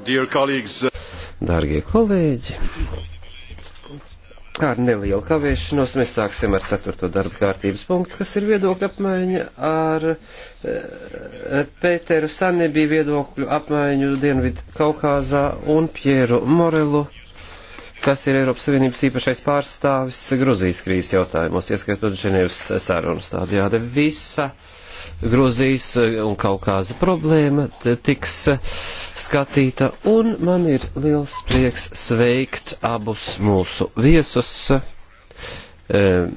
Uh, Dārgie kolēģi, ar nelielu kavēšanos mēs sāksim ar ceturto darba kārtības punktu, kas ir viedokļa apmaiņa ar eh, Pēteru Sanebī viedokļu apmaiņu Dienvidu Kaukāzā un Pieru Morelu, kas ir Eiropas Savienības īpašais pārstāvis Gruzijas krīzes jautājumos, ieskaitot Ženevas sarunas tādējādi visa. Uh, Gruzijas eh, un Kaukāza problēma tiks eh, skatīta, un man ir liels prieks sveikt abus mūsu viesus. Eh,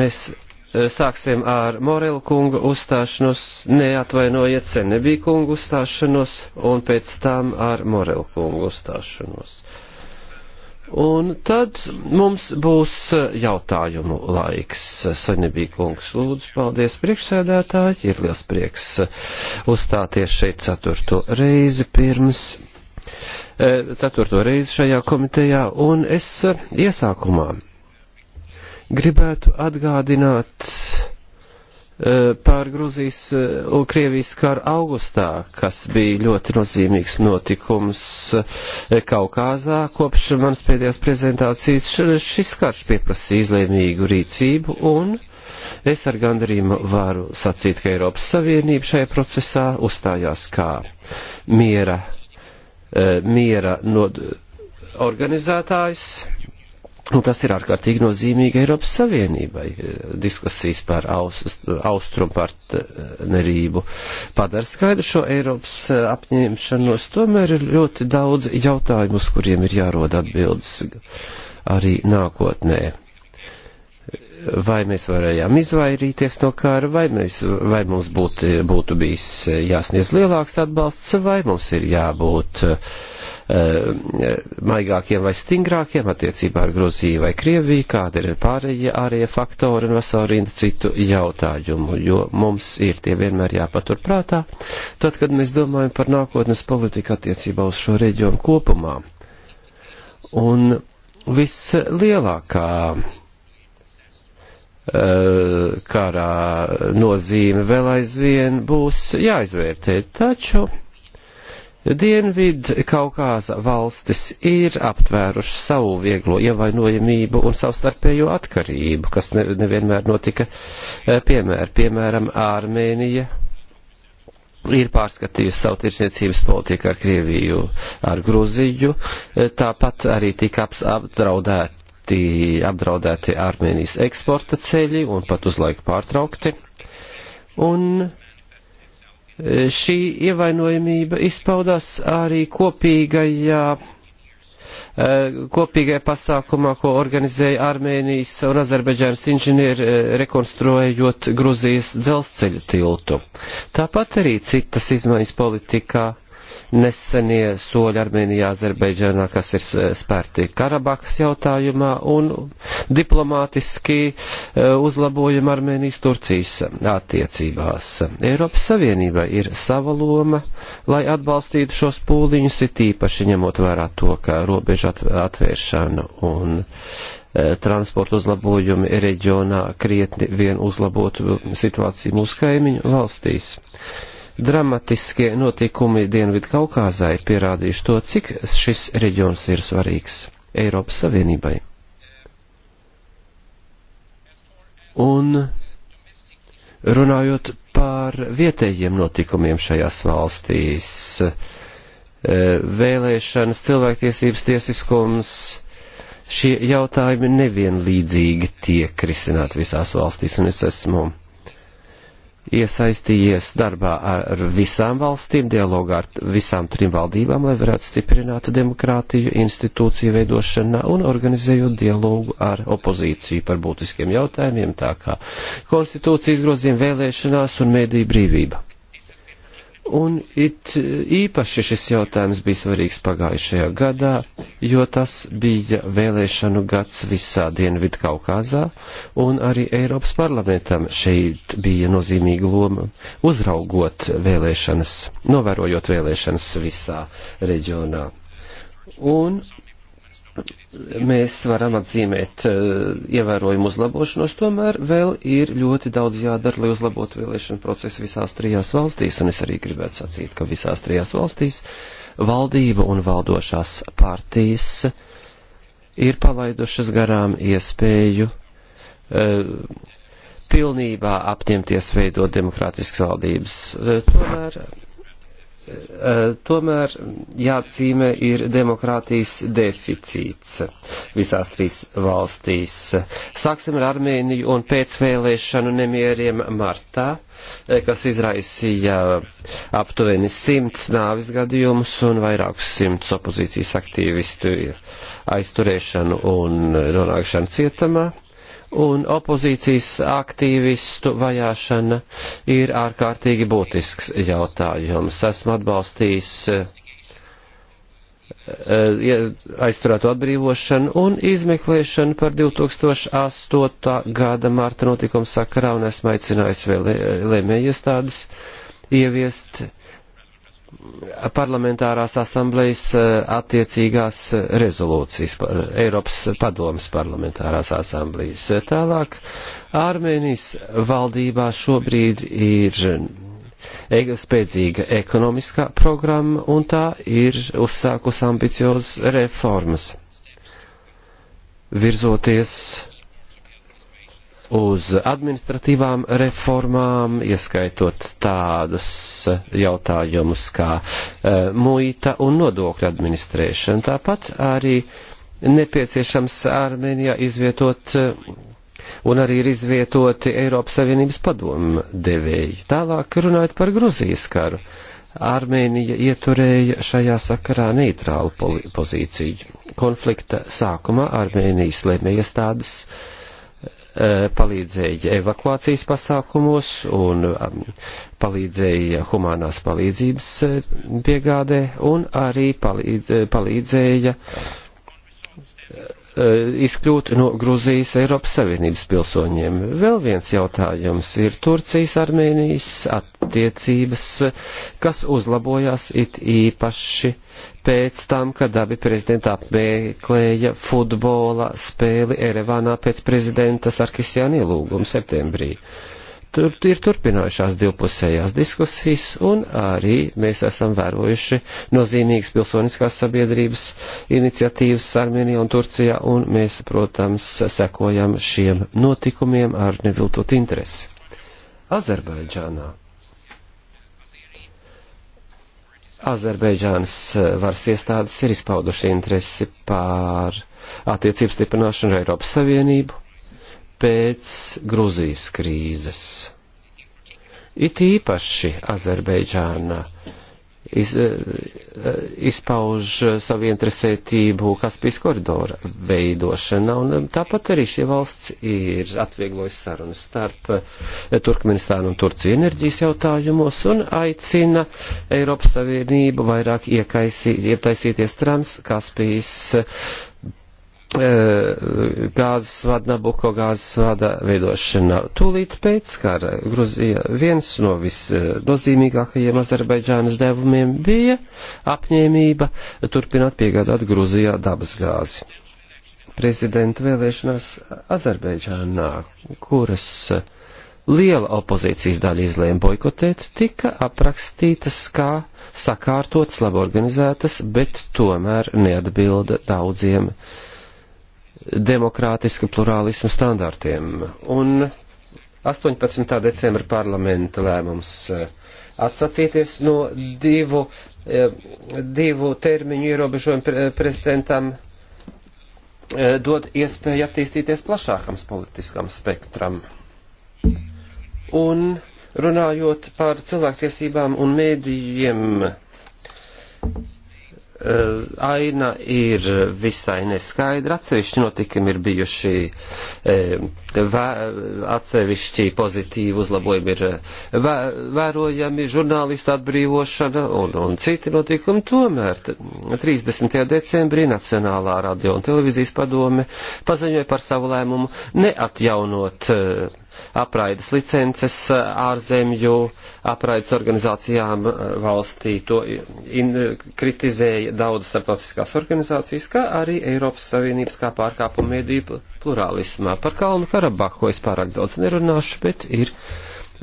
mēs sāksim ar Morelu kungu uzstāšanos, neatvainojiet Senebī kungu uzstāšanos, un pēc tam ar Morelu kungu uzstāšanos. Un tad mums būs eh, jautājumu laiks. Saņemīgi kungs, lūdzu, paldies priekšsēdētāji. Ir liels prieks eh, uzstāties šeit ceturto reizi pirms eh, ceturto reizi šajā komitejā, un es iesākumā gribētu atgādināt Eh, pār Gruzijas eh, un Krievijas karu augustā, kas bija ļoti nozīmīgs notikums eh, Kaukāzā. Kopš manas pēdējās prezentācijas šis karš pieprasīja izlēmīgu rīcību un es ar gandarījumu varu sacīt, ka Eiropas Savienība šajā procesā uzstājās kā miera, miera no organizētājs, Nu, tas ir ārkārtīgi nozīmīgi Eiropas Savienībai. Eh, diskusijas par austrumpartnerību padara skaidru šo Eiropas eh, apņēmšanos. Tomēr ir ļoti daudz jautājumu, uz kuriem ir jārod atbildes arī nākotnē. Vai mēs varējām izvairīties no kara, vai, mēs, vai mums būt, būtu bijis eh, jāsniedz lielāks atbalsts, vai mums ir jābūt uh, Eh, maigākiem vai stingrākiem attiecībā ar Gruziju vai Krieviju, kāda ir pārējie ārējie faktori un vesela rinda citu jautājumu, jo mums ir tie vienmēr jāpatur prātā, tad, kad mēs domājam par nākotnes politiku attiecībā uz šo reģionu kopumā. Un vislielākā eh, karā nozīme vēl aizvien būs jāizvērtē, taču Dienvid Kaukāza valstis ir aptvēruši savu vieglo ievainojamību un savstarpējo atkarību, kas ne, nevienmēr notika eh, piemēra. Piemēram, Ārmēnija ir pārskatījusi savu tirsniecības politiku ar Krieviju, ar Gruziju, eh, tāpat arī tika apdraudēti, apdraudēti Armēnijas eksporta ceļi un pat uz laiku pārtraukti. Un šī ievainojamība izpaudās arī kopīgajā eh, kopīgajā pasākumā, ko organizēja Armēnijas un Azerbaidžānas inženieri, eh, rekonstruējot Gruzijas dzelzceļa tiltu. Tāpat arī citas izmaiņas politikā nesenie soļi Armēnijā, Azerbaidžānā, kas ir spērti Karabakas jautājumā un diplomātiski e, uzlabojumi Armēnijas Turcijas attiecībās. Eiropas Savienība ir sava loma, lai atbalstītu šos pūliņus, ir tīpaši ņemot vērā to, ka robeža atvēršana un e, transporta uzlabojumi reģionā krietni vien uzlabotu situāciju mūsu kaimiņu valstīs. Dramatiskie notikumi Dienvidu Kaukāzā ir pierādījuši to, cik šis reģions ir svarīgs Eiropas Savienībai. Un runājot par vietējiem notikumiem šajās valstīs, e, vēlēšanas, cilvēktiesības tiesiskums, šie jautājumi nevienlīdzīgi tiek risināti visās valstīs, un es esmu iesaistījies darbā ar visām valstīm, dialogā ar visām trim valdībām, lai varētu stiprināt demokrātiju, institūciju veidošanā un organizējot dialogu ar opozīciju par būtiskiem jautājumiem, tā kā konstitūcijas grozījuma vēlēšanās un mēdī brīvība. Un it īpaši šis jautājums bija svarīgs pagājušajā gadā, jo tas bija vēlēšanu gads visā Dienvidu Kaukāzā, un arī Eiropas parlamentam šeit bija nozīmīga loma uzraugot vēlēšanas, novērojot vēlēšanas visā reģionā. Un mēs varam atzīmēt eh, ievērojumu uzlabošanos, tomēr vēl ir ļoti daudz jādara, lai uzlabotu vēlēšanu procesu visās trijās valstīs, un es arī gribētu sacīt, ka visās trijās valstīs valdība un valdošās partijas ir palaidušas garām iespēju eh, pilnībā apņemties veidot demokrātiskas valdības. Eh, tomēr Eh, tomēr jāatzīmē ir demokrātijas deficīts visās trīs valstīs. Sāksim ar Armēniju un pēcvēlēšanu nemieriem martā, eh, kas izraisīja aptuveni simts nāvis gadījumus un vairākus simts opozīcijas aktīvistu aizturēšanu un nonākšanu cietamā un opozīcijas aktīvistu vajāšana ir ārkārtīgi būtisks jautājums. Esmu atbalstījis eh, aizturēto atbrīvošanu un izmeklēšanu par 2008. gada mārta notikumu sakarā un esmu aicinājis vēl lēmējiestādes ieviest parlamentārās asamblejas eh, attiecīgās eh, rezolūcijas, eh, Eiropas padomas parlamentārās asamblejas. Tālāk, Armēnijas valdībā šobrīd ir e-, spēcīga ekonomiskā programma un tā ir uzsākus ambiciozas reformas, virzoties uz administratīvām reformām, ieskaitot tādus jautājumus kā eh, muita un nodokļu administrēšana. Tāpat arī nepieciešams Armēnijā izvietot eh, un arī ir izvietoti Eiropas Savienības padomu devēji. Tālāk runājot par Gruzijas karu. Armēnija ieturēja šajā sakarā neitrālu pozīciju. Konflikta sākumā Armēnijas lēmējiestādes uh, Eh, palīdzēja evakuācijas pasākumos un um, palīdzēja humanās palīdzības eh, piegādē un arī palīdz, palīdzēja Eh, izkļūt no Gruzijas Eiropas Savienības pilsoņiem. Vēl viens jautājums ir Turcijas Armēnijas attiecības, kas uzlabojās it īpaši pēc tam, kad abi prezidenti apmeklēja futbola spēli Erevanā pēc prezidenta Sarkisjāna ielūguma septembrī. Uh, tur, ir turpinājušās divpusējās diskusijas, un arī mēs esam vērojuši nozīmīgas pilsoniskās sabiedrības iniciatīvas Armēnijā un Turcijā, un mēs, protams, sekojam šiem notikumiem ar neviltot interesi. Azerbaidžānā. Azerbaidžānas varas iestādes ir izpauduši interesi pār attiecību stiprināšanu ar Eiropas Savienību pēc Gruzijas krīzes. It īpaši Azerbeidžāna iz, e, e, izpauž savu interesētību Kaspijas koridora veidošana, un tāpat arī šie valsts ir atvieglojusi sarunas starp e, Turkmenistānu un Turciju enerģijas jautājumos un aicina Eiropas Savienību vairāk iekaisi, ietaisīties trans Kaspijas Eh, gāzes vada, Nabuko gāzes vada veidošanā. Tūlīt pēc kara Gruzija viens no visnozīmīgākajiem Azerbaidžānas devumiem bija apņēmība turpināt piegādāt Gruzijā dabas gāzi. Prezidenta vēlēšanās Azerbaidžānā, kuras liela opozīcijas daļa izlēma boikotēt, tika aprakstītas kā sakārtotas, labi organizētas, bet tomēr neatbilda daudziem uh, demokrātiska plurālisma standartiem. Un 18. decembra parlamenta lēmums eh, atsacīties no divu, eh, divu termiņu ierobežojumu prezidentam eh, dod iespēju attīstīties plašākam politiskam spektram. Un runājot par cilvēktiesībām un mēdījiem, Eh, aina ir visai neskaidra, atsevišķi notikumi ir bijuši, eh, vē, atsevišķi pozitīvi uzlabojumi ir eh, vē, vērojami, žurnālista atbrīvošana un, un citi notikumi. Tomēr 30. decembrī Nacionālā radio un televīzijas padome paziņoja par savu lēmumu neatjaunot apraides licences eh, ārzemju apraides organizācijām eh, valstī. To in, kritizēja daudz starptautiskās organizācijas, kā arī Eiropas Savienības kā pārkāpuma mediju plurālismā. Par Kalnu Karabahu es pārāk daudz nerunāšu, bet ir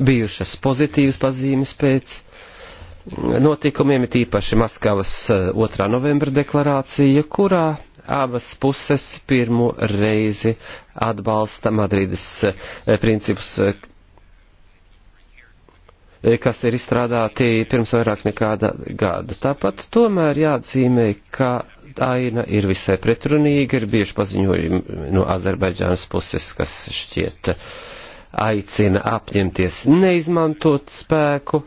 bijušas pozitīvas pazīmes pēc mm, notikumiem, ir tīpaši Maskavas 2. Eh, novembra deklarācija, kurā abas puses pirmo reizi atbalsta Madrides eh, principus, eh, eh, kas ir izstrādāti pirms vairāk nekā gada. Tāpat tomēr jāatzīmē, ka aina ir visai pretrunīga, ir bieži paziņojumi no Azerbaidžānas puses, kas šķiet aicina apņemties neizmantot spēku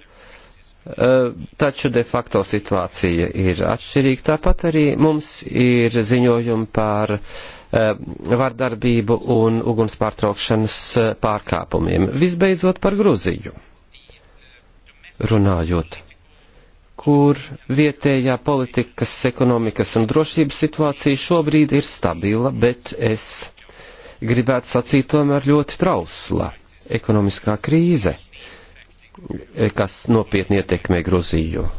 Eh, taču de facto situācija ir atšķirīga. Tāpat arī mums ir ziņojumi par eh, vardarbību un uguns pārtraukšanas eh, pārkāpumiem. Visbeidzot par Gruziju runājot, kur vietējā politikas, ekonomikas un drošības situācija šobrīd ir stabila, bet es gribētu sacīt tomēr ļoti trausla ekonomiskā krīze kas nopietni ietekmē Gruziju.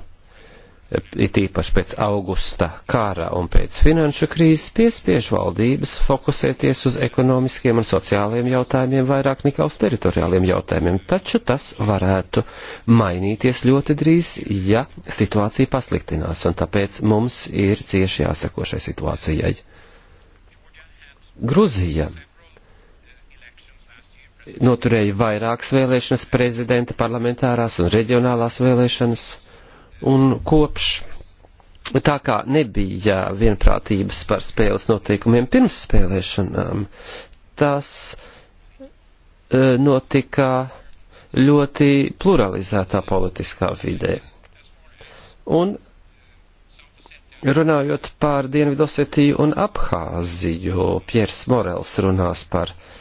It īpaši pēc augusta kara un pēc finanšu krīzes piespiež valdības fokusēties uz ekonomiskiem un sociālajiem jautājumiem vairāk nekā uz teritoriāliem jautājumiem, taču tas varētu mainīties ļoti drīz, ja situācija pasliktinās, un tāpēc mums ir cieši jāsako šai situācijai. Gruzija noturēja vairākas vēlēšanas, prezidenta, parlamentārās un reģionālās vēlēšanas, un kopš tā kā nebija vienprātības par spēles noteikumiem pirms spēlēšanām, tas e, notika ļoti pluralizētā politiskā vidē. Un runājot par Dienvidosetiju un Abhāziju, Piers Morels runās par uh,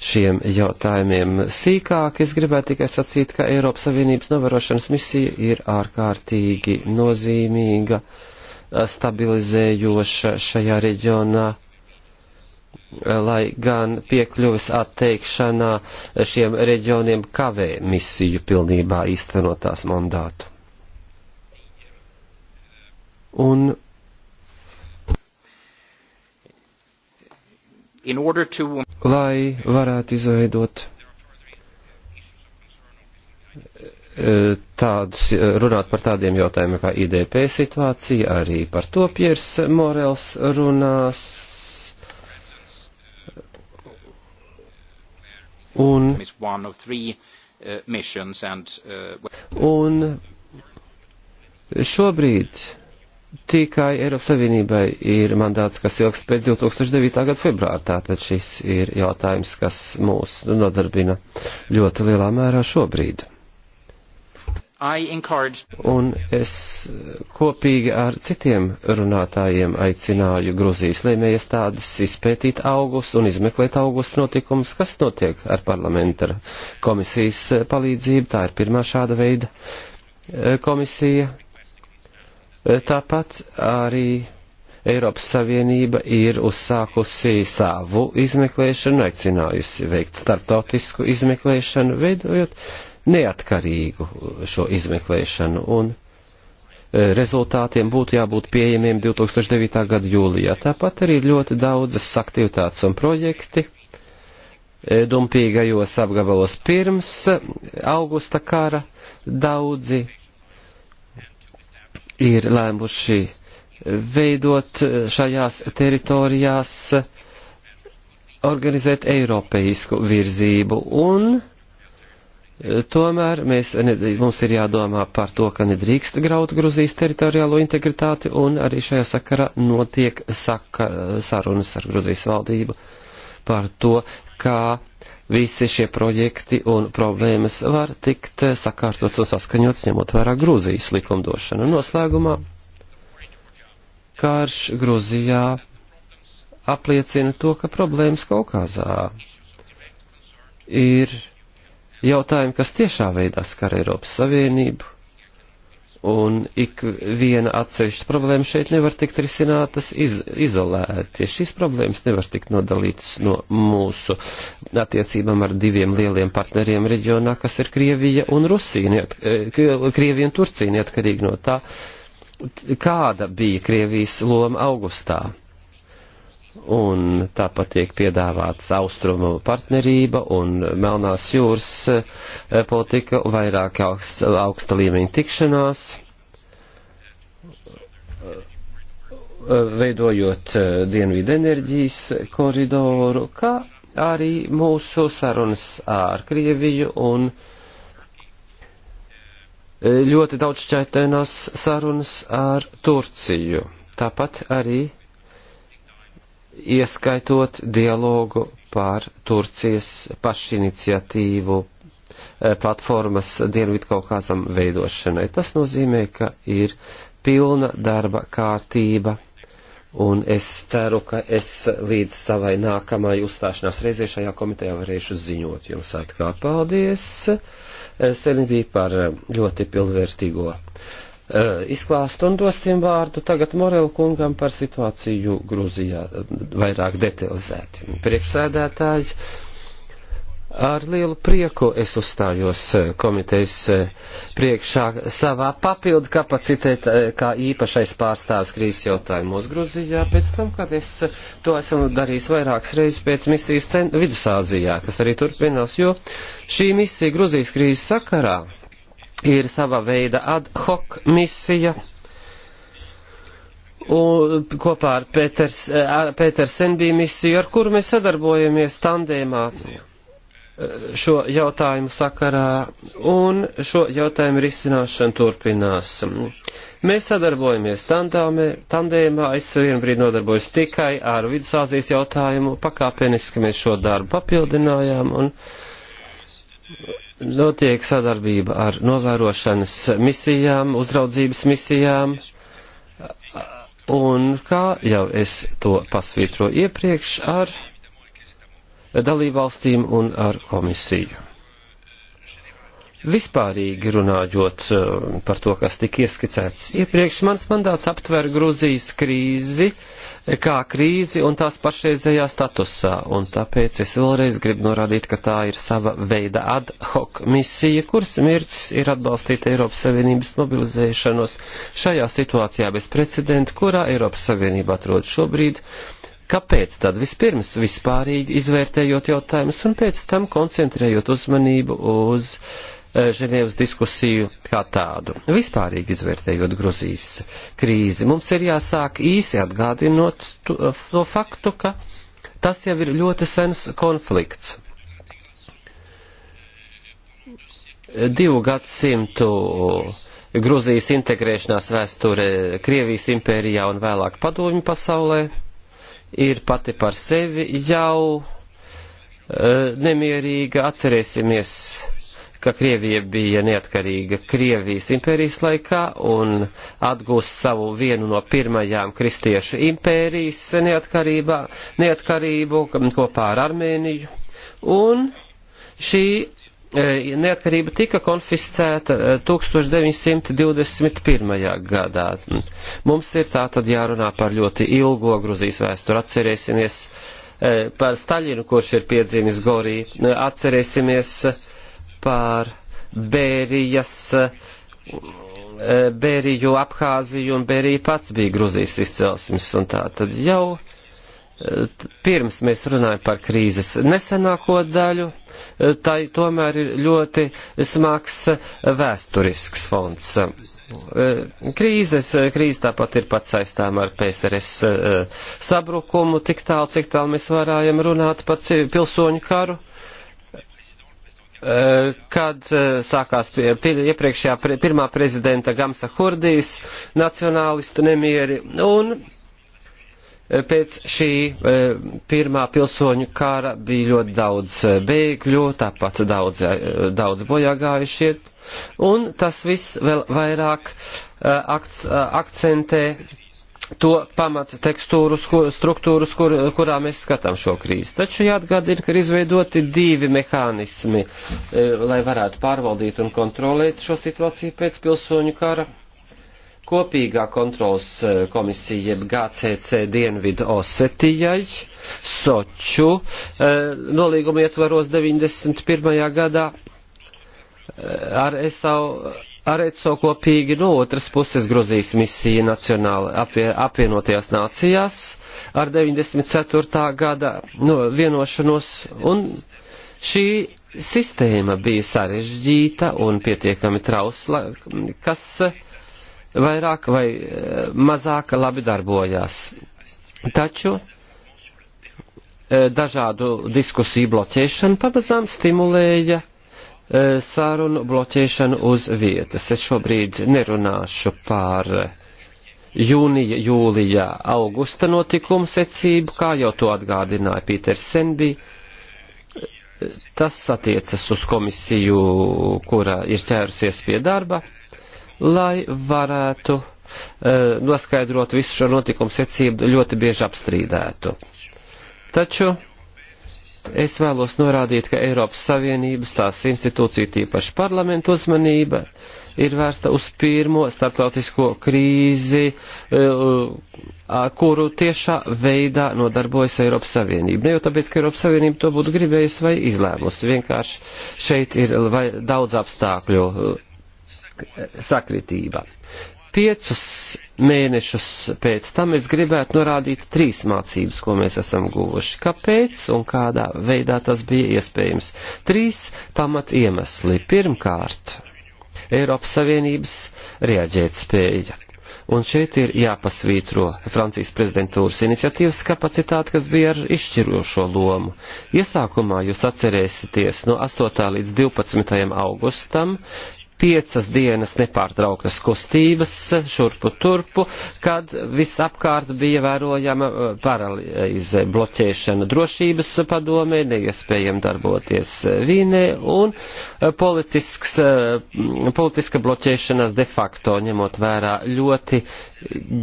šiem jautājumiem sīkāk. Es gribētu tikai sacīt, ka Eiropas Savienības novērošanas misija ir ārkārtīgi nozīmīga, stabilizējoša šajā reģionā lai gan piekļuvis atteikšanā šiem reģioniem kavē misiju pilnībā īstenotās mandātu. Un to... lai varētu izveidot e, tādus, e, runāt par tādiem jautājumiem kā IDP situācija, arī par to Piers Morels runās. Un, e, un šobrīd Tikai Eiropas Savienībai ir mandāts, kas ilgst pēc 2009. gada februāra, tātad šis ir jautājums, kas mūs nodarbina ļoti lielā mērā šobrīd. Un es kopīgi ar citiem runātājiem aicināju Gruzijas lēmējiestādes izpētīt augus un izmeklēt augustu notikumus, kas notiek ar parlamenta komisijas palīdzību. Tā ir pirmā šāda veida e, komisija, Eh, tāpat arī Eiropas Savienība ir uzsākusi savu izmeklēšanu, aicinājusi veikt starptautisku izmeklēšanu, veidojot neatkarīgu šo izmeklēšanu, un eh, rezultātiem būtu jābūt pieejamiem 2009. gada jūlijā. Tāpat arī ir ļoti daudzas aktivitātes un projekti eh, dumpīgajos apgabalos pirms augusta kara, daudzi ir lēmuši veidot šajās teritorijās, organizēt eiropeisku virzību un e, Tomēr mēs, ne, mums ir jādomā par to, ka nedrīkst graut Gruzijas teritoriālo integritāti, un arī šajā sakarā notiek saka, sarunas ar Gruzijas valdību par to, kā visi šie projekti un problēmas var tikt sakārtots un saskaņots, ņemot vērā Grūzijas likumdošanu. Noslēgumā karš Grūzijā apliecina to, ka problēmas Kaukazā ir jautājumi, kas tiešā veidā skar Eiropas Savienību un ik viena atsevišķa problēma šeit nevar tikt risinātas iz, izolēti. Šīs problēmas nevar tikt nodalītas no mūsu attiecībām ar diviem lieliem partneriem reģionā, kas ir Krievija un Rusija, eh, Krievija un Turcija, neatkarīgi no tā, kāda bija Krievijas loma augustā un tāpat tiek piedāvāts austrumu partnerība un Melnās jūras eh, politika, vairāk augsta, augsta līmeņa tikšanās, eh, veidojot eh, dienvidu enerģijas koridoru, kā arī mūsu sarunas ar Krieviju un ļoti daudz šķaitēnās sarunas ar Turciju. Tāpat arī ieskaitot dialogu par Turcijas pašiniciatīvu eh, platformas Dienvidu Kaukāzam veidošanai. Tas nozīmē, ka ir pilna darba kārtība, un es ceru, ka es līdz savai nākamajai uzstāšanās reizē šajā komitejā varēšu ziņot jums atkal. Paldies, eh, Selim, bija par eh, ļoti pilnvērtīgo Uh, izklāst un dosim vārdu tagad Morel kungam par situāciju Grūzijā uh, vairāk detalizēti. Priekšsēdētāji, ar lielu prieku es uzstājos uh, komitejas priekšā savā papildu kapacitētē kā īpašais pārstāvs krīzes jautājumos Grūzijā, pēc tam, kad es to esmu darījis vairākas reizes pēc misijas Vidusāzijā, kas arī turpinās, jo šī misija Grūzijas krīzes sakarā ir sava veida ad hoc misija. Un kopā ar Pēters, Pēters Senbī misiju, ar kuru mēs sadarbojamies tandēmā e, šo jautājumu sakarā, un šo jautājumu risināšana turpinās. Mēs sadarbojamies tandāmē, tandēmā, es vienu brīdi nodarbojos tikai ar Vidusāzijas jautājumu, pakāpeniski mēs šo darbu papildinājām, un Notiek sadarbība ar novērošanas misijām, uzraudzības misijām, un kā jau es to pasvītroju iepriekš ar dalībvalstīm un ar komisiju. Vispārīgi runājot eh, par to, kas tika ieskicēts iepriekš, mans mandāts aptver Gruzijas krīzi, uh, kā krīzi un tās pašreizējā statusā, un tāpēc es vēlreiz gribu norādīt, ka tā ir sava veida ad hoc misija, kuras mērķis ir atbalstīt Eiropas Savienības mobilizēšanos šajā situācijā bez precedenta, kurā Eiropas Savienība atrodas šobrīd, Kāpēc tad vispirms vispārīgi izvērtējot jautājumus un pēc tam koncentrējot uzmanību uz uh, Ženēvas diskusiju kā tādu. Vispārīgi izvērtējot Gruzijas krīzi, mums ir jāsāk īsi atgādinot to, to faktu, ka tas jau ir ļoti sens konflikts. Divu gadsimtu Gruzijas integrēšanās vēsture Krievijas impērijā un vēlāk padomju pasaulē ir pati par sevi jau e, nemierīga. Atcerēsimies ka Krievija bija neatkarīga Krievijas impērijas laikā un atgūst savu vienu no pirmajām kristiešu impērijas neatkarību kopā ar Armēniju. Un šī e, neatkarība tika konfiscēta 1921. E, gadā. Mums ir tātad jārunā par ļoti ilgo Gruzijas vēsturi. Atcerēsimies e, par Staļinu, kurš ir piedzimis Gorī. Atcerēsimies par Bērijas, eh, Bēriju Abhāziju un Bērija pats bija Gruzijas izcelsmes un tā tad jau eh, pirms mēs runājam par krīzes nesenāko daļu, eh, tai tomēr ir ļoti smags vēsturisks fonds. Krīzes, krīze tāpat ir pats saistām ar PSRS sabrukumu, tik tālu, cik tālu mēs varējam runāt par pilsoņu karu Eh, kad eh, sākās iepriekšējā pirmā prezidenta Gamsa Hurdijas nacionālistu nemieri un eh, pēc šī pirmā pilsoņu kara bija ļoti daudz bēgļu, tāpat daudz, daudz bojāgājušie, un tas viss vēl vairāk akcentē to pamat tekstūrus, struktūrus, kur, kurā mēs skatām šo krīzi. Taču jāatgādina, ka ir izveidoti divi mehānismi, e, lai varētu pārvaldīt un kontrolēt šo situāciju pēc pilsoņu kara. Kopīgā kontrols e, komisija jeb GCC dienvidu Osetijai, Soču, e, nolīguma ietvaros 91. gadā ar SAU Areco kopīgi no otras puses grozīs misiju Nacionāla apvienotajās nācijās ar 94. gada no, nu, vienošanos, un šī sistēma bija sarežģīta un pietiekami trausla, kas vairāk vai eh, mazāk labi darbojās. Taču eh, dažādu diskusiju bloķēšana pamazām stimulēja Eh, sārunu bloķēšanu uz vietas. Es šobrīd nerunāšu par jūnija, jūlijā, augusta notikumu secību, kā jau to atgādināja Pīters Senbī. Tas attiecas uz komisiju, kura ir ķērusies pie darba, lai varētu uh, noskaidrot visu šo notikumu secību ļoti bieži apstrīdētu. Taču Es vēlos norādīt, ka Eiropas Savienības tās institūcija, tīpaši parlamentu uzmanība, ir vērsta uz pirmo starptautisko krīzi, e, kuru tiešā veidā nodarbojas Eiropas Savienība. Ne jau tāpēc, ka Eiropas Savienība to būtu gribējusi vai izlēmusi, vienkārši šeit ir daudz apstākļu e, sakritība. Piecus mēnešus pēc tam es gribētu norādīt trīs mācības, ko mēs esam guvuši. Kāpēc un kādā veidā tas bija iespējams? Trīs pamat iemesli. Pirmkārt, Eiropas Savienības reaģēt spēja. Un šeit ir jāpasvītro Francijas prezidentūras iniciatīvas kapacitāte, kas bija ar izšķirošo lomu. Iesākumā jūs atcerēsieties no 8. līdz 12. augustam piecas dienas nepārtrauktas kustības šurpu turpu, kad visapkārt bija vērojama uh, paralīze, bloķēšana drošības padomē, neiespējami darboties Vīnē un uh, politisks, uh, politiska bloķēšanās de facto ņemot vērā ļoti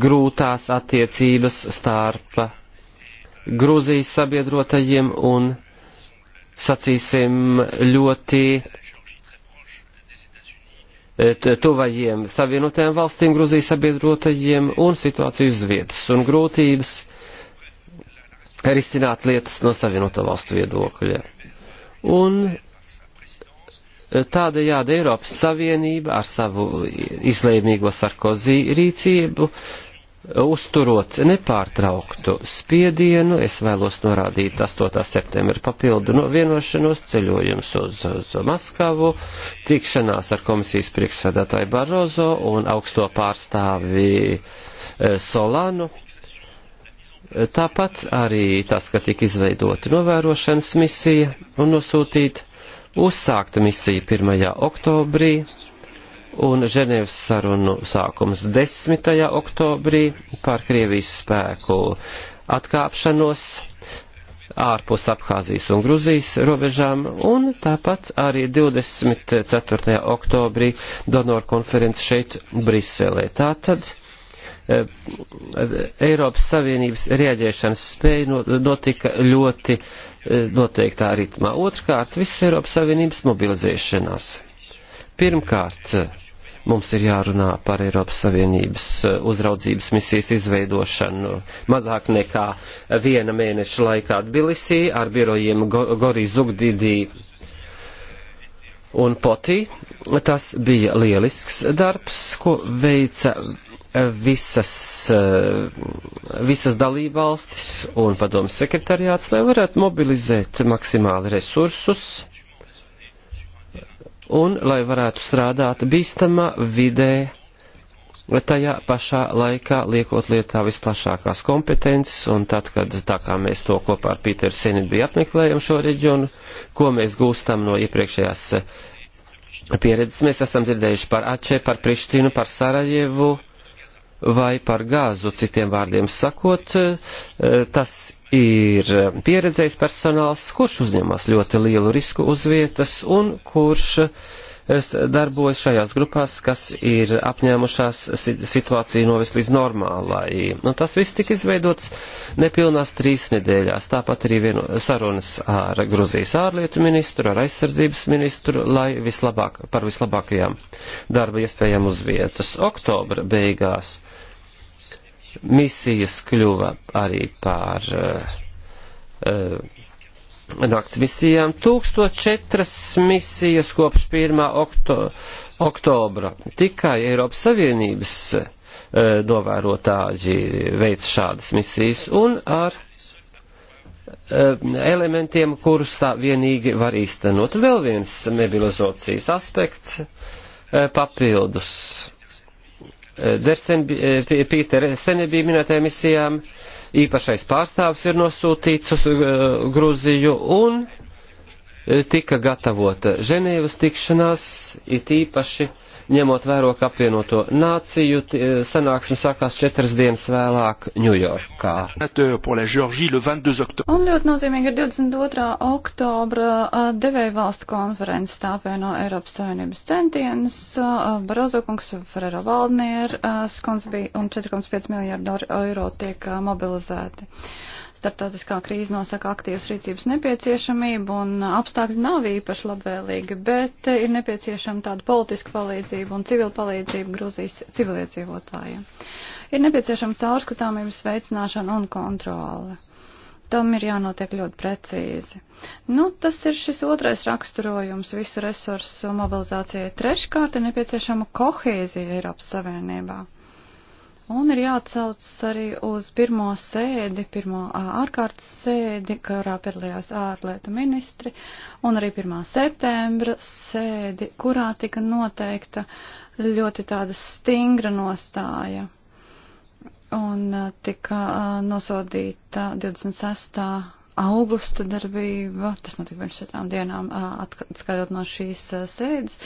grūtās attiecības starp Grūzijas sabiedrotajiem un, sacīsim, ļoti tuvajiem savienotajām valstīm, Gruzijas sabiedrotajiem un situāciju uz vietas un grūtības risināt lietas no savienoto valstu viedokļa. Un tādējādi Eiropas Savienība ar savu izlēmīgo Sarkozī rīcību Uzturot nepārtrauktu spiedienu, es vēlos norādīt 8. septembra papildu no vienošanos ceļojums uz, uz Maskavu, tikšanās ar komisijas priekšsēdētāju Barozo un augsto pārstāvi e, Solanu. Tāpat arī tas, ka tika izveidota novērošanas misija un nosūtīta uzsākta misija 1. oktobrī un Ženēvas sarunu sākums 10. oktobrī par Krievijas spēku atkāpšanos ārpus Abhāzijas un Gruzijas robežām, un tāpat arī 24. oktobrī donoru konferences šeit Briselē. Tātad e, Eiropas Savienības rieģēšanas spēja notika ļoti e, noteiktā ritmā. Otrkārt, viss Eiropas Savienības mobilizēšanās. Pirmkārt, Mums ir jārunā par Eiropas Savienības eh, uzraudzības misijas izveidošanu mazāk nekā viena mēneša laikā Tbilisī ar birojiem Gorī Zugdidī un Potī. Tas bija lielisks darbs, ko veica visas, eh, visas dalībvalstis un padomas sekretariāts, lai varētu mobilizēt maksimāli resursus un lai varētu strādāt bīstamā vidē, tajā pašā laikā liekot lietā visplašākās kompetences, un tad, kad tā kā mēs to kopā ar Pīteru Sini bija apmeklējam šo reģionu, ko mēs gūstam no iepriekšējās eh, pieredzes, mēs esam dzirdējuši par Ače, par Prištinu, par Sarajevu vai par gāzu, citiem vārdiem sakot, eh, tas ir eh, pieredzējis personāls, kurš uzņemas ļoti lielu risku uz vietas un kurš eh, darbojas šajās grupās, kas ir apņēmušās situāciju novest līdz normālai. Un nu, tas viss tika izveidots nepilnās trīs nedēļās. Tāpat arī vieno, sarunas ar Gruzijas ārlietu ministru, ar aizsardzības ministru, lai vislabāk, par vislabākajām darba iespējām uz vietas. Oktobra beigās. Uh, misijas kļuva arī par uh, uh, nakts misijām. 1004 misijas kopš 1. Okto, oktobra tikai Eiropas Savienības uh, novērotāji veic šādas misijas un ar elementiem, kurus tā vienīgi var īstenot. Vēl viens mobilizācijas aspekts papildus Dersen, eh, Pīter Sene bija minētajām misijām, īpašais pārstāvs ir nosūtīts uz eh, Gruziju un eh, tika gatavota Ženēvas tikšanās, it īpaši uh, ņemot vērok apvienoto nāciju, e, sanāksim sākās četras dienas vēlāk Ņujorkā. Un ļoti nozīmīgi ir 22. oktobra devēja valstu konferences tāpēc no Eiropas Savienības centienas. Barozo kungs, Ferrero Valdnieris, skons bija un 4,5 miljārdu eiro tiek mobilizēti. Startautiskā krīze nosaka aktīvas rīcības nepieciešamību un apstākļi nav īpaši labvēlīgi, bet ir nepieciešama tāda politiska palīdzība un civila palīdzība Grūzijas civiliedzīvotājiem. Ir nepieciešama caurskatāmības veicināšana un kontrole. Tam ir jānotiek ļoti precīzi. Nu, tas ir šis otrais raksturojums visu resursu mobilizācijai. Treškārt ir nepieciešama kohēzija Eiropas Savienībā. Un ir jāatsauc arī uz pirmo sēdi, pirmo ārkārtas sēdi, kurā piedalījās ārlietu ministri, un arī pirmā septembra sēdi, kurā tika noteikta ļoti tāda stingra nostāja. Un tika nosodīta 26. augusta darbība, tas notika pirms četrām dienām, atskatot no šīs sēdes,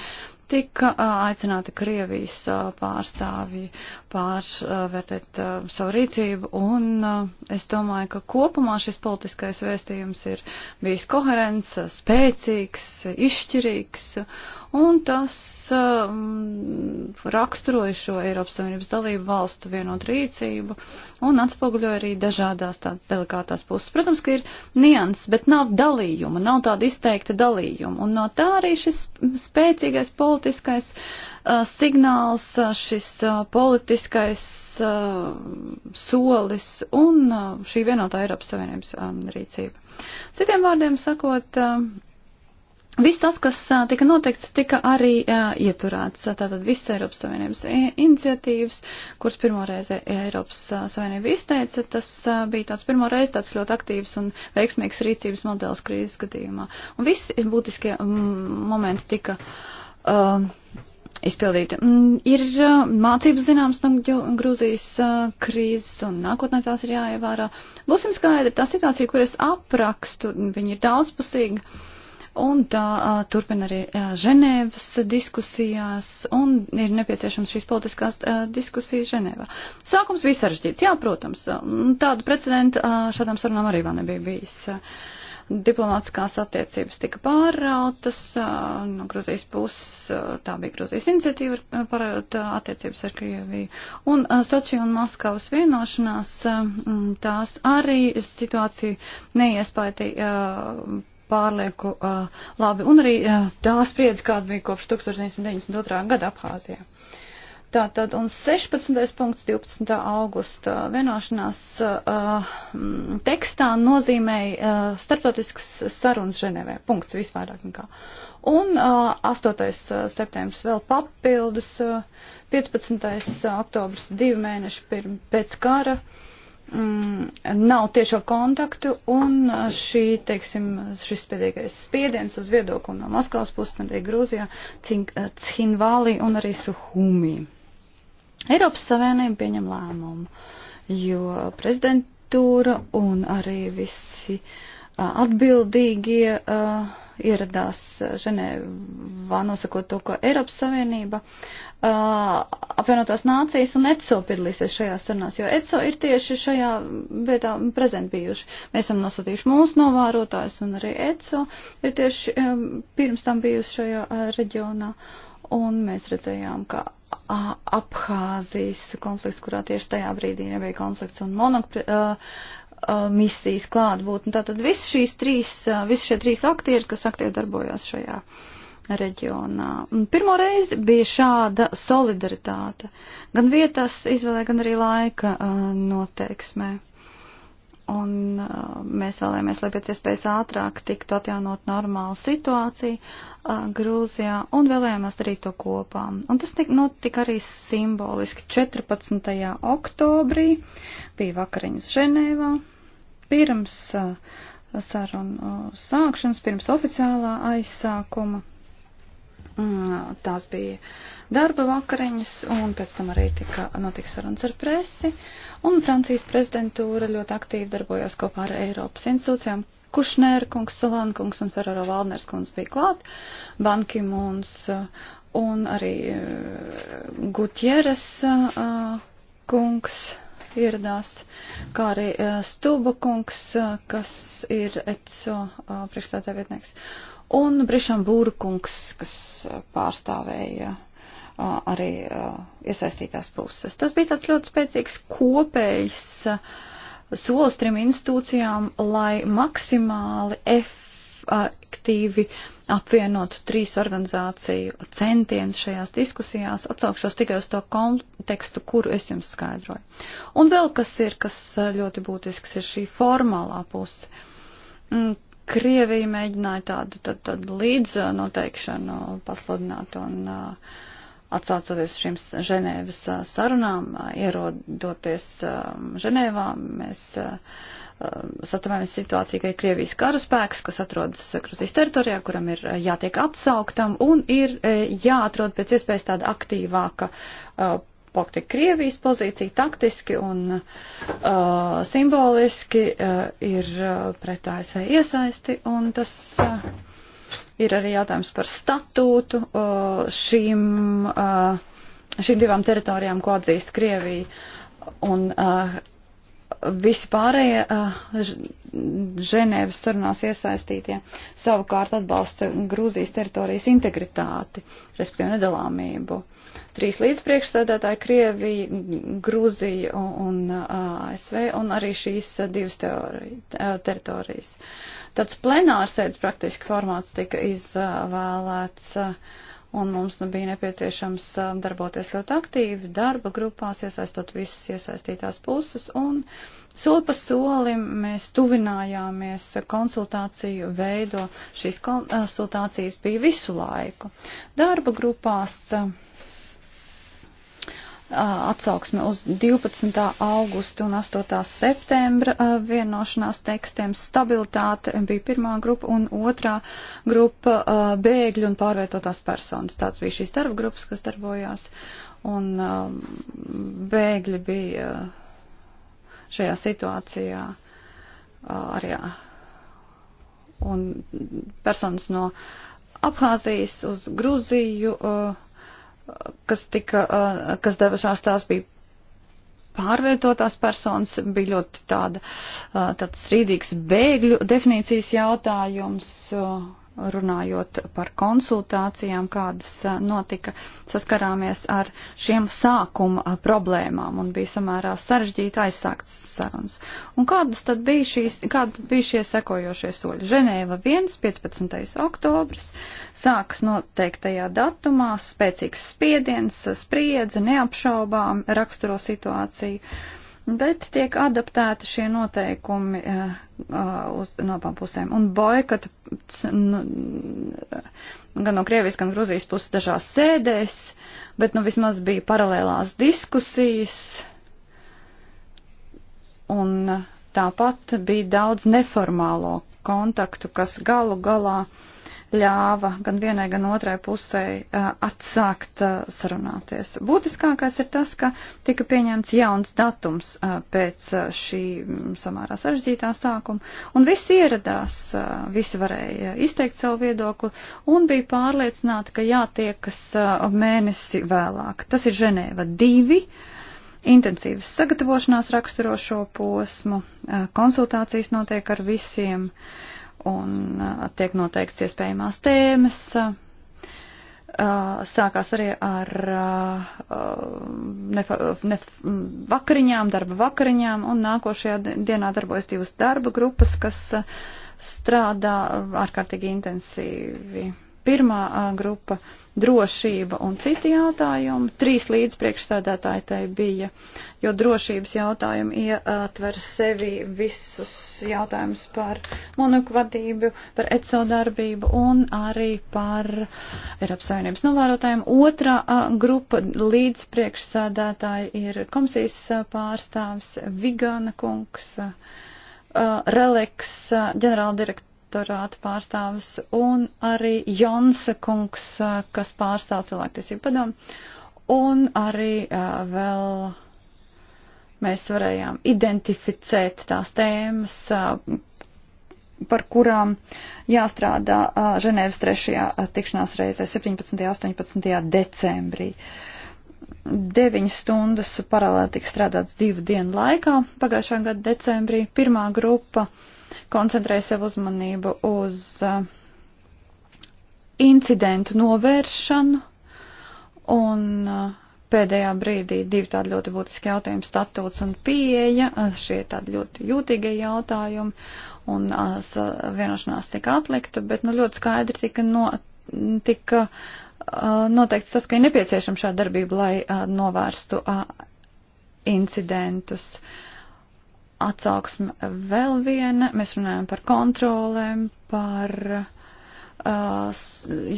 tika aicināti Krievijas pārstāvji pārvērtēt savu rīcību, un es domāju, ka kopumā šis politiskais vēstījums ir bijis koherents, spēcīgs, izšķirīgs, un tas raksturoja šo Eiropas Savienības dalību valstu vienot rīcību un atspoguļoja arī dažādās tādas delikātās puses. Protams, ka ir nianses, bet nav dalījuma, nav tāda izteikta dalījuma, un no tā arī šis spēcīgais politiskais politiskais uh, signāls, uh, šis uh, politiskais uh, solis un uh, šī vienotā Eiropas Savienības um, rīcība. Citiem vārdiem sakot, uh, Viss tas, kas uh, tika noteikts, tika arī uh, ieturēts. Tātad visas Eiropas Savienības uh, iniciatīvas, kuras pirmoreiz Eiropas Savienība izteica, tas uh, bija tāds pirmoreiz tāds ļoti aktīvs un veiksmīgs rīcības modelis krīzes gadījumā. Un visi būtiskie mm, momenti tika uh, uh, um, izpildīta. Mm, ir uh, mācības zināmas no Grūzijas uh, krīzes un nākotnē tās ir jāievērā. Būsim skaidri, tā situācija, kur es aprakstu, viņa ir daudzpusīga. Un tā uh, turpina arī uh, Ženēvas diskusijās, un ir nepieciešams šīs politiskās uh, diskusijas Ženēvā. Sākums bija sarežģīts, jā, protams, uh, tādu precedentu uh, šādām sarunām arī vēl nebija bijis. Uh, diplomātiskās attiecības tika pārrautas, no Gruzijas puses tā bija Gruzijas iniciatīva pārraut attiecības ar Krieviju. Un Soči un Maskavas vienošanās tās arī situāciju neiespaitīja pārlieku labi, un arī tā spriedze, kāda bija kopš 1992. gada Abhāzijā. Tātad un 16. punkts 12. augusta vienošanās uh, mm, tekstā nozīmēja uh, starptautiskas sarunas Ženevē. Punkts visvairāk nekā. Un uh, 8. Uh, septembris vēl papildus, uh, 15. oktobris divi mēneši pirms, pēc kara. Uh, mm, nav tiešo kontaktu un šī, teiksim, šis spiedīgais spiediens uz viedokli no Maskavas puses, arī Grūzijā, eh, Cinvālī un arī Suhumī. Eiropas Savienība pieņem lēmumu, jo prezidentūra un arī visi uh, atbildīgie uh, ieradās Ženēvā nosakot to, ko Eiropas Savienība, uh, apvienotās nācijas un ECO piedalīsies šajā sarunās, jo ECO ir tieši šajā vietā prezent bijuši. Mēs esam nosūtījuši mūsu novērotājus un arī ECO ir tieši um, pirms tam bijusi šajā uh, reģionā. Un mēs redzējām, ka Abhāzijas konflikts, kurā tieši tajā brīdī nebija konflikts un monok, uh, uh, misijas klātbūtni. Tātad viss šīs trīs, uh, viss šie trīs aktieri, kas aktīvi darbojās šajā reģionā. Un pirmo reizi bija šāda solidaritāte. Gan vietas izvēlē, gan arī laika uh, noteiksmē. Un uh, mēs vēlējāmies, lai pēc iespējas ātrāk tiktu atjaunot normālu situāciju uh, Grūzijā un vēlējāmies darīt to kopā. Un tas tika, notika nu, arī simboliski 14. oktobrī, bija vakariņas Ženēvā, pirms uh, sarunu uh, sākšanas, pirms oficiālā aizsākuma. Mm, tās bija darba vakariņas, un pēc tam arī tika notika sarunas ar presi. Un Francijas prezidentūra ļoti aktīvi darbojās kopā ar Eiropas institūcijām. Kušnēra kungs, Solankungs un Ferraro Valners kungs bija klāt, Banki Mūns uh, un arī Gutjeres kungs ieradās, kā arī eh, Stuba kungs, eh, kas ir ECO eh, priekšstādā vietnieks, un Brišam Būra kungs, kas pārstāvēja arī iesaistītās puses. Tas bija tāds ļoti spēcīgs kopējs solis trim institūcijām, lai maksimāli efektīvi aktīvi apvienot trīs organizāciju centienus šajās diskusijās, atsaukšos tikai uz to kontekstu, kuru es jums skaidroju. Un vēl kas ir, kas eh, ļoti būtisks, ir šī formālā puse. Mm, Krievija mēģināja tādu, tādu, tādu līdznoteikšanu pasludināt un uh, atsaucoties šīm Ženēvas eh, sarunām, ierodoties Ženēvā, mēs Um, satamēmies situāciju, ka ir Krievijas karaspēks, kas atrodas Kruzijas teritorijā, kuram ir uh, jātiek atsauktam un ir uh, jāatrod pēc iespējas tāda aktīvāka uh, politika Krievijas pozīcija taktiski un uh, simboliski uh, ir uh, pret ASV iesaisti, un tas uh, ir arī jautājums par statūtu uh, šīm, uh, šīm divām teritorijām, ko atzīst Krievija. Un, uh, visi pārējie Ženēvas sarunās iesaistītie savukārt atbalsta Grūzijas teritorijas integritāti, respektīvi nedalāmību. Trīs līdzpriekšsēdētāji - Krievija, Grūzija un ASV, un arī šīs divas teritorijas. Tāds plenārsēdes praktiski formāts tika izvēlēts. Uh, un mums bija nepieciešams um, darboties ļoti aktīvi darba grupās, iesaistot visas iesaistītās puses, un soli pa solim mēs tuvinājāmies konsultāciju veido. Šīs konsultācijas bija visu laiku. Darba grupās. Uh, atsauksme uz 12. augusta un 8. septembra vienošanās tekstiem. Stabilitāte bija pirmā grupa un otrā grupa bēgļu un pārvietotās personas. Tāds bija šīs darba grupas, kas darbojās. Un bēgļi bija šajā situācijā arī. Un personas no Abhāzijas uz Gruziju. Uh, kas, tika, kas devušās, tās bija pārvietotās personas, bija ļoti tāda, tāds strīdīgs bēgļu definīcijas jautājums. Uh, runājot par konsultācijām, kādas notika, saskarāmies ar šiem sākuma problēmām un bija samērā sarežģīti aizsākts sarunas. Un kādas tad bija, šīs, kāda bija šie sekojošie soļi? Ženēva 1, 15. oktobris, sāks noteiktajā datumā, spēcīgs spiediens, spriedze, neapšaubām raksturo situāciju bet tiek adaptēti šie noteikumi uh, uz no abām pusēm. Un boikots nu, gan no Krievijas, gan Gruzijas puses dažās sēdēs, bet nu vismaz bija paralēlās diskusijas. Un tāpat bija daudz neformālo kontaktu, kas galu galā uh, ļāva gan vienai, gan otrai pusē atsākt sarunāties. Būtiskākais ir tas, ka tika pieņemts jauns datums pēc šī samērā sarežģītā sākuma, un visi ieradās, visi varēja izteikt savu viedokli, un bija pārliecināti, ka jātiekas mēnesi vēlāk. Tas ir Ženēva divi intensīvas sagatavošanās raksturošo posmu, konsultācijas notiek ar visiem. Uh, un uh, tiek noteikts iespējamās tēmas. Uh, sākās arī ar uh, nefa, nef, vakariņām, darba vakariņām, un nākošajā dienā darbojas divas darba grupas, kas strādā ārkārtīgi intensīvi Pirmā grupa - drošība un citi jautājumi. Trīs līdzpriekšsēdētāji tai bija, jo drošības jautājumi ietver sevi visus jautājumus par monokvadību, par ECO darbību un arī par Eiropas Savienības novērotājiem. Otrā grupa - līdzpriekšsēdētāji ir komisijas pārstāvs Vigana kungs, Releks ģenerāldirektors direktorāta pārstāvis un arī Jonsa kungs, kas pārstāv cilvēktiesību padomu. Un arī uh, vēl mēs varējām identificēt tās tēmas, uh, par kurām jāstrādā uh, Ženēvas trešajā uh, tikšanās reizē 17. un 18. decembrī. Uh, 9 stundas paralēli tika strādāts divu dienu laikā pagājušā gada decembrī. Pirmā grupa uh, koncentrēja sev uzmanību uz eh, incidentu novēršanu un eh, pēdējā brīdī divi tādi ļoti būtiski jautājumi - statūts un pieeja. Eh, šie tādi ļoti jūtīgie jautājumi un vienošanās tika atlikta, bet nu, ļoti skaidri tika, no, tika noteikti tas, ka ir nepieciešama šāda darbība, lai novērstu incidentus. Uh, atsauksme vēl viena. Mēs runājam par kontrolēm, par uh,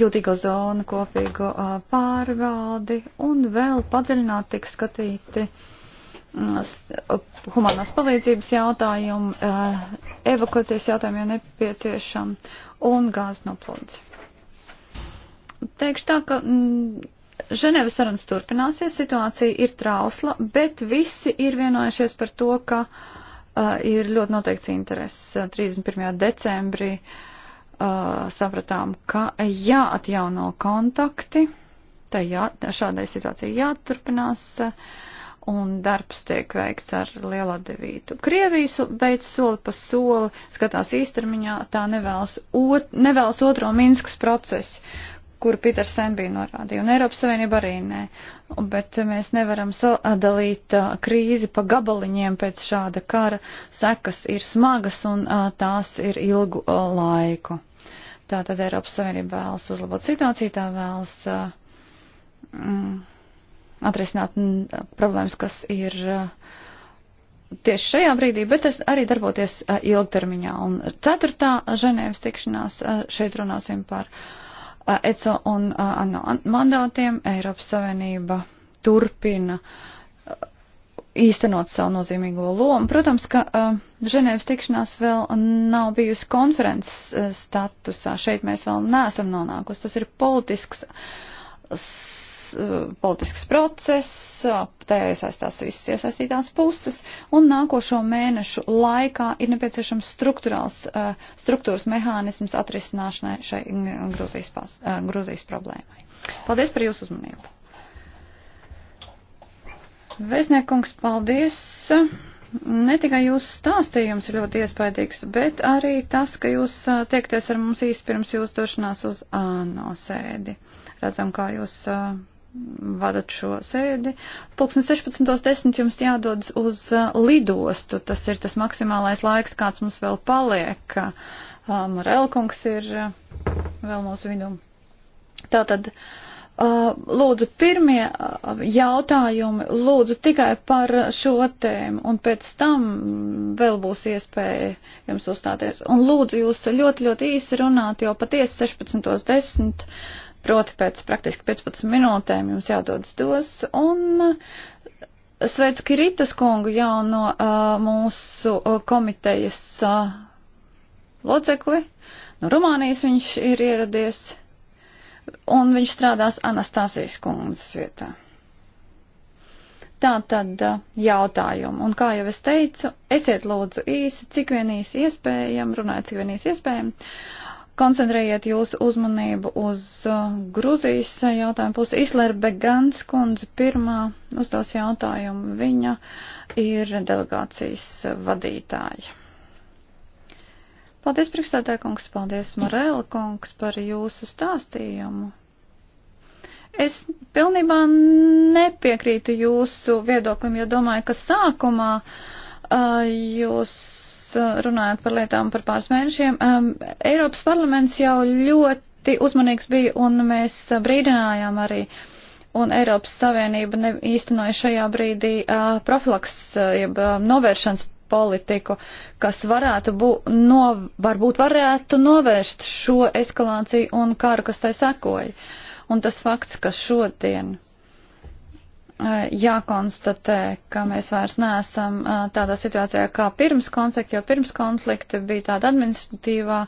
jūtīgo zonu, kopīgo uh, pārvaldi un vēl padziļināt tik skatīti uh, humanās palīdzības jautājumu, uh, evakuācijas jautājumu, ja nepieciešam, un gāzes noplūdzi. Teikšu tā, ka mm, Ženevas sarunas turpināsies, situācija ir trausla, bet visi ir vienojušies par to, ka uh, Uh, ir ļoti noteikts interesi. 31. Uh, decembrī uh, sapratām, ka jāatjauno kontakti, tai jā, šādai situācijai jāturpinās, un darbs tiek veikts ar lielu atdevītu. Krievijas beidz soli pa soli, skatās īstermiņā, tā nevēlas, ot, nevēlas otro Minskas procesu, kuru Pīters Sen bija norādījis, un Eiropas Savienība arī nē. Bet mēs nevaram sadalīt krīzi pa gabaliņiem pēc šāda kara. Sekas ir smagas un tās ir ilgu laiku. Tātad Eiropas Savienība vēlas uzlabot situāciju, tā vēlas mm, atrisināt problēmas, kas ir tieši šajā brīdī, bet es arī darboties ilgtermiņā. Un ceturtā Ženēvas tikšanās šeit runāsim par. Uh, ECO un ANO mandātiem Eiropas Savienība turpina īstenot savu nozīmīgo lomu. Protams, ka Ženēvas tikšanās vēl nav bijusi konferences statusā. Šeit mēs vēl neesam nonākusi. Tas ir politisks Eh, politisks process, te iesaistās visas iesaistītās puses, un nākošo mēnešu laikā ir nepieciešams struktūrāls, eh, struktūras mehānisms atrisināšanai šai Grūzijas, pās, eh, Grūzijas problēmai. Paldies par jūsu uzmanību. Vēstniekungs, paldies! Ne tikai jūsu stāstījums ir ļoti iespaidīgs, bet arī tas, ka jūs tiekties ar mums īsti pirms jūsu došanās uz ANO sēdi. Redzam, kā jūs vadat šo sēdi. Pulksten 16.10 jums jādodas uz uh, lidostu. Tas ir tas maksimālais laiks, kāds mums vēl paliek. Uh, Marelkungs ir uh, vēl mūsu vidū. Tātad, lūdzu, pirmie jautājumi, lūdzu tikai par šo tēmu, un pēc tam vēl būs iespēja jums uzstāties. Un lūdzu jūs ļoti, ļoti īsi runāt, jo patiesi 16.10 Proti pēc praktiski 15 minūtēm jums jādodas dos un uh, sveicu Kiritas kungu jauno uh, mūsu uh, komitejas uh, locekli. No Rumānijas viņš ir ieradies un viņš strādās Anastasijas kundzes vietā. Tā tad uh, jautājumu. Un kā jau es teicu, esiet lūdzu īsi, cik vien īsi iespējam, runājiet cik vien īsi iespējam koncentrējiet jūsu uzmanību uz uh, Gruzijas jautājumu pusi. Islēra Begans kundze pirmā uzdos jautājumu. Viņa ir delegācijas vadītāja. Paldies, priekšstādē kungs, paldies, Morēla kungs, par jūsu stāstījumu. Es pilnībā nepiekrītu jūsu viedoklim, jo domāju, ka sākumā uh, jūs Eh, runājāt par lietām par pāris mēnešiem, Eiropas parlaments jau ļoti uzmanīgs bija un mēs brīdinājām arī. Un Eiropas Savienība ne, īstenoja šajā brīdī uh, profilaks, eh, jeb uh, novēršanas politiku, kas varētu būt, no, varbūt varētu novērst šo eskalāciju un karu, kas tai sekoja. Un tas fakts, ka šodien Eh, jākonstatē, ka mēs vairs neesam eh, tādā situācijā kā pirms konflikta, jo pirms konflikta bija tāda administratīvā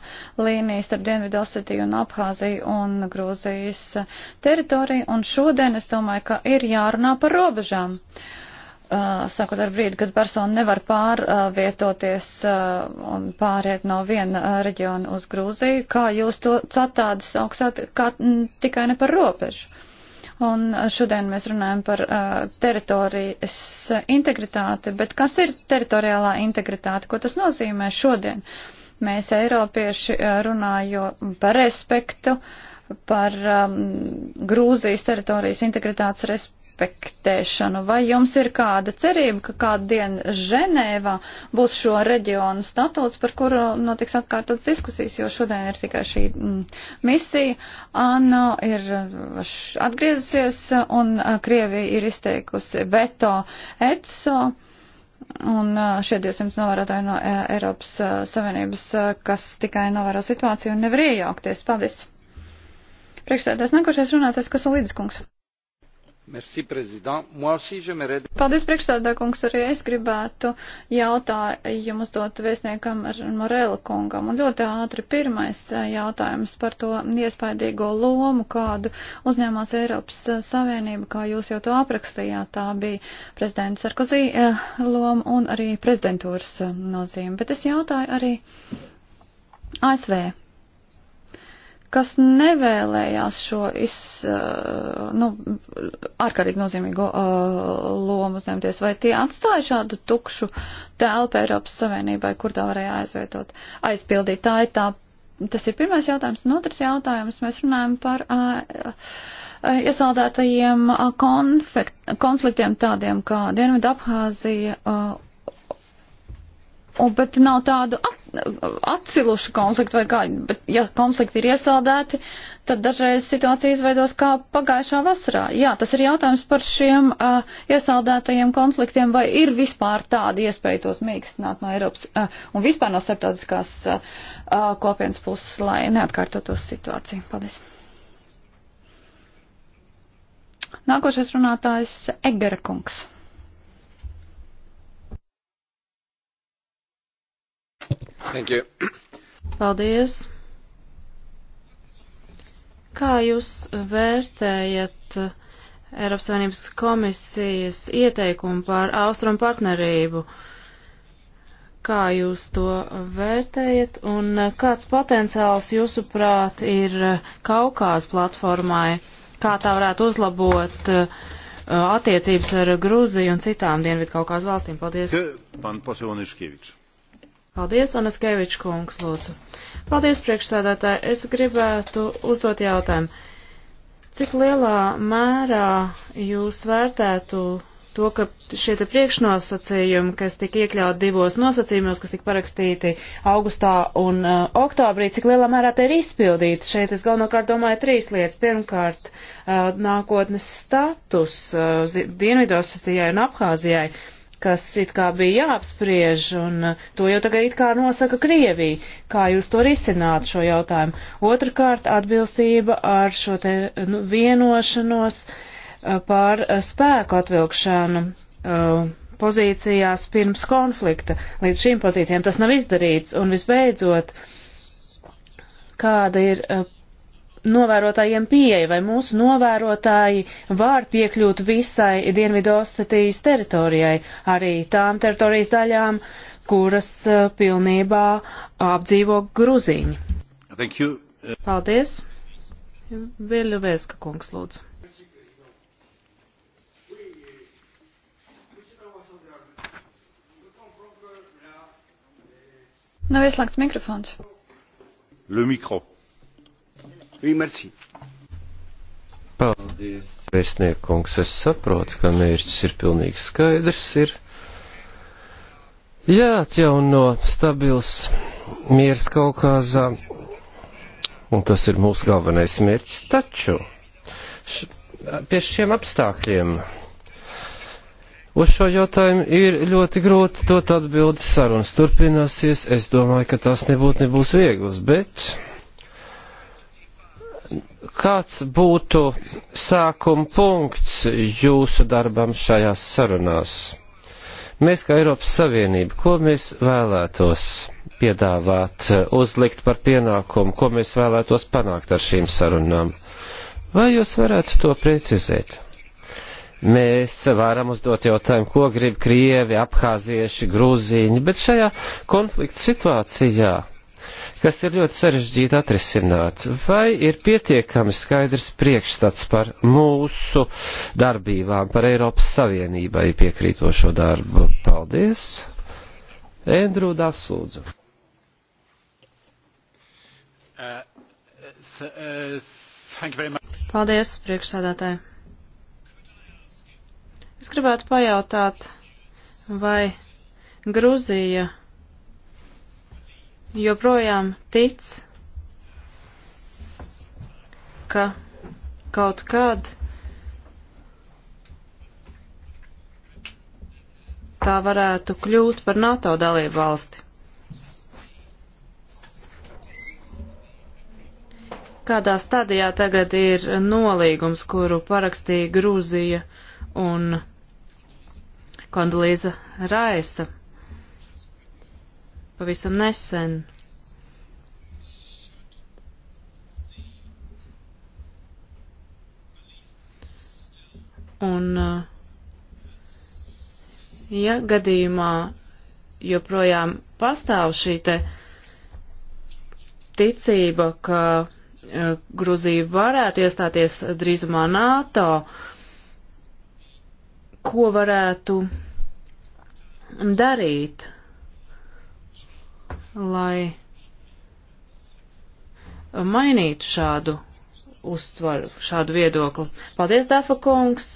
līnija starp Dienvidu Osetiju un Abhāziju un Grūzijas eh, teritoriju, un šodien es domāju, ka ir jārunā par robežām. Sākot ar brīdi, kad persona nevar pārvietoties un pāriet no viena reģiona uz Grūziju, kā jūs to catādi sauksāt, kā tikai ne par robežu. Un uh, šodien mēs runājam par uh, teritorijas integritāti, bet kas ir teritoriālā integritāte? Ko tas nozīmē šodien? Mēs, Eiropieši, uh, runājam par respektu, par um, Grūzijas teritorijas integritātes respektu respektēšanu. Vai jums ir kāda cerība, ka kādu dienu Ženēvā būs šo reģionu statūts, par kuru notiks atkārtotas diskusijas, jo šodien ir tikai šī mm, misija. ANO ir uh, atgriezusies un uh, Krievija ir izteikusi veto ETSO. Un uh, šie 200 novērotāji no Eiropas Savienības, kas tikai novēro situāciju un nevar iejaukties. Paldies! Priekšsēdētājs nākošais runātājs Kasulīdis kungs. Merci, prezident. Moi aussi, je mered... Paldies, priekšstādā kungs. Arī es gribētu jautājumu uzdot vēstniekam Morela kungam. Un ļoti ātri pirmais eh, jautājums par to iespaidīgo lomu, kādu uzņēmās Eiropas eh, Savienība, kā jūs jau to aprakstījāt. Tā bija prezidenta Sarkozī eh, loma un arī prezidentūras nozīme. Bet es jautāju arī ASV kas nevēlējās šo iz, uh, nu, ārkārtīgi nozīmīgo uh, lomu uzņemties, vai tie atstāja šādu tukšu telpu Eiropas Savienībai, kur tā varēja aizvietot, aizpildīt. Tā ir tā, tas ir pirmais jautājums. Un otrs jautājums, mēs runājam par uh, uh, iesaldētajiem uh, konflikt, konfliktiem tādiem kā Dienvidu Abhāzija. Uh, un, bet nav tādu atciluši konfliktu vai kā, bet ja konflikti ir iesaldēti, tad dažreiz situācija izveidos kā pagājušā vasarā. Jā, tas ir jautājums par šiem uh, iesaldētajiem konfliktiem, vai ir vispār tāda iespēja tos mīkstināt no Eiropas uh, un vispār no starptautiskās uh, kopienas puses, lai neatkārtotos situācija. Paldies. Nākošais runātājs Egera kungs. Paldies. Kā jūs vērtējat Eiropas Savienības komisijas ieteikumu par austrumu partnerību? Kā jūs to vērtējat un kāds potenciāls jūsuprāt ir Kaukās platformai? Kā tā varētu uzlabot uh, attiecības ar Grūziju un citām Dienvidkaukās valstīm? Paldies. Pan Pasioniškievičs. Paldies, Anaskevičs kungs, lūdzu. Paldies, priekšsēdētāji. Es gribētu uzdot jautājumu. Cik lielā mērā jūs vērtētu to, ka šie te priekšnosacījumi, kas tika iekļaut divos nosacījumos, kas tika parakstīti augustā un uh, oktobrī, cik lielā mērā te ir izpildīti. Šeit es galvenokārt domāju trīs lietas. Pirmkārt, uh, nākotnes status uh, Dienvidosetijai un Abhāzijai kas it kā bija jāapspriež, un uh, to jau tagad it kā nosaka Krievija. Kā jūs to risināt šo jautājumu? Otrakārt, atbilstība ar šo te uh, nu, vienošanos uh, par spēku atvilkšanu pozīcijās pirms konflikta. Līdz šīm pozīcijām tas nav izdarīts, un visbeidzot, kāda ir novērotājiem pieeja, vai mūsu novērotāji var piekļūt visai Dienvidostatijas teritorijai, arī tām teritorijas daļām, kuras eh, pilnībā apdzīvo Gruziņi. Paldies. Viļu Vēska kungs, lūdzu. Nav ieslēgts mikrofons. Le micro. Oui, merci. Paldies, vēstniekungs. Es saprotu, ka mērķis ir pilnīgi skaidrs. Ir jāatjauno stabils miers Kaukāzā, un tas ir mūsu galvenais mērķis. Taču š, pie šiem apstākļiem uz šo jautājumu ir ļoti grūti dot atbildi sarunas turpināsies. Es domāju, ka tās nebūtu nebūs vieglas, bet Kāds būtu sākuma punkts jūsu darbam šajās sarunās? Mēs kā Eiropas Savienība, ko mēs vēlētos piedāvāt, uzlikt par pienākumu, ko mēs vēlētos panākt ar šīm sarunām? Vai jūs varētu to precizēt? Mēs varam uzdot jautājumu, ko grib Krievi, Abhāzieši, Grūzīņi, bet šajā konflikta situācijā kas ir ļoti sarežģīti atrisināt. Vai ir pietiekami skaidrs priekšstats par mūsu darbībām, par Eiropas Savienībai piekrītošo darbu? Paldies! Endrū Dāvs lūdzu. Paldies, priekšsādātāji. Es gribētu pajautāt, vai Gruzija joprojām tic, ka kaut kād tā varētu kļūt par NATO dalību valsti. Kādā stadijā tagad ir nolīgums, kuru parakstīja Grūzija un Kondalīza Raisa? pavisam nesen. Un, uh, ja gadījumā joprojām pastāv šī te ticība, ka uh, Gruzija varētu iestāties drīzumā NATO, ko varētu darīt? lai mainītu šādu uztvaru, šādu viedokli. Paldies, Dāfa kungs!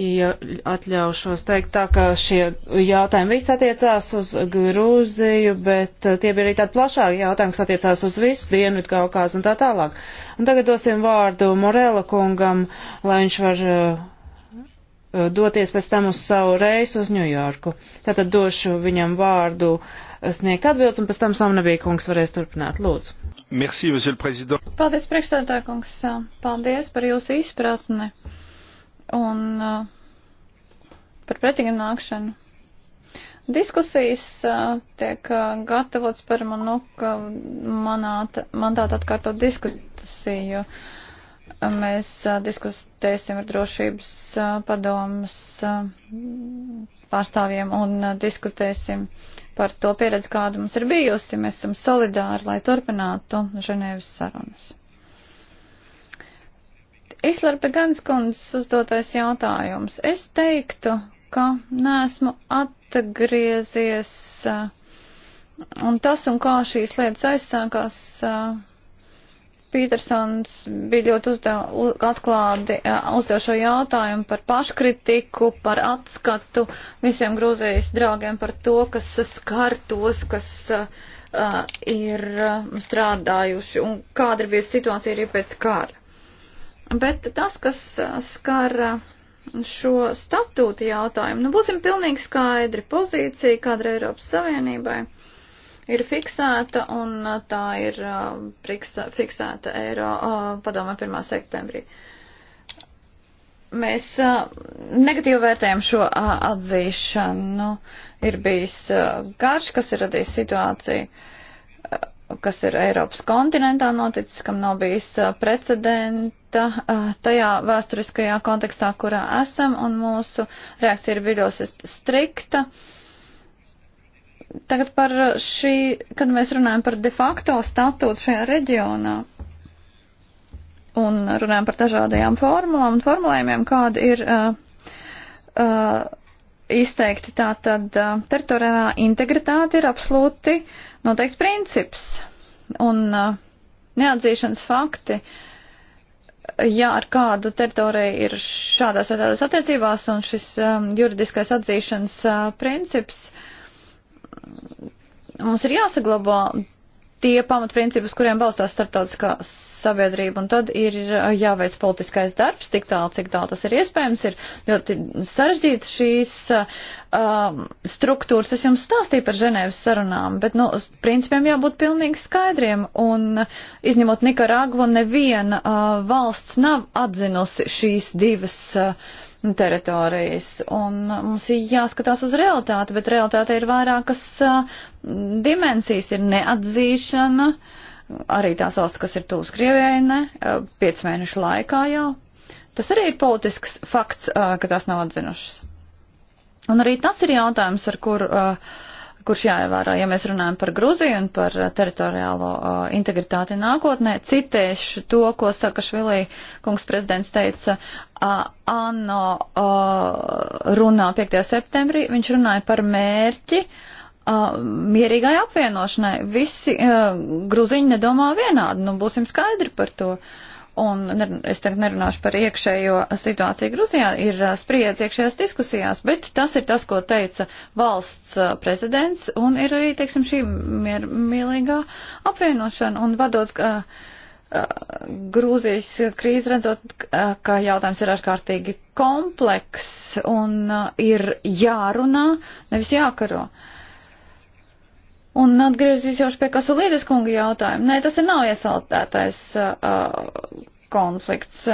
Ja atļaušos teikt tā, ka šie jautājumi visi attiecās uz Grūziju, bet eh, tie bija arī tādi plašāki jautājumi, kas attiecās uz visu Dienvidu Kaukās un tā tālāk. Un tagad dosim vārdu Morela kungam, lai viņš var uh, Uh, doties pēc tam uz savu reisu uz Ņujorku. Tātad došu viņam vārdu uh, sniegt atbildes, un pēc tam Somnabija kungs varēs turpināt. Lūdzu. Merci, paldies, priekšstādā kungs. Uh, paldies par jūsu izpratni un par pretīgam nākšanu. Diskusijas tiek gatavots par manu, manā mandātu atkārtot diskusiju. Uh, mēs diskutēsim ar drošības padomas pārstāvjiem un diskutēsim par to pieredzi, kāda mums ir bijusi. Mēs esam solidāri, lai turpinātu Ženēvas sarunas. Islara Pegans kundzes uzdotais jautājums. Es teiktu, ka neesmu atgriezies un tas un kā šīs lietas aizsākās. Uh, Pītersons bija ļoti uzdev, atklādi uzdev šo jautājumu par paškritiku, par atskatu visiem Grūzijas draugiem par to, kas skar tos, kas uh, ir strādājuši un kāda ir bijusi situācija arī pēc kara. Bet tas, kas skar šo statūtu jautājumu, nu būsim pilnīgi skaidri pozīcija kādra Eiropas Savienībai. Uh, ir fiksēta un uh, tā ir uh, priksa, fiksēta eiro uh, padomē 1. septembrī. Mēs negatīvi vērtējam šo atzīšanu. Ir bijis karš, kas ir radījis situāciju, kas ir Eiropas kontinentā noticis, kam nav bijis precedenta tajā vēsturiskajā kontekstā, kurā esam, un mūsu reakcija ir bijusi strikta. Uh, Tagad par šī, kad mēs runājam par de facto statūtu šajā reģionā un runājam par dažādajām formulām un formulējumiem, kāda ir uh, uh, izteikti, tā tad uh, teritoriālā integritāte ir absolūti noteikts princips un uh, neatzīšanas fakti. Uh, ja ar kādu teritoriju ir šādās vai tādās attiecībās un šis um, juridiskais atzīšanas uh, princips uh, mums ir jāsaglabā tie pamatprincipi, uz kuriem balstās starptautiskā sabiedrība, un tad ir uh, jāveic politiskais darbs, tik tālu, cik tālu tas ir iespējams, ir ļoti sarežģīts šīs uh, um, struktūras. Es jums stāstīju par Ženēvas sarunām, bet, nu, principiem jābūt pilnīgi skaidriem, un uh, izņemot Nikaragvu, neviena uh, valsts nav atzinusi šīs divas. Uh, teritorijas. Un mums ir jāskatās uz realitāti, bet realitāte ir vairākas dimensijas. Ir neatzīšana, arī tās valsts, kas ir tūs Krievijai, ne, piec mēnešu laikā jau. Tas arī ir politisks fakts, ka tās nav atzinušas. Un arī tas ir jautājums, ar kuru. Uh, kurš jāievēro. Ja mēs runājam par Gruziju un par uh, teritoriālo uh, integritāti nākotnē, citēšu to, ko saka Švilī kungs prezidents teica uh, ANO uh, runā 5. septembrī. Viņš runāja par mērķi uh, mierīgai apvienošanai. Visi uh, gruziņi nedomā vienādi, nu būsim skaidri par to. Uh, un es tagad nerunāšu par iekšējo situāciju Gruzijā, ir spriedz iekšējās diskusijās, bet tas ir tas, ko teica valsts prezidents, un ir arī, teiksim, šī miermīlīgā apvienošana, un vadot uh, uh, Grūzijas krīzi, redzot, uh, ka jautājums ir ārkārtīgi kompleks, un ir jārunā, nevis jākaro. Uh, Un atgriezīšos pie Kasulīdes kunga jautājuma. Nē, tas ir nav iesaltētais uh, konflikts.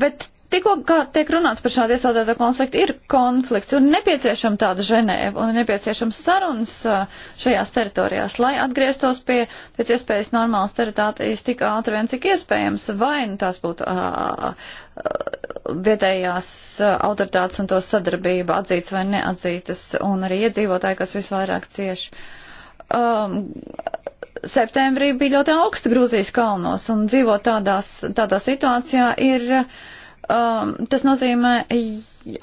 Bet tikko kā tiek runāts par šādu iesaldēto konfliktu, ir konflikts un nepieciešama tāda Ženēva un nepieciešams sarunas uh, šajās teritorijās, lai atgrieztos pie pēc iespējas normālas teritorijas tik ātri vien, cik iespējams, vai nu tās būtu uh, uh vietējās uh, autoritātes un to sadarbība atzītas vai neatzītas, un arī iedzīvotāji, kas visvairāk cieši. Um, septembrī bija ļoti augsta Grūzijas kalnos, un dzīvot tādās, tādā situācijā ir, um, tas nozīmē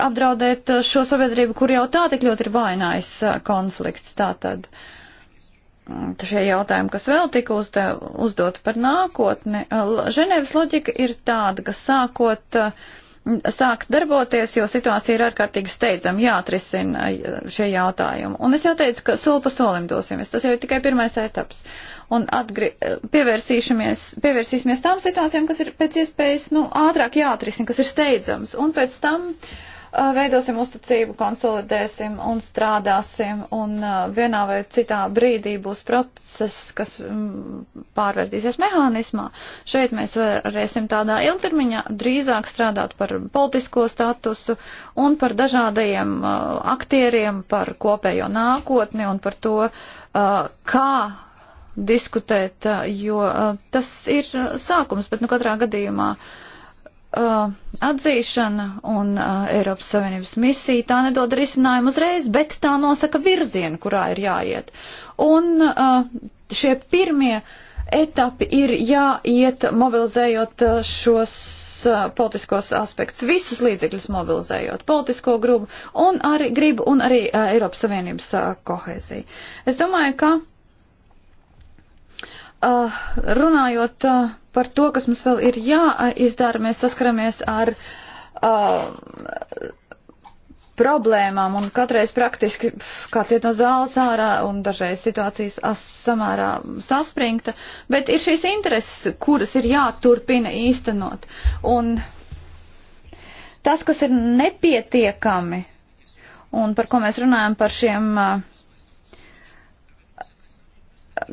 apdraudēt šo sabiedrību, kur jau tā tik ļoti ir vainājis uh, konflikts. Tātad mm, šie jautājumi, kas vēl tika uzdev, uzdot par nākotni. Uh, Ženēvas loģika ir tāda, ka sākot uh, sākt darboties, jo situācija ir ārkārtīgi steidzama, jāatrisina eh, šie jautājumi. Un es jau teicu, ka soli pa solim dosimies, tas jau ir tikai pirmais etaps. Un atgri, eh, pievērsīsimies tām situācijām, kas ir pēc iespējas nu, ātrāk jāatrisina, kas ir steidzams. Un pēc tam veidosim uzticību, konsolidēsim un strādāsim, un vienā vai citā brīdī būs process, kas pārvērtīsies mehānismā. Šeit mēs varēsim tādā ilgtermiņā drīzāk strādāt par politisko statusu un par dažādajiem aktieriem, par kopējo nākotni un par to, kā diskutēt, jo tas ir sākums, bet nu katrā gadījumā uh, uh, atzīšana un uh, Eiropas Savienības misija, tā nedod risinājumu uzreiz, bet tā nosaka virzienu, kurā ir jāiet. Un uh, šie pirmie etapi ir jāiet mobilizējot uh, šos uh, politiskos aspektus, visus līdzekļus mobilizējot, politisko grubu un arī gribu un arī uh, Eiropas Savienības kohēziju. Es domāju, ka uh, runājot uh, par to, kas mums vēl ir jāizdara, mēs saskaramies ar uh, problēmām un katreiz praktiski, kā tie no zāles ārā un dažreiz situācijas as, samērā saspringta, bet ir šīs intereses, kuras ir jāturpina īstenot. Un tas, kas ir nepietiekami un par ko mēs runājam par šiem uh,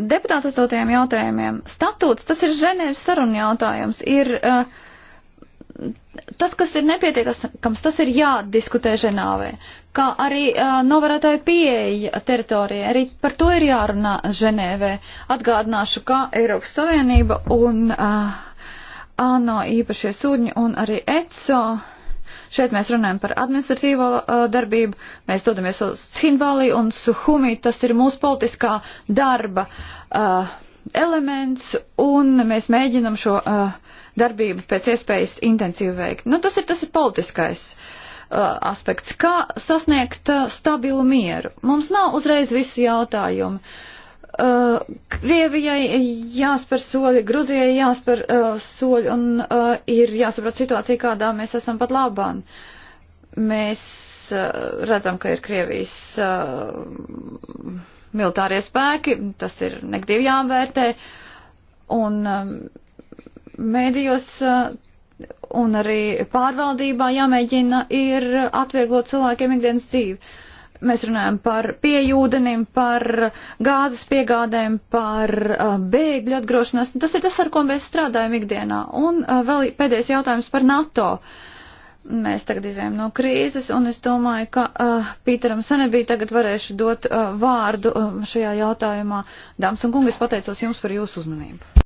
deputātu uzdotajiem jautājumiem. Statūts, tas ir Ženēvas sarunu jautājums, ir uh, tas, kas ir nepietiekams, tas ir jādiskutē Ženāvē. Kā arī uh, novērotāju pieeja teritorijai, arī par to ir jārunā Ženēvē. Atgādināšu, kā Eiropas Savienība un uh, ANO īpašie sūdņi un arī ECO Šeit mēs runājam par administratīvo uh, darbību, mēs dodamies uz Cinvali un Suhumi, tas ir mūsu politiskā darba uh, elements, un mēs mēģinam šo uh, darbību pēc iespējas intensīvi veikt. Nu, tas ir, tas ir politiskais uh, aspekts. Kā sasniegt uh, stabilu mieru? Mums nav uzreiz visu jautājumu. Uh, Uh, Krievijai jāspēr soļi, Gruzijai jāspēr uh, soļi un uh, ir jāsaprot situācija, kādā mēs esam pat labāk. Mēs uh, redzam, ka ir Krievijas uh, militārie spēki, tas ir negatīvi jāvērtē, un uh, mēdījos uh, un arī pārvaldībā jāmēģina ir atvieglot cilvēkiem ikdienas dzīvi. Uh, Mēs runājam par piejūdenim, par gāzes piegādēm, par uh, bēgļu atgrošanās. Tas ir tas, ar ko mēs strādājam ikdienā. Un uh, vēl pēdējais jautājums par NATO. Mēs tagad izējām no krīzes, un es domāju, ka uh, Pīteram Sanebī tagad varēšu dot uh, vārdu uh, šajā jautājumā. Dāmas un kungi, es pateicos jums par jūsu uzmanību.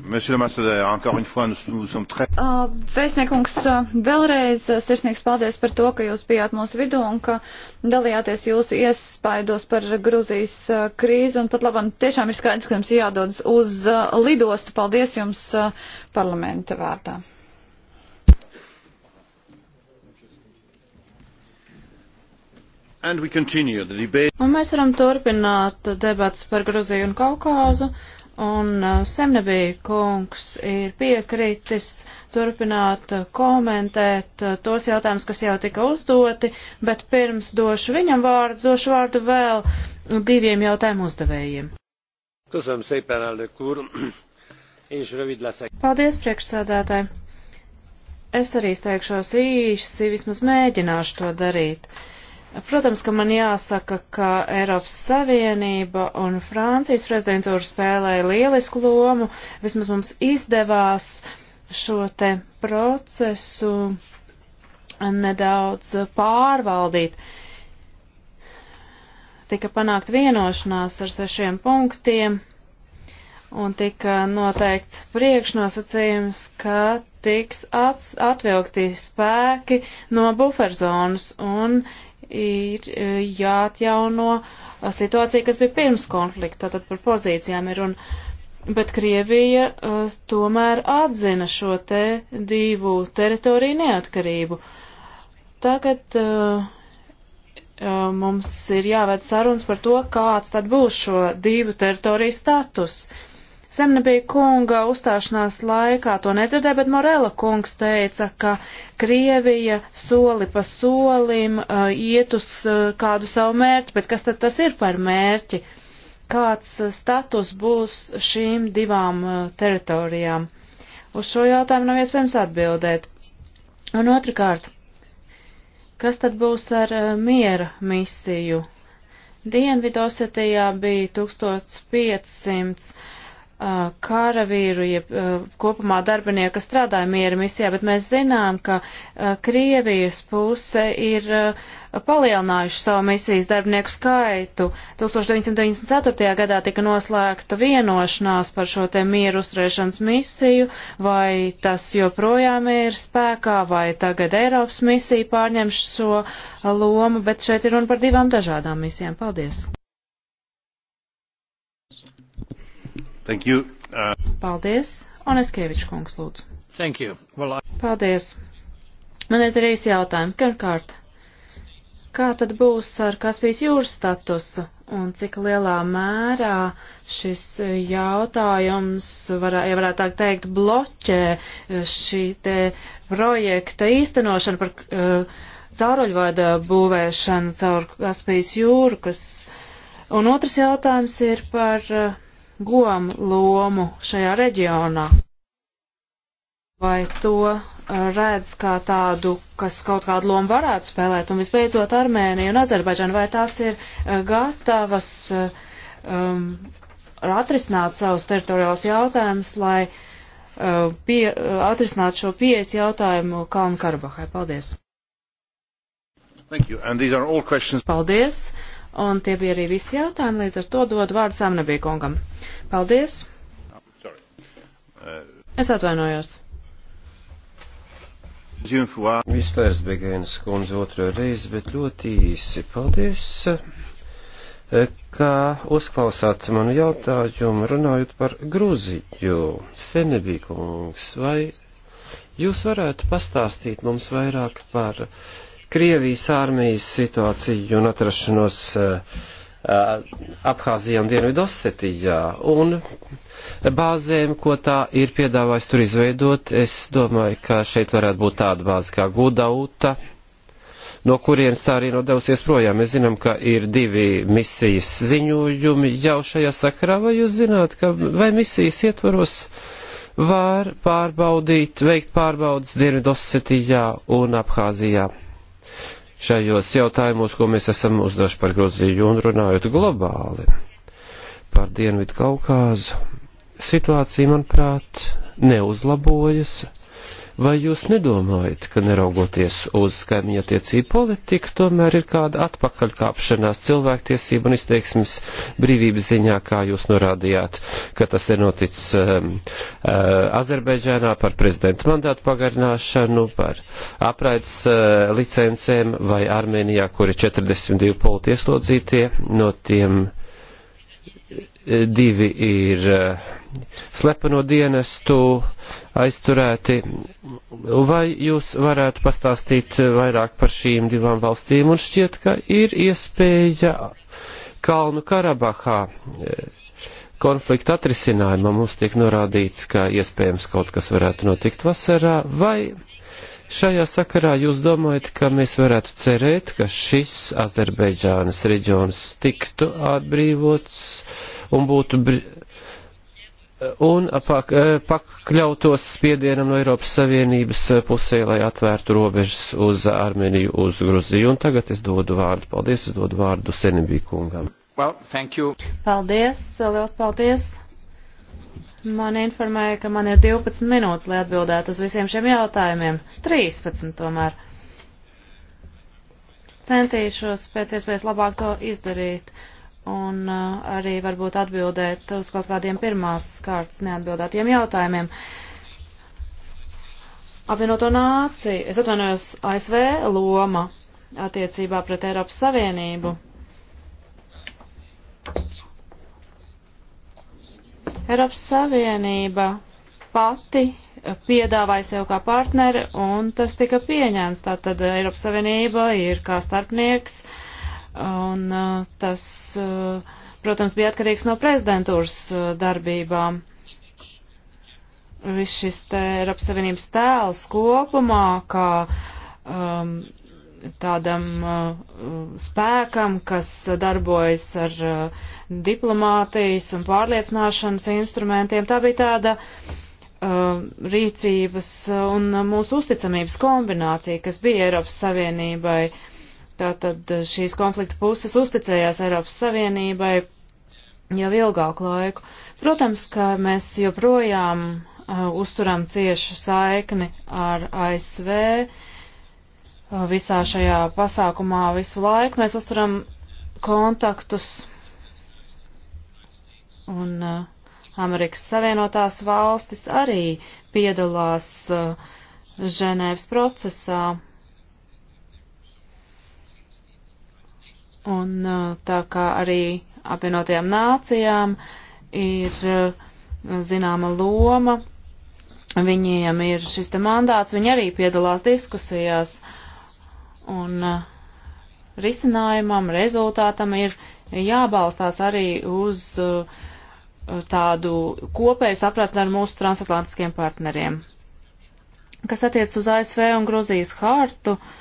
Monsieur le Massadeur, encore une fois, nous sommes très. Uh, vēstniekungs, uh, vēlreiz uh, sirsnīgs paldies par to, ka jūs bijāt mūsu vidū un ka dalījāties jūsu iespaidos par Gruzijas krīzi. Un pat labam, tiešām ir skaidrs, ka jums jādodas uz lidostu. Paldies jums parlamenta vārdā. Un mēs varam turpināt debats par Gruziju un Kaukāzu un uh, Semnebija kungs ir piekritis turpināt uh, komentēt uh, tos jautājumus, kas jau tika uzdoti, bet pirms došu viņam vārdu, došu vārdu vēl diviem jautājumu uzdevējiem. Paldies, priekšsādātāji! Es arī steigšos īsi, vismaz mēģināšu to darīt. Uh, Protams, ka man jāsaka, ka Eiropas Savienība un Francijas prezidentūra spēlēja lielisku lomu. Vismaz mums izdevās šo te procesu nedaudz pārvaldīt. Tika panākt vienošanās ar sešiem punktiem un tika noteikts priekšnosacījums, ka tiks atvilkti spēki no buferzonas un ir e, jāatjauno situācija, kas bija pirms konflikta, tad par pozīcijām ir un. Bet Krievija uh, tomēr atzina šo te divu teritoriju neatkarību. Tagad uh, mums ir jāved sarunas par to, kāds tad būs šo divu teritoriju status. Uh, Zemnebija kunga uzstāšanās laikā to nedzirdēju, bet Morela kungs teica, ka Krievija soli pa solim uh, iet uz uh, kādu savu mērķi, bet kas tad tas ir par mērķi? Kāds uh, status būs šīm divām uh, teritorijām? Uz šo jautājumu nav iespējams atbildēt. Un otrkārt, kas tad būs ar uh, miera misiju? Dienvidosetijā bija 1500 Uh, kāravīru, jeb uh, kopumā darbinieku, kas strādāja miera misijā, bet mēs zinām, ka uh, Krievijas puse ir palielinājuši savu misijas darbinieku skaitu. 1994. gadā tika noslēgta vienošanās par šo te mieru uzturēšanas misiju, vai tas joprojām ir spēkā, vai tagad Eiropas misija pārņem šo lomu, bet šeit ir runa par divām dažādām misijām. Paldies! Thank you. Uh... Paldies. Oneskevičs kungs, lūdzu. Thank you. Well, I... Paldies. Man ir trīs jautājumi. Pirmkārt, kā tad būs ar Kaspijas jūras statusu un cik lielā mērā šis jautājums, varā, ja varētu tā teikt, bloķē šī te projekta īstenošana par uh, cauruļvada būvēšanu caur Kaspijas jūru, kas. Un otrs jautājums ir par. Uh, gom lomu šajā reģionā? Vai to eh, redz kā tādu, kas kaut kādu lomu varētu spēlēt? Un visbeidzot, Armēnija un Azerbaidžana, vai tās ir eh, gatavas eh, um, atrisināt savus teritoriālus jautājumus, lai uh, pie, atrisināt šo pieejas jautājumu Kalnu Karabahai? Paldies! Paldies! Un tie bija arī visi jautājumi, līdz ar to dod vārdu Samnebija kungam. Paldies! Uh, es atvainojos. Vislērs Begēnas kundze otro reizi, bet ļoti īsi. Paldies, eh, ka uzklausāt manu jautājumu runājot par Gruziju. Senebija kungs, vai jūs varētu pastāstīt mums vairāk par Krievijas armijas situāciju un atrašanos uh, Abhāzijā un Dienvidosetijā un bāzēm, ko tā ir piedāvājis tur izveidot. Es domāju, ka šeit varētu būt tāda bāze kā Gudauta, no kurienes tā arī nodevusies projām. Mēs zinām, ka ir divi misijas ziņojumi jau šajā sakarā, vai jūs zināt, ka vai misijas ietvaros var pārbaudīt, veikt pārbaudas Dienvidosetijā un Abhāzijā? šajos jautājumos, ko mēs esam uzdoši par Gruziju un runājot globāli par Dienvidu Kaukāzu. Situācija, manuprāt, neuzlabojas Vai jūs nedomājat, ka neraugoties uz skaimiņa attiecību politiku, tomēr ir kāda atpakaļkāpšanās cilvēktiesību un izteiksmes brīvības ziņā, kā jūs norādījāt, ka tas ir noticis um, uh, Azerbaidžānā par prezidenta mandātu pagarināšanu, par apraides uh, licencēm vai Armēnijā, kur ir 42 politieslodzītie, no tiem divi ir eh, slepeno dienestu aizturēti. Vai jūs varētu pastāstīt eh, vairāk par šīm divām valstīm? Un šķiet, ka ir iespēja Kalnu Karabahā eh, konflikta atrisinājumā mums tiek norādīts, ka iespējams kaut kas varētu notikt vasarā, vai šajā sakarā jūs domājat, ka mēs varētu cerēt, ka šis Azerbaidžānas reģions tiktu atbrīvots un būtu un pak, pakļautos spiedienam no Eiropas Savienības pusē, lai atvērtu robežas uz Armēniju, uz Gruziju. Un tagad es dodu vārdu, paldies, es dodu vārdu Senibī kungam. Well, thank you. Paldies, liels paldies. Man informēja, ka man ir 12 minūtes, lai atbildētu uz visiem šiem jautājumiem. 13 tomēr. Centīšos pēc iespējas labāk to izdarīt un uh, arī varbūt atbildēt uz kaut kādiem pirmās kārtas neatbildētiem jautājumiem. Apvienoto nāciju, es atvainojos ASV loma attiecībā pret Eiropas Savienību. Eiropas Savienība pati piedāvāja sev kā partneri, un tas tika pieņēmts. Tātad Eiropas Savienība ir kā starpnieks uh, Un uh, tas, uh, protams, bija atkarīgs no prezidentūras uh, darbībām. Viss šis te Eiropas Savienības tēls kopumā, kā um, tādam uh, spēkam, kas darbojas ar uh, diplomātijas un pārliecināšanas instrumentiem. Tā bija tāda uh, rīcības un mūsu uzticamības kombinācija, kas bija Eiropas Savienībai. Uh, Tātad eh, šīs konflikta puses uzticējās Eiropas Savienībai jau ilgāku laiku. Protams, ka mēs joprojām uh, uzturam ciešu saikni ar ASV uh, eh, visā šajā pasākumā visu laiku. Mēs uzturam kontaktus un uh, Amerikas Savienotās valstis arī piedalās uh, Ženēvas procesā Un uh, tā kā arī apvienotajām nācijām ir uh, zināma loma, viņiem ir šis te mandāts, viņi arī piedalās diskusijās. Un uh, risinājumam, rezultātam ir jābalstās arī uz tādu kopēju sapratni ar mūsu transatlantiskiem partneriem. Kas attiec uz ASV un Gruzijas hartu, uh,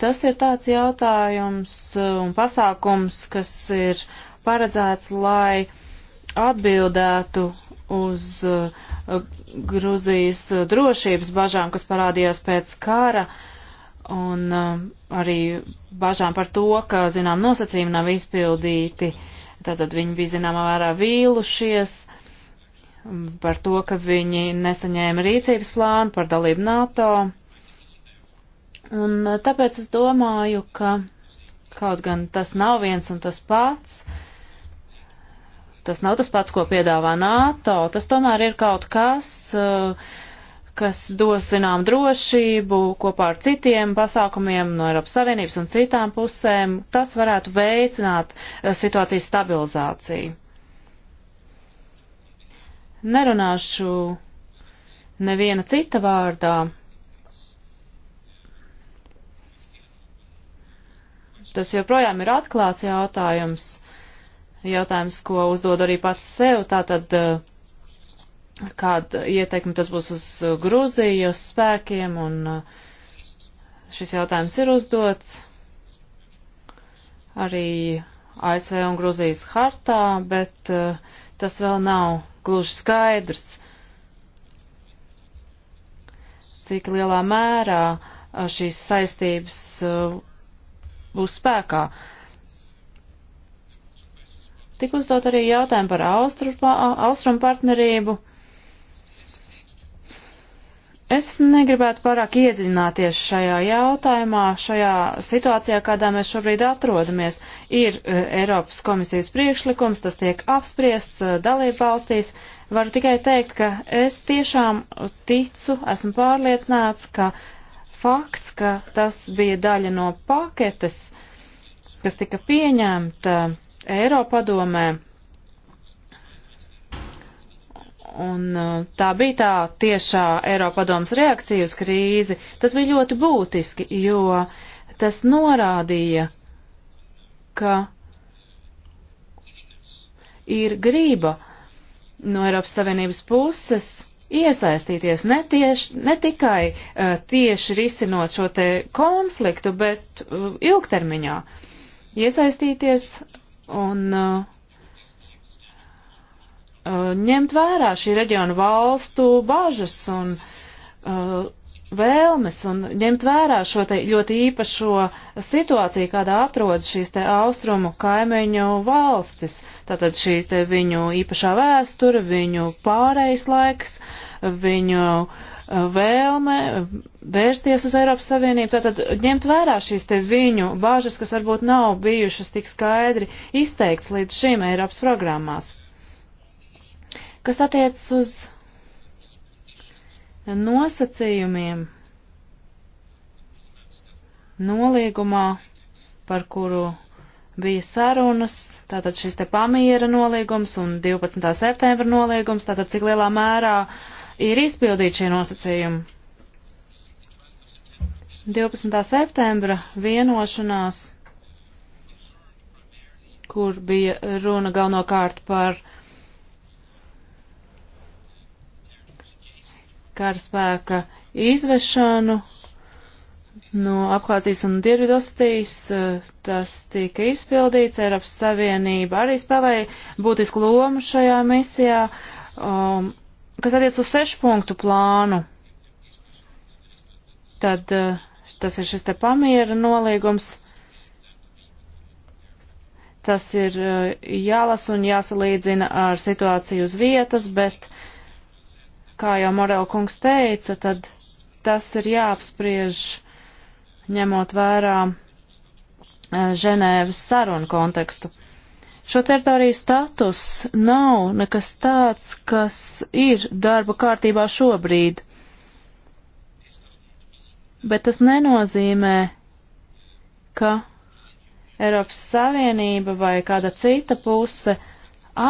Tas ir tāds jautājums uh, un pasākums, kas ir paredzēts, lai atbildētu uz uh, Gruzijas drošības bažām, kas parādījās pēc kara, un uh, arī bažām par to, ka, zinām, nosacījumi nav izpildīti, tātad viņi bija, zināmā mērā, vīlušies um, par to, ka viņi nesaņēma rīcības plānu par dalību NATO. Un e, tāpēc es domāju, ka kaut gan tas nav viens un tas pats, tas nav tas pats, ko piedāvā NATO, tas tomēr ir kaut kas, e, kas dos zinām drošību kopā ar citiem pasākumiem no Eiropas Savienības un citām pusēm. Tas varētu veicināt e, situācijas stabilizāciju. Nerunāšu neviena cita vārdā Tas joprojām ir atklāts jautājums, jautājums, ko uzdod arī pats sev, tātad eh, kāda ieteikuma tas būs uz Grūziju, uz spēkiem, un eh, šis jautājums ir uzdots arī ASV un Grūzijas hartā, bet eh, tas vēl nav gluži skaidrs cik lielā mērā šīs saistības būs spēkā. Tik uzdot arī jautājumu par austrumu partnerību. Es negribētu pārāk iedziļināties šajā jautājumā, šajā situācijā, kādā mēs šobrīd atrodamies. Ir e, Eiropas komisijas priekšlikums, tas tiek apspriests e, dalību valstīs. Varu tikai teikt, ka es tiešām ticu, esmu pārliecināts, ka fakts, ka tas bija daļa no paketes, kas tika pieņemta Eiropadomē. Un uh, tā bija tā tiešā Eiropadomas reakcija uz krīzi. Tas bija ļoti būtiski, jo tas norādīja, ka ir grība no Eiropas Savienības puses iesaistīties ne, tieš, ne tikai uh, tieši risinot šo te konfliktu, bet uh, ilgtermiņā iesaistīties un uh, ņemt vērā šī reģiona valstu bažas un uh, vēlmes un ņemt vērā šo te ļoti īpašo situāciju, kādā atrodas šīs te austrumu kaimiņu valstis. Tātad šī te viņu īpašā vēsture, viņu pārējais laiks, viņu uh, vēlme uh, vērsties uz Eiropas Savienību, tātad ņemt vērā šīs te viņu bāžas, kas varbūt nav bijušas tik skaidri izteikts līdz šim Eiropas programmās. Kas attiecas uz nosacījumiem nolīgumā, par kuru bija sarunas, tātad šis te pamiera nolīgums un 12. septembra nolīgums, tātad cik lielā mērā ir izpildīti šie nosacījumi. 12. septembra vienošanās, kur bija runa galvenokārt par karaspēka izvešanu no Abhāzijas un Dienvidostijas. Tas tika izpildīts. Eiropas Savienība arī spēlēja būtisku lomu šajā misijā, um, kas attiec uz sešu punktu plānu. Tad uh, tas ir šis te pamiera nolīgums. Tas ir uh, jālas un jāsalīdzina ar situāciju uz vietas, bet uh, kā jau Morel kungs teica, tad tas ir jāapspriež ņemot vērā e, Ženēvas sarunu kontekstu. Šo teritoriju status nav nekas tāds, kas ir darba kārtībā šobrīd, bet tas nenozīmē, ka Eiropas Savienība vai kāda cita puse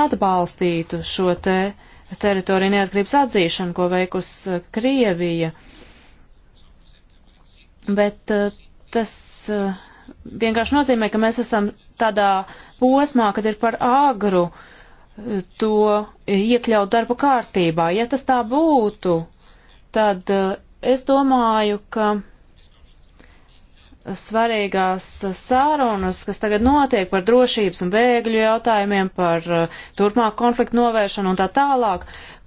atbalstītu šo te uh, teritoriju neatkarības atzīšanu, ko veikus eh, Krievija. Bet eh, tas eh, vienkārši nozīmē, ka mēs esam tādā posmā, kad ir par agru to iekļaut darba kārtībā. Ja tas tā būtu, tad es domāju, ka svarīgās sārunas, kas tagad notiek par drošības un bēgļu jautājumiem, par uh, turpmāk konfliktu novēršanu un tā tālāk,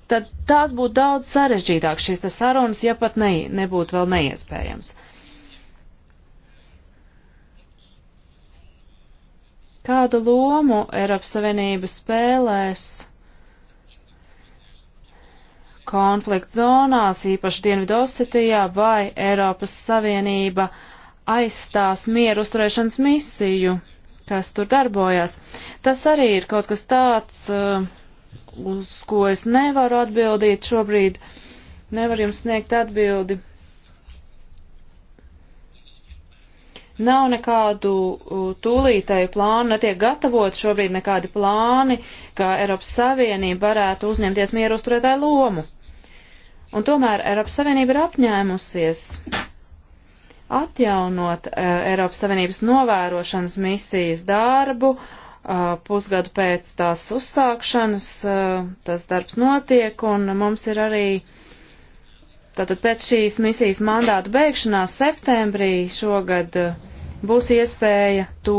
tad tās būtu daudz sarežģītāk šīs te sarunas, ja pat ne, nebūtu vēl neiespējams. Kādu lomu Eiropas Savienība spēlēs konflikt zonās, īpaši Dienvidosetijā, vai Eiropas Savienība uh, aizstās mieru uzturēšanas misiju, kas tur darbojās. Tas arī ir kaut kas tāds, uh, uz ko es nevaru atbildīt šobrīd. Nevar jums sniegt atbildi. Nav nekādu uh, tūlītēju plānu, netiek gatavot šobrīd nekādi plāni, kā Eiropas Savienība varētu uzņemties mieru uzturētāju lomu. Un tomēr Eiropas Savienība ir apņēmusies atjaunot e, Eiropas Savienības novērošanas misijas darbu. E, pusgadu pēc tās uzsākšanas e, tas darbs notiek, un mums ir arī tātad pēc šīs misijas mandātu beigšanās septembrī šogad būs iespēja to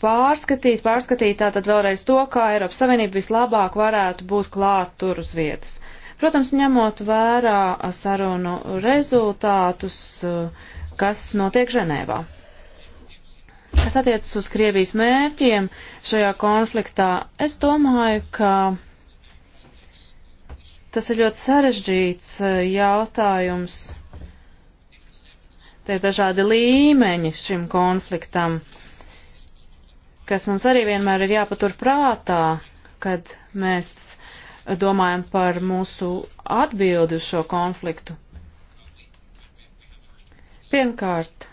pārskatīt, pārskatīt tātad vēlreiz to, kā Eiropas Savienība vislabāk varētu būt klāt tur uz vietas. Protams, ņemot vērā sarunu rezultātus, kas notiek Ženēvā. Kas attiecas uz Krievijas mērķiem šajā konfliktā, es domāju, ka tas ir ļoti sarežģīts eh, jautājums. Te ir dažādi līmeņi šim konfliktam, kas mums arī vienmēr ir jāpatur prātā, kad mēs domājam par mūsu atbildi uz šo konfliktu? Pirmkārt,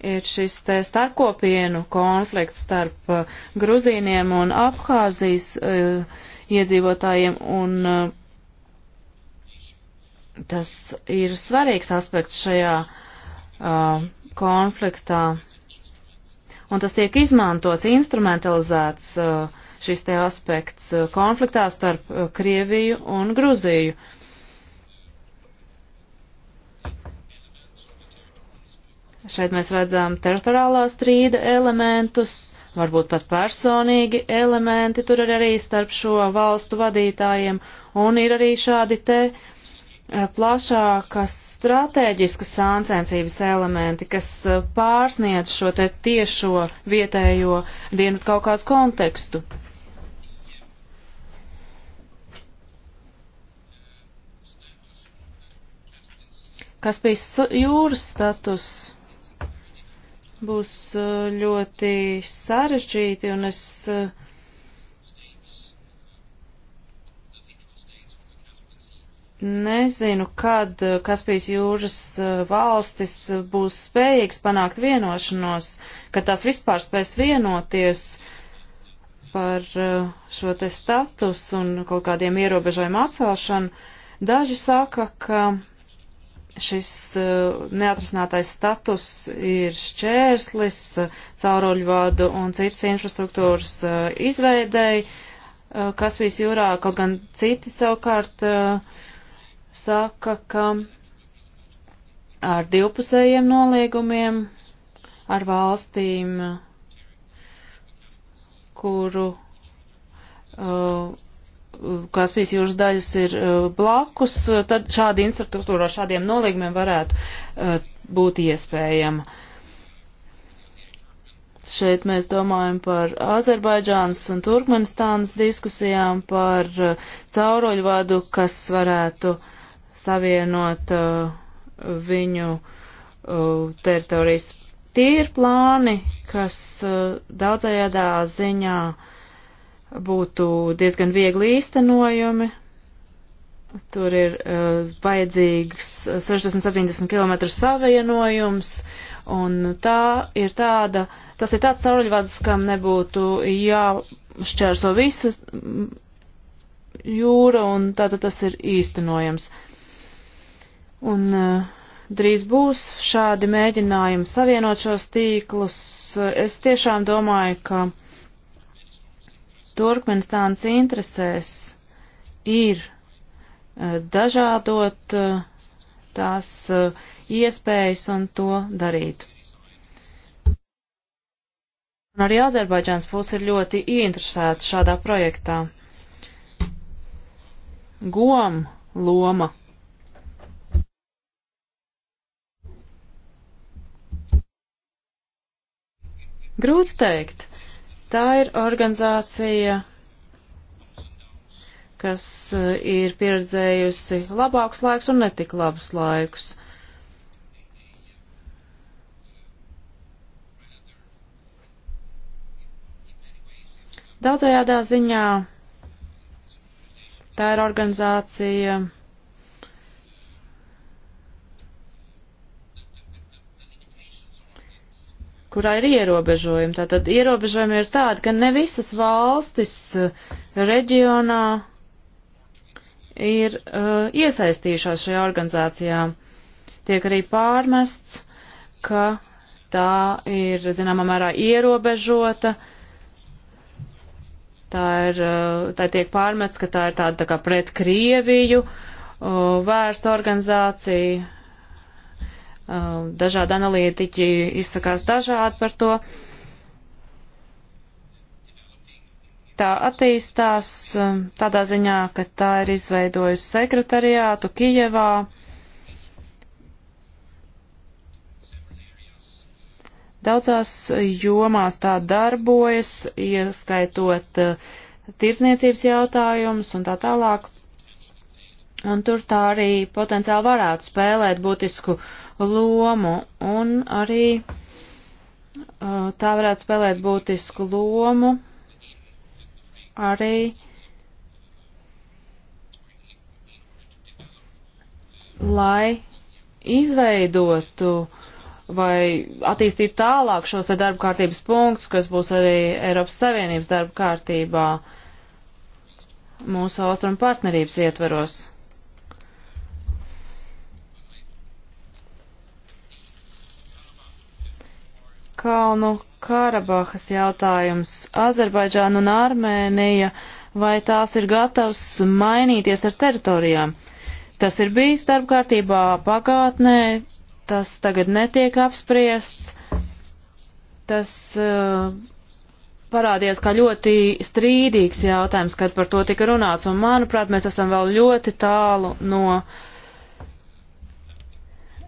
ir šis te starpkopienu konflikts starp uh, Gruzīniem un Abhāzijas uh, iedzīvotājiem, un uh, tas ir svarīgs aspekts šajā uh, konfliktā. Un tas tiek izmantots, instrumentalizēts uh, šis te aspekts uh, konfliktā starp uh, Krieviju un Gruziju. Šeit mēs redzam teritoriālā strīda elementus, varbūt pat personīgi elementi, tur ir arī starp šo valstu vadītājiem, un ir arī šādi te uh, plašākas stratēģiskas sāncensības elementi, kas pārsniedz šo te tiešo vietējo dienu kaut kāds kontekstu. kas bija jūras status, būs uh, ļoti sarežģīti, un es uh, nezinu, kad uh, Kaspijas jūras valstis būs spējīgs panākt vienošanos, kad tās vispār spēs vienoties par šo te status un kaut kādiem ierobežojumu atcelšanu. Daži saka, ka šis uh, neatrisinātais status ir šķērslis uh, cauruļvadu un citas infrastruktūras uh, izveidēji. Kaspijas jūrā kaut gan citi savukārt saka, ka ar divpusējiem noliegumiem ar valstīm, kuru uh, Kaspijas jūras daļas ir e, blakus, e, tad šāda infrastruktūra ar šādiem nolīgumiem varētu e, būt iespējama. Šeit mēs domājam par Azerbaidžānas un Turkmenistānas diskusijām par cauroļvadu, kas varētu savienot viņu teritorijas. Tie ir plāni, kas daudzajādā ziņā uh, būtu diezgan viegli īstenojami. Tur ir uh, vajadzīgs 60-70 km savienojums, un tā ir tāda, tas ir tāds sauļvads, kam nebūtu jāšķērso visa jūra, un tātad tas ir īstenojams. Un uh, drīz būs šādi mēģinājumi savienot šos tīklus. Es tiešām domāju, ka Turkmenistānas interesēs ir e, dažādot e, tās e, iespējas un to darīt. Un arī Azerbaidžāns puse ir ļoti ieinteresēta šādā projektā. Gom loma. Grūti teikt. Tā ir organizācija, kas eh, ir pieredzējusi labākus laikus un netik labus laikus. Daudzajādā ziņā tā ir organizācija, kurā ir ierobežojumi. Tātad ierobežojumi ir tādi, ka ne visas valstis eh, reģionā ir uh, iesaistījušās šajā organizācijā. Tiek arī pārmests, ka tā ir, zināmā mērā, ierobežota. Tā ir, uh, tā tiek pārmests, ka tā ir tāda tā kā pret Krieviju uh, vērsta organizācija, Um, dažādi analītiķi izsakās dažādi par to. Tā attīstās um, tādā ziņā, ka tā ir izveidojusi sekretariātu Kijevā. Daudzās jomās tā darbojas, ieskaitot uh, tirdzniecības jautājumus un tā tālāk. Un tur tā arī potenciāli varētu spēlēt būtisku lomu un arī uh, tā varētu spēlēt būtisku lomu arī lai izveidotu vai attīstītu tālāk šos te darba kārtības punktus, kas būs arī Eiropas Savienības darba kārtībā mūsu austrumu partnerības ietveros. Kalnu Karabahas jautājums. Azerbaidžāna un Armēnija, vai tās ir gatavs mainīties ar teritorijām? Tas ir bijis darbkārtībā pagātnē, tas tagad netiek apspriests, tas uh, eh, parādījās kā ļoti strīdīgs jautājums, kad par to tika runāts, un manuprāt, mēs esam vēl ļoti tālu no uh,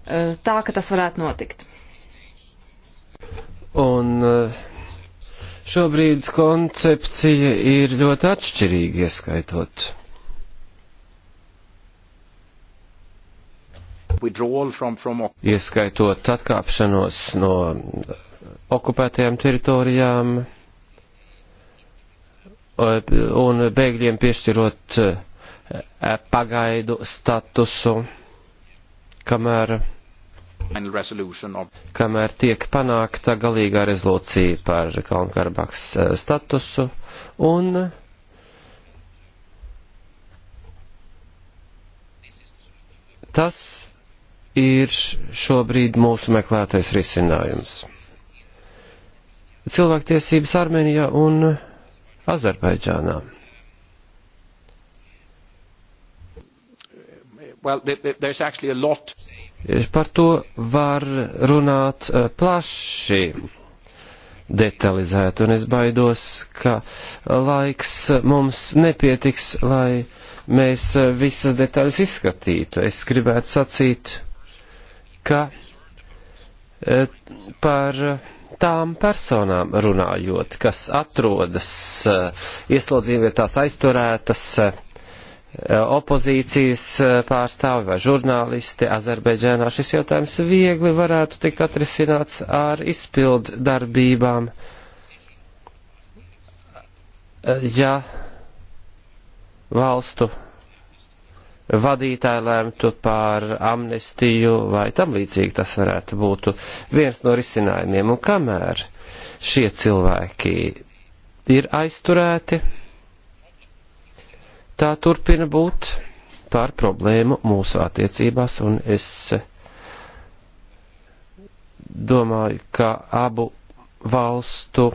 tā, ka tas varētu notikt. Un eh, šobrīd koncepcija ir ļoti atšķirīga ieskaitot. From, from... Ieskaitot atkāpšanos no okupētajām teritorijām eh, un bēgļiem piešķirot eh, pagaidu statusu, kamēr Kamēr tiek panākta galīgā rezolūcija par Kalnkarbaks eh, statusu un tas ir šobrīd mūsu meklētais risinājums. Cilvēktiesības Armēnijā un Azerbaidžānā. Well, there, there's actually a lot Par to var runāt eh, plaši detalizēt, un es baidos, ka laiks mums nepietiks, lai mēs eh, visas detaļas izskatītu. Es gribētu sacīt, ka eh, par tām personām runājot, kas atrodas ieslodzījumietās aizturētas Eh, opozīcijas eh, pārstāvi vai žurnālisti Azerbaidžānā šis jautājums viegli varētu tikt atrisināts ar izpild darbībām. Eh, ja valstu vadītāji lēmtu par amnestiju vai tam līdzīgi tas varētu būt viens no risinājumiem. Un kamēr šie cilvēki ir aizturēti, tā turpina būt par problēmu mūsu attiecībās, un es domāju, ka abu valstu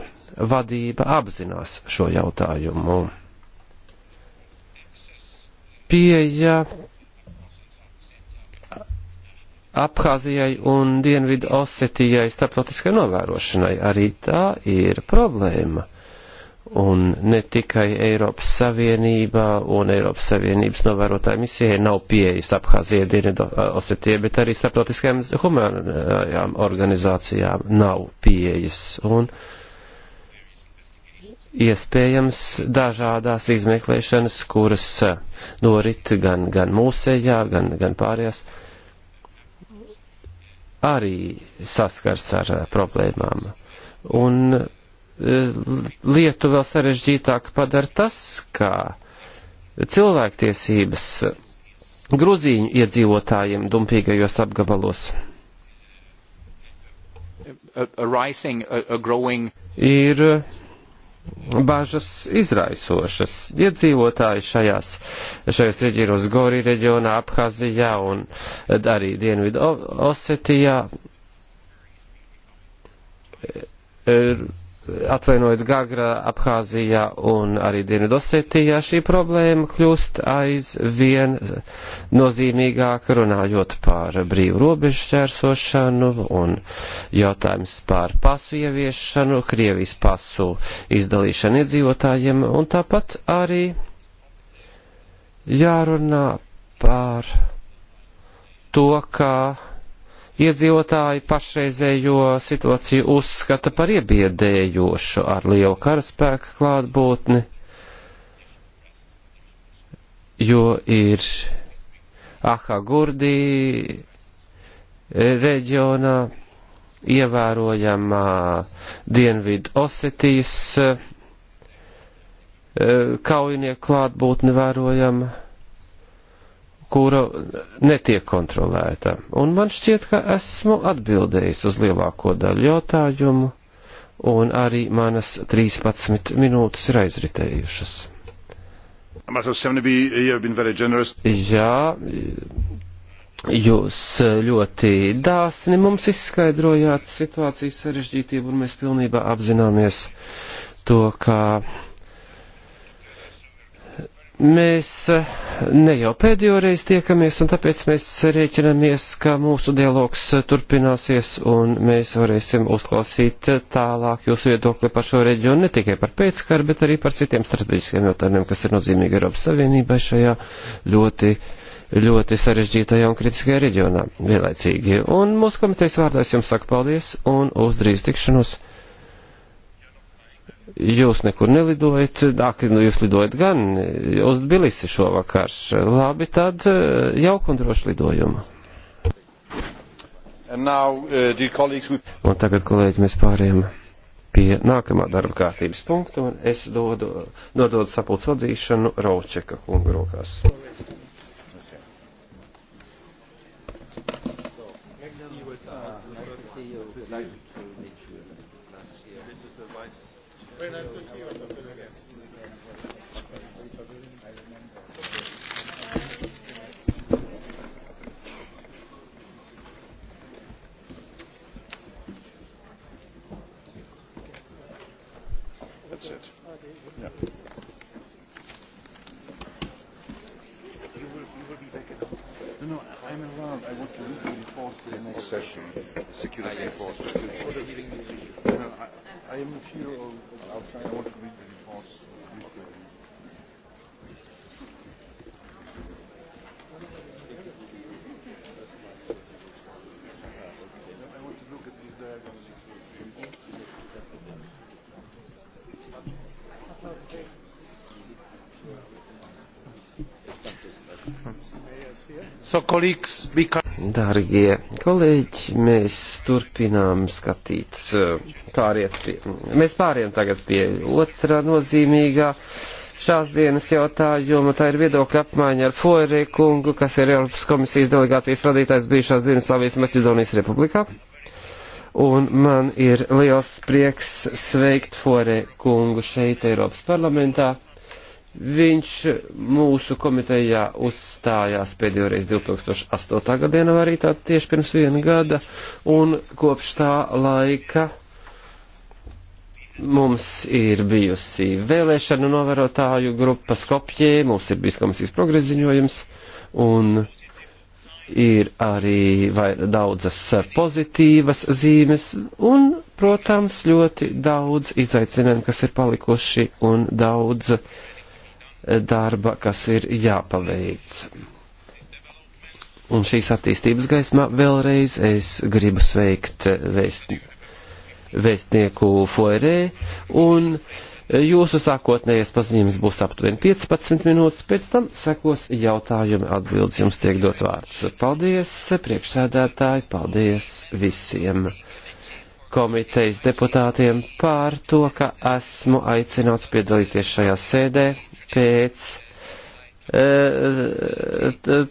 vadība apzinās šo jautājumu. Pieeja Abhāzijai un Dienvidu Osetijai starptautiskai novērošanai arī tā ir problēma un ne tikai Eiropas Savienībā un Eiropas Savienības novērotāja misijai nav pieejas Abhāzija, Dienvidosetie, bet arī starptautiskajām humanajām organizācijām nav pieejas. Un iespējams dažādās izmeklēšanas, kuras norit gan, gan mūsējā, gan, gan pārējās, arī saskars ar problēmām. Un lietu vēl sarežģītāk padara tas, ka cilvēktiesības gruzīņu iedzīvotājiem dumpīgajos apgabalos a, a rising, a, a growing... ir bažas izraisošas. Iedzīvotāji šajās, šajos reģionos, Gori reģionā, Abhazijā un arī Dienvidu Osetijā, ir, e, e, atvainojot Gagrā, Abhāzijā un arī Dienvidosetijā, šī problēma kļūst aizvien nozīmīgāka runājot par brīvu robežu šķērsošanu un jautājums par pasu ieviešanu, Krievijas pasu izdalīšanu iedzīvotājiem un tāpat arī jārunā par to, kā Iedzīvotāji pašreizējo situāciju uzskata par iebiedējošu ar lielu karaspēku klātbūtni, jo ir Aha Gurdī reģionā ievērojamā Dienvidu Osetijas eh, kaujinieku klātbūtne vērojama kura netiek kontrolēta. Un man šķiet, ka esmu atbildējis uz lielāko daļu jautājumu, un arī manas 13 minūtes ir aizritējušas. Jā, jūs ļoti dāsni mums izskaidrojāt situācijas sarežģītību, un mēs pilnībā apzināmies to, ka Mēs eh, ne jau pēdējo reizi tiekamies, un tāpēc mēs rēķinamies, ka mūsu dialogs eh, turpināsies, un mēs varēsim uzklausīt eh, tālāk jūsu viedokli par šo reģionu, ne tikai par pēckaru, bet arī par citiem strateģiskiem jautājumiem, kas ir nozīmīgi Eiropas Savienībai šajā ļoti ļoti sarežģītajā un kritiskajā reģionā vienlaicīgi. Un mūsu komitejas vārdā es jums saku paldies un uz drīz tikšanos jūs nekur nelidojat, dākri, nu jūs lidojat gan uz Tbilisi šovakar. Labi, tad e, jauk un droši lidojumu. Now, uh, we... Un tagad, kolēģi, mēs pārējām pie nākamā darba kārtības punkta, un es dodu, nododu sapulcvadīšanu Raučeka kungu rokās. Sorry. security ah, yes. forces. I, I am here outside. I want to read. So, Dārgie kolēģi, mēs turpinām skatīt, eh, pāriet pie, mēs pāriem tagad pie otrā nozīmīgā šās dienas jautājuma. Tā ir viedokļa apmaiņa ar Foerē kungu, kas ir Eiropas komisijas delegācijas vadītājs bijušās Dienaslāvijas Maķedonijas republikā. Un man ir liels prieks sveikt Foerē kungu šeit Eiropas parlamentā. Viņš mūsu komitejā uzstājās pēdējoreiz 2008. gada janvārī, tā tieši pirms viena gada, un kopš tā laika mums ir bijusi vēlēšanu novērotāju grupa Skopjē, mums ir bijis komisijas progresiņojums, un ir arī vai, daudzas pozitīvas zīmes un, protams, ļoti daudz izaicinājumu, kas ir palikuši un daudz uh, darba, kas ir jāpaveic. Un šīs attīstības gaismā vēlreiz es gribu sveikt vēst, vēstnieku Foerē un Jūsu sākotnējais paziņojums būs aptuveni 15 minūtes, pēc tam sekos jautājumi atbildes. Jums tiek dots vārds. Paldies, priekšsēdētāji, paldies visiem! komitejas deputātiem pār to, ka esmu aicināts piedalīties šajā sēdē pēc eh, eh,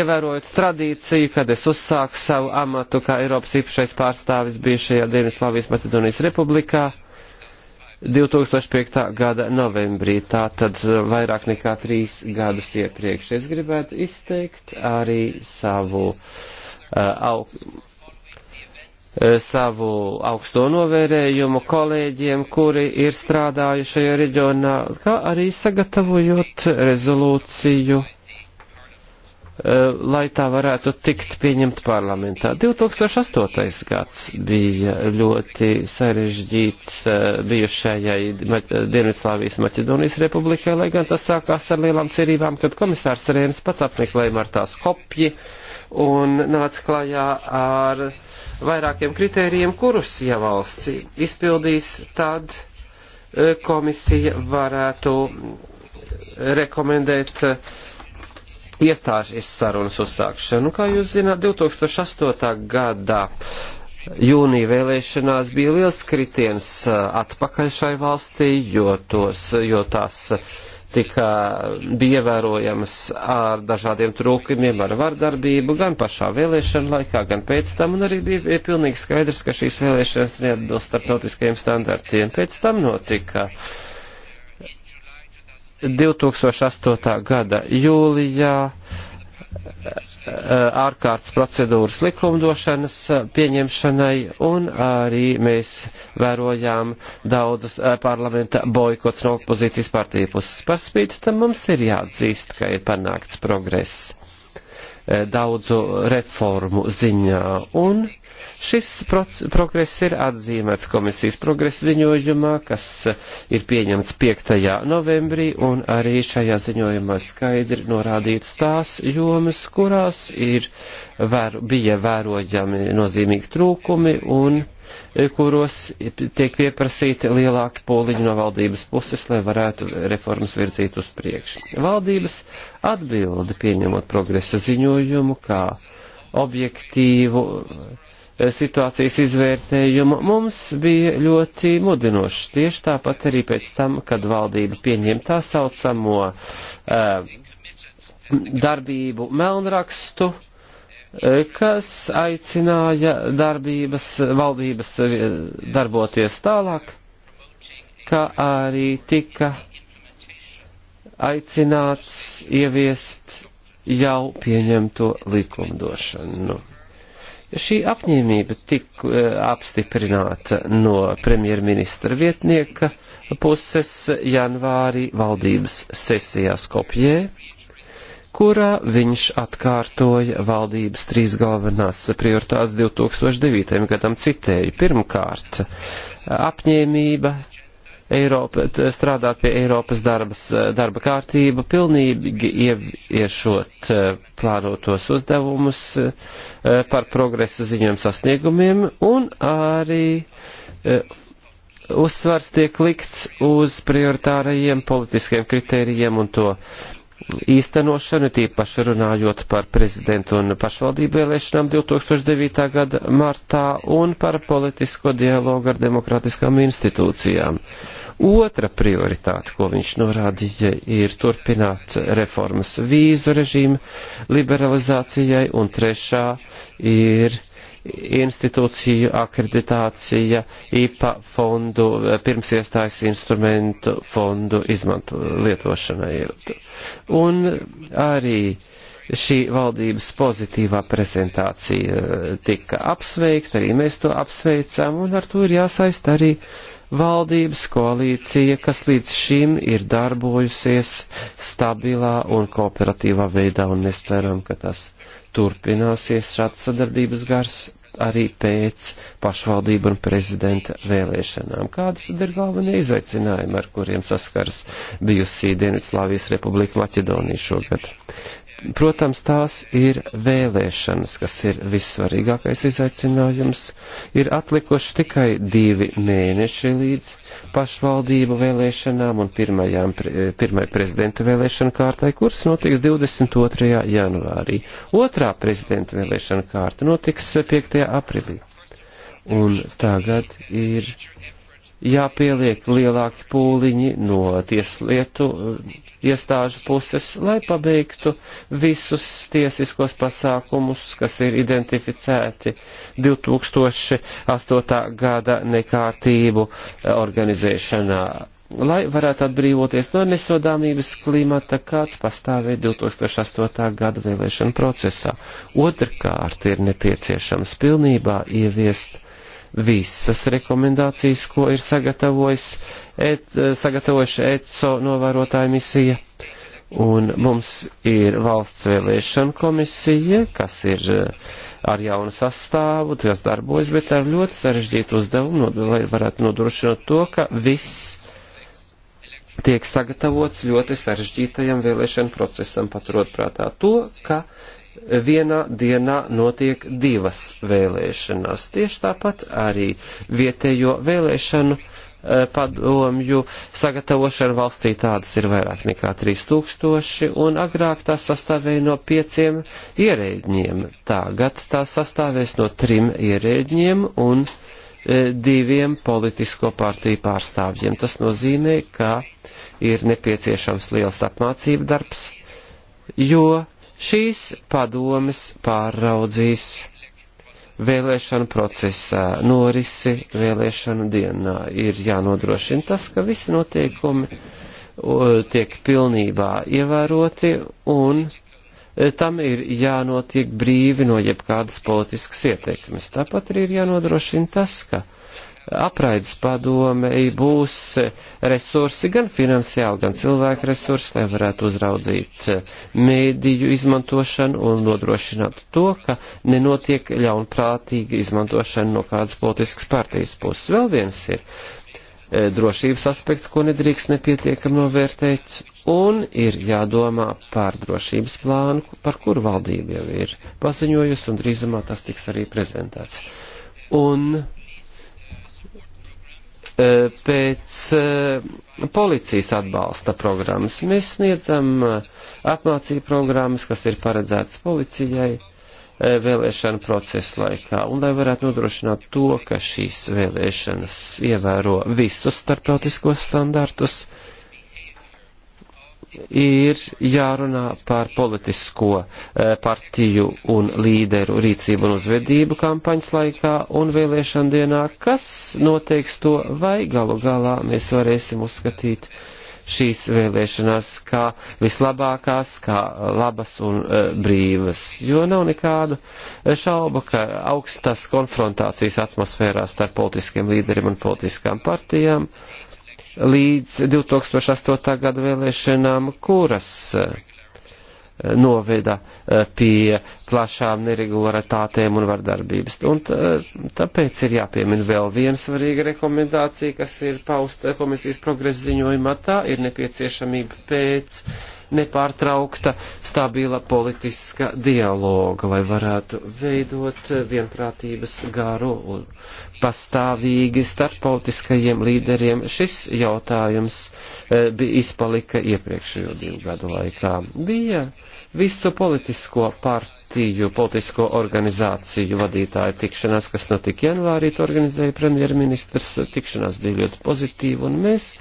ievērojot tradīciju, kad es uzsāku savu amatu kā Eiropas īpašais pārstāvis bijušajā Dienvidslāvijas Macedonijas republikā 2005. gada novembrī, tātad vairāk nekā trīs gadus iepriekš. Es gribētu izteikt arī savu uh, eh, aug, Eh, savu augsto novērējumu kolēģiem, kuri ir strādājuši šajā reģionā, kā arī sagatavojot rezolūciju, eh, lai tā varētu tikt pieņemta parlamentā. 2008. gads bija ļoti sarežģīts eh, bijušajai Dienvidslāvijas Maķedonijas republikai, lai gan tas sākās ar lielām cerībām, kad komisārs Rēns pats apmeklēja Martā Skopji un nāca klajā ar vairākiem kritērijiem, kurus, ja valsts izpildīs, tad e, komisija varētu rekomendēt e, iestāžas sarunas uzsākšanu. Kā jūs zināt, 2008. gadā jūnija vēlēšanās bija liels kritiens e, atpakaļ šai valstī, jo, tos, jo tās politikā bija ievērojamas ar dažādiem trūkumiem, ar vardarbību, gan pašā vēlēšana laikā, gan pēc tam, un arī bija, bija pilnīgi skaidrs, ka šīs vēlēšanas neatbilst starptautiskajiem standartiem. Pēc tam notika 2008. gada jūlijā Eh, ārkārtas procedūras likumdošanas eh, pieņemšanai, un arī mēs vērojām daudzus eh, parlamenta boikots no opozīcijas partiju puses. Par spīti tam mums ir jāatzīst, ka ir panākts progress daudzu reformu ziņā, un Šis progress ir atzīmēts komisijas progresa ziņojumā, kas ir pieņemts 5. novembrī, un arī šajā ziņojumā skaidri norādīts tās jomas, kurās ir, vēro, bija vērojami nozīmīgi trūkumi un e, kuros tiek pieprasīti lielāki poliņi no valdības puses, lai varētu reformas virzīt uz priekšu. Valdības atbildi pieņemot progresa ziņojumu kā objektīvu Eh, situācijas izvērtējumu mums bija ļoti mudinošs. Tieši tāpat arī pēc tam, kad valdība pieņem tā saucamo uh, darbību melnrakstu, eh, kas aicināja darbības, valdības darboties tālāk, kā arī tika aicināts ieviest jau pieņemto likumdošanu. Šī apņēmība tika eh, apstiprināta no premjerministra vietnieka puses janvārī valdības sesijā Skopjē, kurā viņš atkārtoja valdības trīs galvenās prioritātes 2009. gadam citēju. Pirmkārt, apņēmība Eiropa, strādāt pie Eiropas darbas, eh, darba kārtība, pilnīgi ieviešot eh, plānotos uzdevumus eh, par progresa ziņojumu sasniegumiem un arī uzsvars tiek likts uz prioritārajiem politiskiem kritērijiem un to īstenošanu, tīpaši runājot par prezidentu un pašvaldību vēlēšanām 2009. gada martā un par politisko dialogu ar demokratiskām institūcijām. Uh, Otra prioritāte, ko viņš norādīja, ir turpināt reformas vīzu režīmu liberalizācijai, un trešā ir institūciju akreditācija, IPA fondu, pirms iestājas instrumentu fondu izmanto, lietošanai. Un arī šī valdības pozitīvā prezentācija tika apsveikta, arī mēs to apsveicām, un ar to ir jāsaist arī uh, valdības koalīcija, kas līdz šim ir darbojusies stabilā un kooperatīvā veidā, un mēs ceram, ka tas turpināsies šāds sadarbības gars arī pēc pašvaldību un prezidenta vēlēšanām. Kādas tad ir galvenie izaicinājumi, ar kuriem saskars bijusī Dienvidslāvijas republika Maķedonija šogad? Protams, tās ir vēlēšanas, kas ir vissvarīgākais izaicinājums. Ir atlikuši tikai divi mēneši līdz pašvaldību vēlēšanām un pirmajām, pirmai prezidenta vēlēšana kārtai, kuras notiks 22. janvārī. Otrā prezidenta vēlēšana kārta notiks 5. aprilī. Un tagad ir jāpieliek lielāki pūliņi no tieslietu iestāžu puses, lai pabeigtu visus tiesiskos pasākumus, kas ir identificēti 2008. gada nekārtību organizēšanā lai varētu atbrīvoties no nesodāmības klimata, kāds pastāvēja 2008. gada vēlēšana procesā. Otrkārt ir nepieciešams pilnībā ieviest visas rekomendācijas, ko ir sagatavojis, et, sagatavojuši ECO novērotāja misija. Un mums ir valsts vēlēšana komisija, kas ir eh, ar jaunu sastāvu, kas darbojas, bet ar ļoti sarežģītu uzdevumu, lai varētu nodrošināt to, ka viss tiek sagatavots ļoti sarežģītajam vēlēšanu procesam, paturot prātā to, ka uh, vienā dienā notiek divas vēlēšanas. Tieši tāpat arī vietējo vēlēšanu eh, padomju sagatavošana valstī tādas ir vairāk nekā 3000, un agrāk tā sastāvēja no pieciem ierēģiem. Tagad tā sastāvēs no trim ierēģiem un e, diviem politisko partiju pārstāvjiem. Tas nozīmē, ka ir nepieciešams liels apmācību darbs, jo Šīs padomes pāraudzīs vēlēšanu procesā, norisi vēlēšanu dienā. Ir jānodrošina tas, ka visi notiekumi tiek pilnībā ievēroti un e, tam ir jānotiek brīvi no jebkādas politiskas ietekmes. Tāpat arī ir jānodrošina tas, ka apraides padomei būs resursi, gan finansiāli, gan cilvēku resursi, lai varētu uzraudzīt mēdīju izmantošanu un nodrošināt to, ka nenotiek ļaunprātīga izmantošana no kādas politiskas partijas puses. Vēl viens ir e, drošības aspekts, ko nedrīkst nepietiekam novērtēt, un ir jādomā par drošības plānu, par kuru valdība jau ir paziņojusi, un drīzumā tas tiks arī prezentēts. Un Eh, pēc eh, policijas atbalsta programmas. Mēs sniedzam eh, apmācību programmas, kas ir paredzētas policijai vēlēšana procesa laikā, un lai varētu nodrošināt to, ka šīs vēlēšanas ievēro visus starptautiskos standartus, uh, ir jārunā par politisko eh, partiju un līderu rīcību un uzvedību kampaņas laikā un vēlēšana dienā, kas noteiks to, vai galu galā mēs varēsim uzskatīt šīs vēlēšanās kā vislabākās, kā labas un e, brīvas. Jo nav nekādu eh, šaubu, ka augstas konfrontācijas atmosfērā starp politiskiem līderiem un politiskām partijām e, līdz 2008. gada vēlēšanām, kuras eh, noveda eh, pie plašām neregularitātēm un vardarbības. Un eh, tāpēc ir jāpiemina vēl viena svarīga rekomendācija, kas ir pausta komisijas progresa ziņojumā. Tā ir nepieciešamība pēc uh, nepārtraukta, stabila politiska dialoga, lai varētu veidot vienprātības garu un pastāvīgi starp politiskajiem līderiem. Šis jautājums eh, bija izpalika iepriekšējo divu gadu laikā. Bija visu politisko partiju, politisko organizāciju vadītāju tikšanās, kas notika janvārī, to organizēja premjerministrs, tikšanās bija ļoti pozitīva, un mēs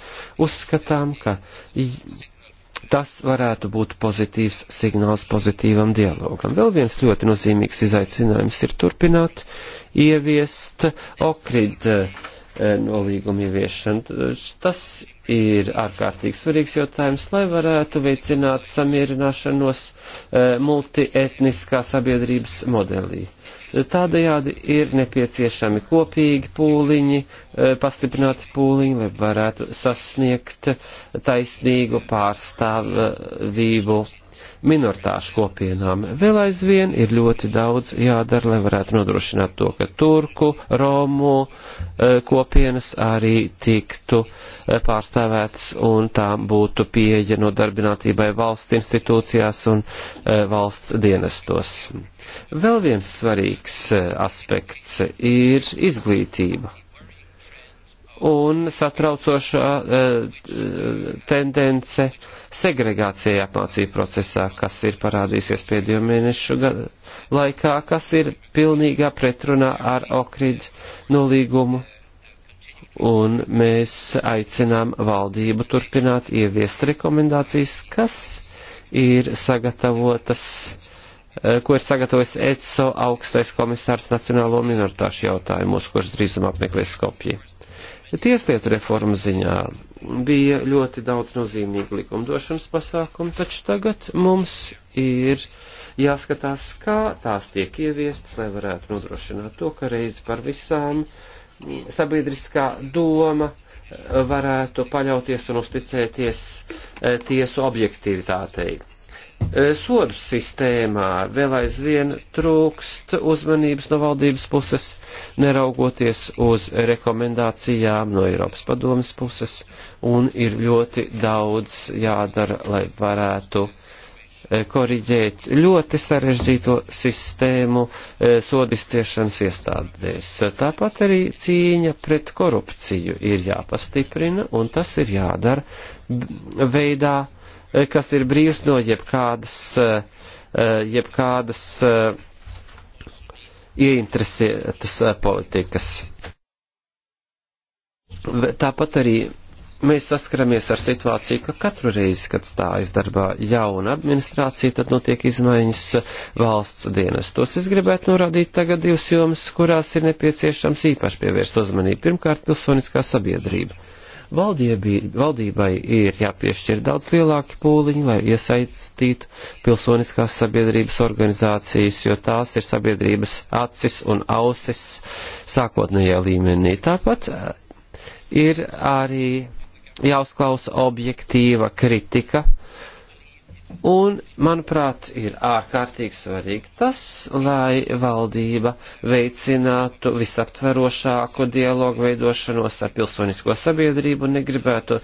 uzskatām, ka Tas varētu būt pozitīvs signāls pozitīvam dialogam. Vēl viens ļoti nozīmīgs izaicinājums ir turpināt ieviest okrid eh, nolīgumu ieviešanu. Tas ir ārkārtīgi svarīgs jautājums, lai varētu veicināt samierināšanos eh, multietniskā sabiedrības modelī. Tādējādi ir nepieciešami kopīgi pūliņi, eh, pastiprināti pūliņi, lai varētu sasniegt taisnīgu pārstāvību minoritāšu kopienām. Vēl aizvien ir ļoti daudz jādara, lai varētu nodrošināt to, ka turku, romu eh, kopienas arī tiktu eh, pārstāvētas un tām būtu pieeja nodarbinātībai valsts institūcijās un valsts dienestos Vēl viens svarīgs eh, aspekts ir izglītība. Un satraucošā eh, tendence segregācijai apmācību procesā, kas ir parādījusies pēdējo mēnešu laikā, kas ir pilnīgā pretrunā ar Okrid nolīgumu un mēs aicinām valdību turpināt ieviest rekomendācijas, kas ir sagatavotas Eh, ko ir sagatavojis ECO augstais komisārs nacionālo minoritāšu jautājumos, kurš drīzumā apmeklēs Skopju. Tieslietu reforma ziņā bija ļoti daudz nozīmīgu likumdošanas pasākumu, taču tagad mums ir jāskatās, kā tās tiek ieviestas, lai varētu nodrošināt to, ka reizi par visām sabiedriskā doma eh, varētu paļauties un uzticēties eh, tiesu objektivitātei E, sodu sistēmā vēl aizvien trūkst uzmanības no valdības puses, neraugoties uz rekomendācijām no Eiropas padomas puses, un ir ļoti daudz jādara, lai varētu e, koriģēt ļoti sarežģīto sistēmu e, sodisciešanas iestādēs. Tāpat arī cīņa pret korupciju ir jāpastiprina, un tas ir jādara veidā, Eh, kas ir brīvs no jebkādas, eh, eh, jebkādas ieinteresētas politikas. Tāpat arī mēs saskaramies ar situāciju, ka katru reizi, kad stājas darbā jauna administrācija, tad notiek izmaiņas valsts dienestos. Es gribētu norādīt tagad divas jomas, kurās ir nepieciešams īpaši pievērst uzmanību. Pirmkārt, pilsoniskā sabiedrība. Valdiebi, valdībai ir jāpiešķir daudz lielāki pūliņi, lai iesaistītu pilsoniskās sabiedrības organizācijas, jo tās ir sabiedrības acis un ausis sākotnējā līmenī. Tāpat eh, ir arī jāuzklausa objektīva kritika Un, manuprāt, ir ārkārtīgi svarīgi tas, lai valdība veicinātu visaptverošāku dialogu veidošanos ar pilsonisko sabiedrību un negribētu,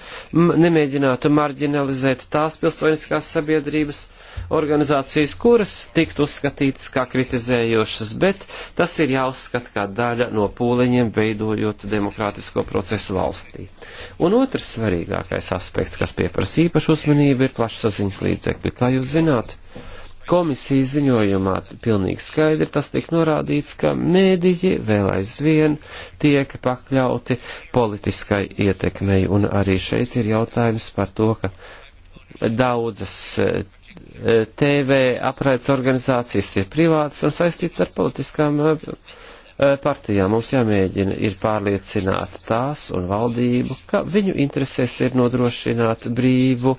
nemēģinātu marginalizēt tās pilsoniskās sabiedrības organizācijas, kuras tiktu uzskatītas kā kritizējošas, bet tas ir jāuzskata kā daļa no pūliņiem veidojot demokrātisko procesu valstī. Un otrs svarīgākais aspekts, kas pieprasa īpašu uzmanību, ir plašsaziņas līdzekļi līdzekļi. Kā jūs zināt, komisijas ziņojumā pilnīgi skaidri tas tika norādīts, ka mēdīji vēl aizvien tiek pakļauti politiskai ietekmei, un arī šeit ir jautājums par to, ka daudzas eh, TV apraids organizācijas ir privātas un saistīts ar politiskām eh, partijām. Mums jāmēģina ir pārliecināt tās un valdību, ka viņu interesēs ir nodrošināt brīvu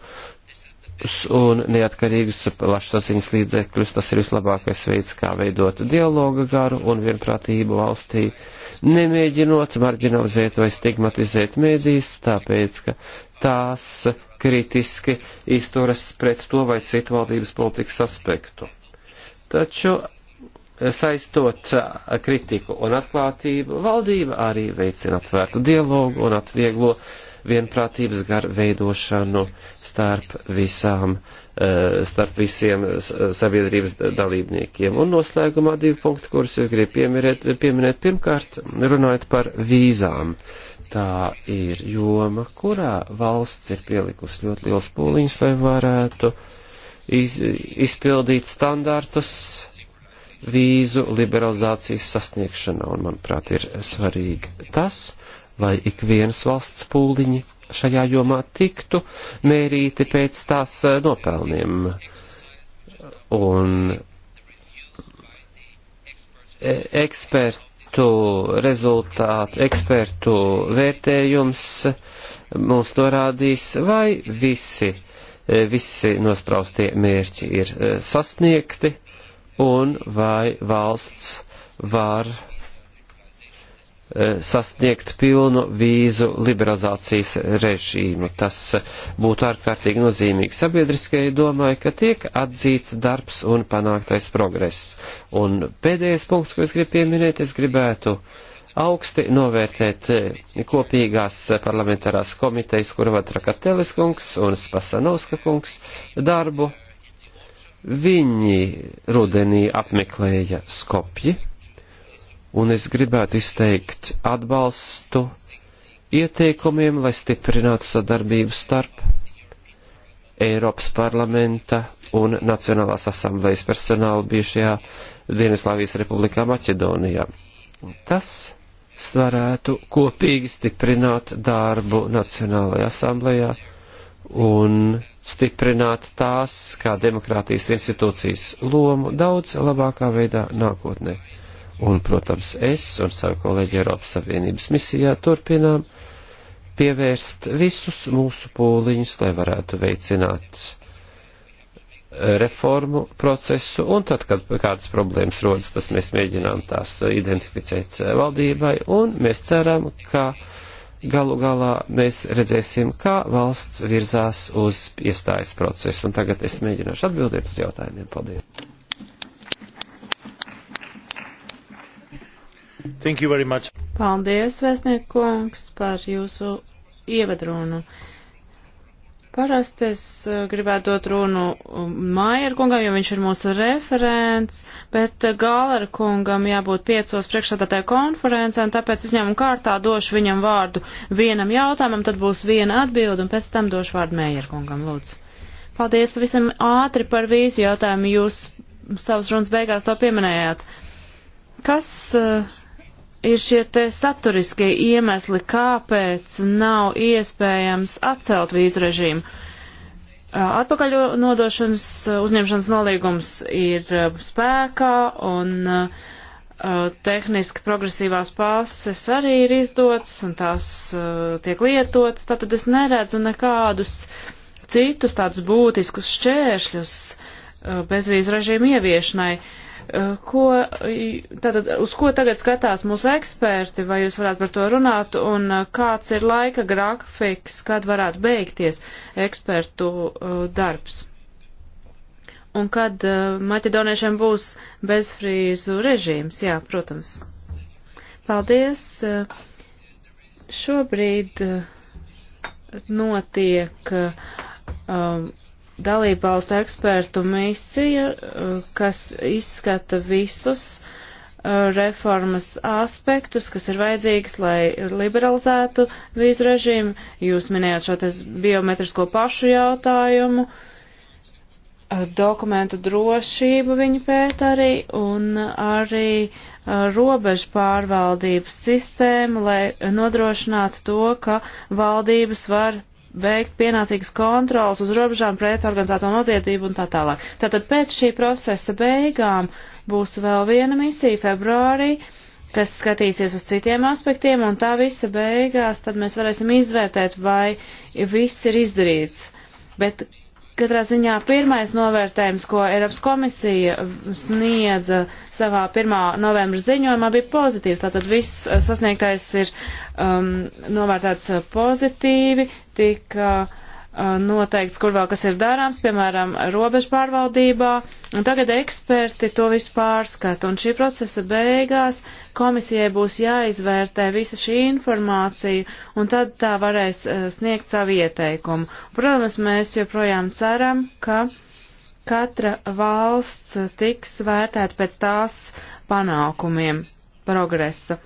un neatkarīgus plašsaziņas līdzekļus. Tas ir vislabākais veids, kā veidot dialoga garu un vienprātību valstī, nemēģinot marginalizēt vai stigmatizēt mēdīs, tāpēc, ka tās kritiski izturas pret to vai citu valdības politikas aspektu. Taču saistot kritiku un atklātību, valdība arī veicina atvērtu dialogu un atvieglo uh, vienprātības garu veidošanu starp visām, eh, starp visiem eh, sabiedrības dalībniekiem. Un noslēgumā divi punkti, kurus es gribu pieminēt. pieminēt. Pirmkārt, runājot par vīzām. Tā ir joma, kurā valsts ir pielikusi ļoti liels pūliņus, lai varētu iz, izpildīt standartus vīzu liberalizācijas sasniegšanā, un manuprāt ir svarīgi tas, lai ik vienas valsts pūliņi šajā jomā tiktu mērīti pēc tās eh, nopelniem. Un e, ekspertu rezultātu, ekspertu vērtējums mums norādīs, vai visi, e, visi nospraustie mērķi ir e, sasniegti un vai valsts var Eh, sasniegt pilnu vīzu liberalizācijas režīmu. Tas būtu ārkārtīgi nozīmīgi sabiedriskajai domai, ka tiek atzīts darbs un panāktais progress. Un pēdējais punkts, ko es gribu pieminēt, es gribētu augsti novērtēt eh, kopīgās parlamentārās komitejas, kura vada Katelis kungs un Spasanovska kungs, darbu. Viņi rudenī apmeklēja Skopji un es gribētu izteikt atbalstu ieteikumiem, lai stiprinātu sadarbību starp Eiropas parlamenta un Nacionālās asamblejas personālu bijušajā Dienaslāvijas republikā Maķedonijā. Tas varētu kopīgi stiprināt darbu Nacionālajā asamblējā un stiprināt tās kā demokrātijas institūcijas lomu daudz labākā veidā nākotnē. Un, protams, es un savu kolēģi Eiropas Savienības misijā turpinām pievērst visus mūsu pūliņus, lai varētu veicināt e, reformu procesu, un tad, kad kādas problēmas rodas, tas mēs mēģinām tās identificēt e, valdībai, un mēs ceram, ka galu galā mēs redzēsim, kā valsts virzās uz iestājas procesu. Un tagad es mēģināšu atbildēt uz jautājumiem. Paldies! Thank you very much. Paldies, vēstnieku kungs, par jūsu ievadrunu. Parasti es eh, gribētu dot runu um, Maier kungam, jo viņš ir mūsu referents, bet eh, Gālera kungam jābūt piecos priekšsādātāju konferencē, un tāpēc izņēmumu kārtā došu viņam vārdu vienam jautājumam, tad būs viena atbilda, un pēc tam došu vārdu Maier kungam, lūdzu. Paldies pavisam ātri par vīzu jautājumu, jūs savas runas beigās to pieminējāt. Kas uh, ir šie te saturiskie iemesli, kāpēc nav iespējams atcelt vīzu režīmu. Atpakaļ nodošanas uzņemšanas nolīgums ir spēkā un tehniski progresīvās pases arī ir izdots un tās tiek lietotas, tātad es neredzu nekādus citus tādus būtiskus šķēršļus bezvīzu režīmu ieviešanai. Uh, Ko, tātad, uz ko tagad skatās mūsu eksperti, vai jūs varētu par to runāt, un uh, kāds ir laika grafiks, kad varētu beigties ekspertu uh, darbs? Un kad uh, maķedoniešiem būs bezfrīzu režīms? Jā, protams. Paldies. Šobrīd notiek um, dalībvalstu ekspertu misija, eh, kas izskata visus eh, reformas aspektus, kas ir vajadzīgs, lai liberalizētu vīzu režīmu. Jūs minējāt šo biometrisko pašu jautājumu, eh, dokumentu drošību viņi pēta arī, un arī robežu pārvaldības sistēmu, lai nodrošinātu to, ka valdības var veikt pienācīgas kontrolas uz robežām pret organizēto noziedzību un tā tālāk. Tātad pēc šī procesa beigām būs vēl viena misija februārī, kas skatīsies uz citiem aspektiem, un tā visa beigās tad mēs varēsim izvērtēt, vai viss ir izdarīts. Bet Katrā ziņā pirmais novērtējums, ko Eiropas komisija sniedza savā 1. novembra ziņojumā, bija pozitīvs. Tātad viss uh, sasniegtais ir um, novērtēts uh, pozitīvi, tika uh, Uh, noteikts, kur vēl kas ir darāms, piemēram, robežu pārvaldībā, un tagad eksperti to visu pārskata, un šī procesa beigās komisijai būs jāizvērtē visa šī informācija, un tad tā varēs uh, sniegt savu ieteikumu. Protams, mēs joprojām ceram, ka katra valsts tiks vērtēta pēc tās panākumiem progresa.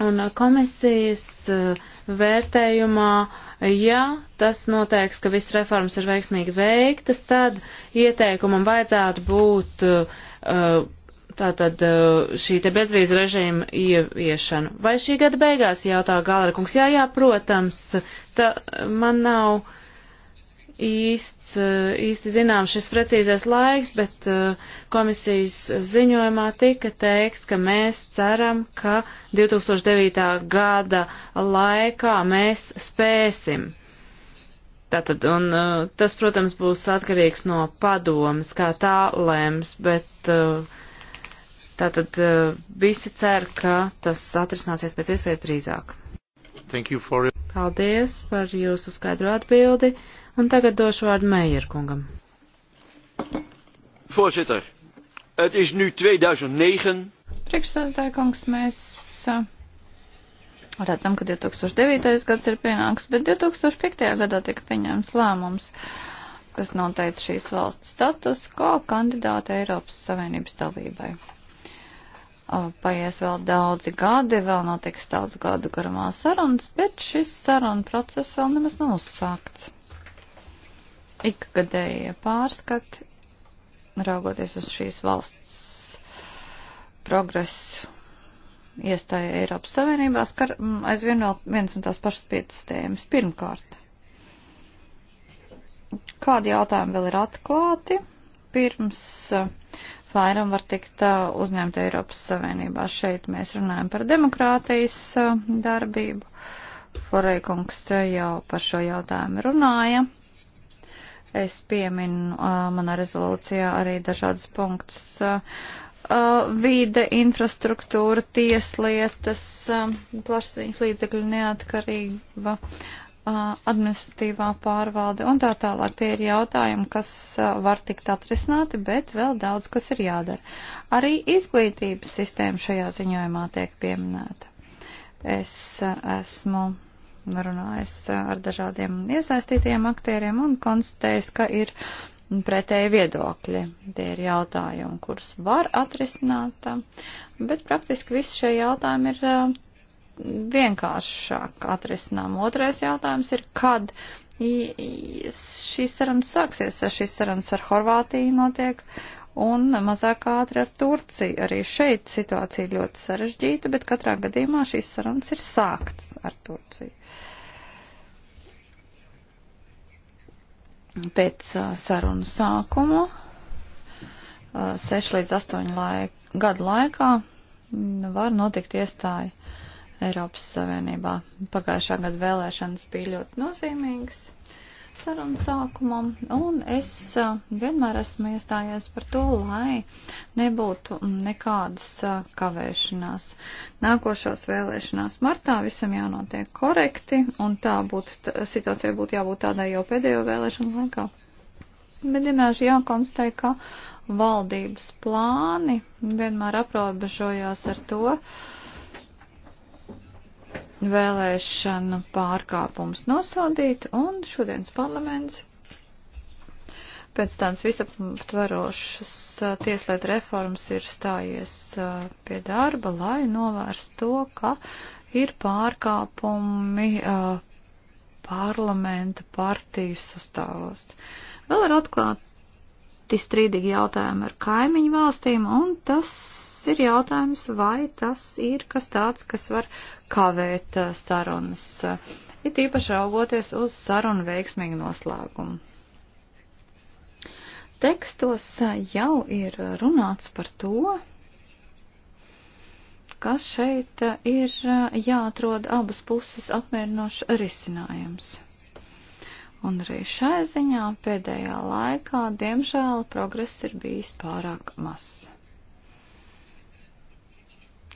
Un uh, komisijas uh, vērtējumā, ja tas noteiks, ka visas reformas ir veiksmīgi veiktas, tad ieteikumam vajadzētu būt uh, tātad uh, šī te bezvīzu režīma ieviešana. Vai šī gada beigās jautā Gālera kungs? Jā, jā, protams, tā, man nav īsts, eh, īsti zinām šis precīzais laiks, bet eh, komisijas ziņojumā tika teikts, ka mēs ceram, ka 2009. gada laikā mēs spēsim. Tātad, un eh, tas, protams, būs atkarīgs no padomas, kā tā lēms, bet tātad visi cer, ka tas atrisināsies pēc iespējas drīzāk. For... Paldies par jūsu skaidru atbildi. Un tagad došu vārdu Meijer kungam. Voorzitter, het is nu 2009. Priekšsēdētāja kungs, mēs uh, redzam, ka 2009. gads ir pienāks, bet 2005. gadā tika pieņēmts lēmums, kas noteica šīs valsts status kā kandidāta Eiropas Savienības dalībai uh, paies vēl daudzi gadi, vēl notiks daudz gadu garumā sarunas, bet šis saruna process vēl nemaz nav uzsākts ikgadējie pārskati, raugoties uz šīs valsts progresu iestāja Eiropas Savienībā, skar aizvien vēl viens un tās pašas piecas tēmas. Pirmkārt, kādi jautājumi vēl ir atklāti pirms Fairam eh, var tikt eh, uzņemta Eiropas Savienībā? Šeit mēs runājam par demokrātijas eh, darbību. Foreikungs jau par šo jautājumu runāja. Es pieminu uh, manā rezolūcijā arī dažādus punktus. Uh, vide, infrastruktūra, tieslietas, uh, plašsaziņas līdzekļu neatkarība, uh, administratīvā pārvalde un tā tālāk. Tie ir jautājumi, kas uh, var tikt atrisināti, bet vēl daudz, kas ir jādara. Arī izglītības sistēma šajā ziņojumā tiek pieminēta. Es uh, esmu runājis eh, ar dažādiem iesaistītiem aktieriem un konstatējis, ka ir pretēji viedokļi. Tie ir jautājumi, kurus var atrisināt, eh, bet praktiski visi šie jautājumi ir eh, vienkāršāk atrisinām. Otrais jautājums ir, kad šīs sarunas sāksies, šīs sarunas ar Horvātiju notiek, un mazāk ātri ar Turciju. Arī šeit situācija ļoti sarežģīta, bet katrā gadījumā šīs sarunas ir sāktas ar Turciju. Pēc sarunu sākuma 6 līdz 8 laik, gadu laikā var notikt iestāja Eiropas Savienībā. Pagājušā gada vēlēšanas bija ļoti nozīmīgas sarunu sākumam, un es vienmēr esmu iestājies par to, lai nebūtu nekādas kavēšanās. Nākošās vēlēšanās martā visam jānotiek korekti, un tā būtu, situācija būtu jābūt tādai jau pēdējo vēlēšanu laikā. Bet, diemžēl, jākonstatē, ka valdības plāni vienmēr aprobežojās ar to, uh, vēlēšanu pārkāpums nosodīt, un šodienas parlaments pēc tādas visaptvarošas uh, tieslietu reformas ir stājies uh, pie darba, lai novērstu to, ka ir pārkāpumi uh, parlamenta partiju sastāvos. Vēl ir atklāt ļoti strīdīgi jautājumi ar kaimiņu valstīm, un tas ir jautājums, vai tas ir kas tāds, kas var kavēt uh, sarunas, it īpaši raugoties uz sarunu veiksmīgu noslēgumu. Tekstos uh, jau ir runāts par to, ka šeit uh, ir jāatrod abas puses apmierinošs risinājums. Un arī šai ziņā pēdējā laikā, diemžēl, progress ir bijis pārāk mazs.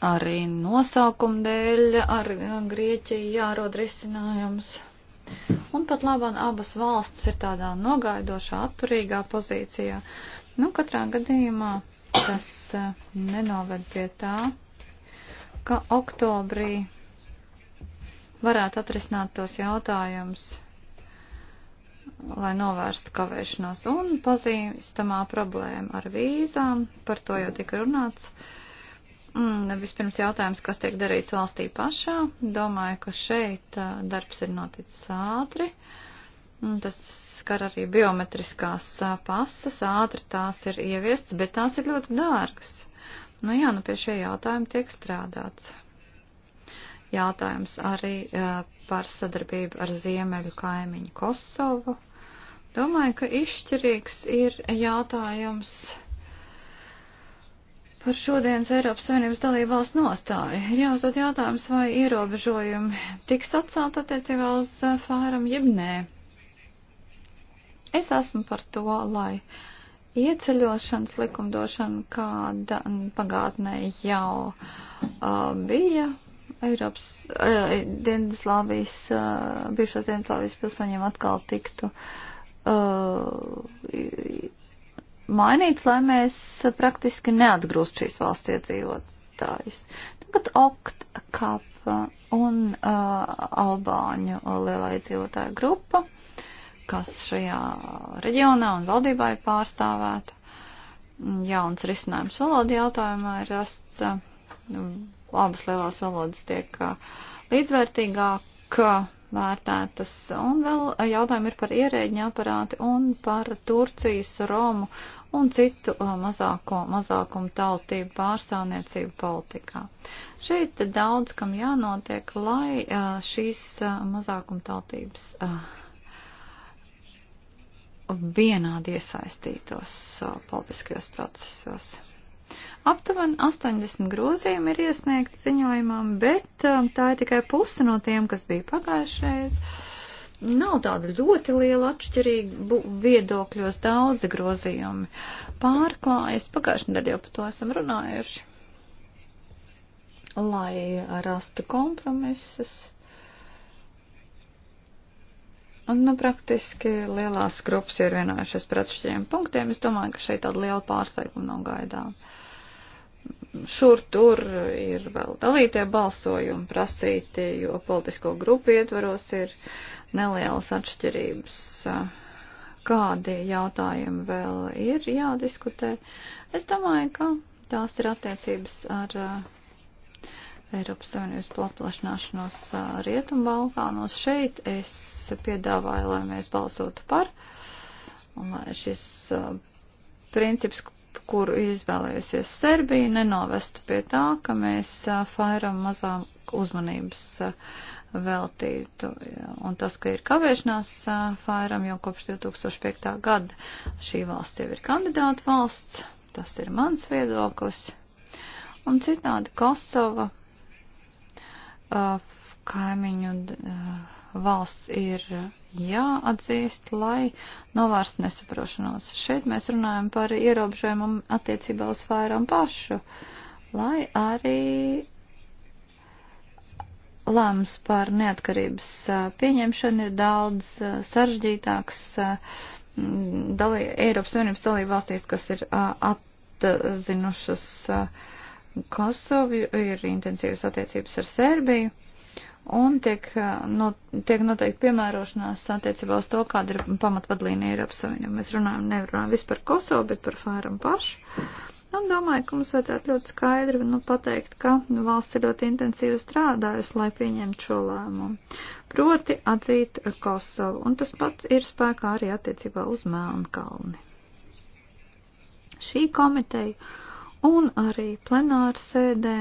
Arī nosaukuma dēļ ar Grieķiju jārod risinājums. Un pat labāk abas valstis ir tādā nogaidošā, atturīgā pozīcijā. Nu, katrā gadījumā tas eh, nenoved pie tā, ka oktobrī varētu atrisināt tos jautājumus lai novērstu kavēšanos. Un pazīstamā problēma ar vīzām, par to jau tika runāts. Mm, vispirms jautājums, kas tiek darīts valstī pašā. Domāju, ka šeit darbs ir noticis ātri. Mm, tas skar arī biometriskās pasas, ātri tās ir ieviestas, bet tās ir ļoti dārgas. Nu jā, nu pie šie jautājumi tiek strādāts. Jautājums arī par sadarbību ar ziemeļu kaimiņu Kosovu Domāju, ka izšķirīgs ir jautājums par šodienas Eiropas Savienības dalību valsts nostāju. Ir jāuzdod jautājums, vai ierobežojumi tiks atcelt attiecībā uz eh, fāram jeb nē. Es esmu par to, lai ieceļošanas likumdošana, kāda pagātnē jau uh, bija, Eiropas, uh, Dienvidslāvijas, uh, bijušās Dienvidslāvijas pilsoņiem atkal tiktu uh, uh, mainīts, lai mēs praktiski neatgrūst šīs valsts iedzīvotājus. Tagad okt, kapa un uh, albāņu lielā iedzīvotāja grupa, kas šajā reģionā un valdībā ir pārstāvēta. Jauns risinājums valodu jautājumā ir rasts. Uh, abas lielās valodas tiek uh, līdzvērtīgāk. Uh, vērtētas. Un vēl jautājumi ir par ierēģiņa aparāti un par Turcijas, Romu un citu uh, mazāko, mazākumu tautību pārstāvniecību politikā. Šeit daudz kam jānotiek, lai uh, šīs uh, mazākumu tautības vienādi iesaistītos politiskajos procesos. Aptuveni 80 grozījumi ir iesniegti ziņojumam, bet um, tā ir tikai puse no tiem, kas bija pagājušreiz. Nav tāda ļoti liela atšķirīga viedokļos daudzi grozījumi. Pārklājas pagājušajā nedēļā par to esam runājuši, lai rastu kompromisus. Un, nu, praktiski lielās grupas ir vienojušies par atšķirīgiem punktiem. Es domāju, ka šeit tāda liela pārsteiguma nav gaidām. Uh, Šur tur ir vēl dalītie balsojumi prasīti, jo politisko grupu ietvaros ir nelielas atšķirības. Kādi jautājumi vēl ir jādiskutē? Es domāju, ka tās ir attiecības ar eh, Eiropas Savienības paplašināšanos eh, Rietumbalkānos. Šeit es piedāvāju, lai mēs balsotu par, un lai šis eh, princips, kuru izvēlējusies Serbija, nenovestu pie tā, ka mēs Fairam mazām uzmanības veltītu. Un tas, ka ir kavēšanās Fairam jau kopš 2005. gada, šī valsts jau ir kandidāta valsts, tas ir mans viedoklis. Un citādi Kosova, kaimiņu. Uh, valsts ir jāatzīst, lai novērst nesaprošanos. Šeit mēs runājam par ierobežojumu attiecībā uz vairām pašu, lai arī lēms par neatkarības pieņemšanu ir daudz sarežģītāks dalī, Eiropas Savienības dalību valstīs, kas ir atzinušas Kosovu, ir intensīvas attiecības ar Serbiju un tiek, eh, no, tiek noteikti piemērošanās attiecībā uz to, kāda ir pamatvadlīnija Eiropas Savienībā. Mēs runājam, nerunājam vispār par Kosovu, bet par Fāram pašu. Un domāju, ka mums vajadzētu ļoti skaidri nu, pateikt, ka valsts ir ļoti intensīvi strādājusi, lai pieņemtu šo lēmumu. Proti atzīt Kosovu. Un tas pats ir spēkā arī attiecībā uz Melnkalni. Šī komiteja un arī plenāra sēdē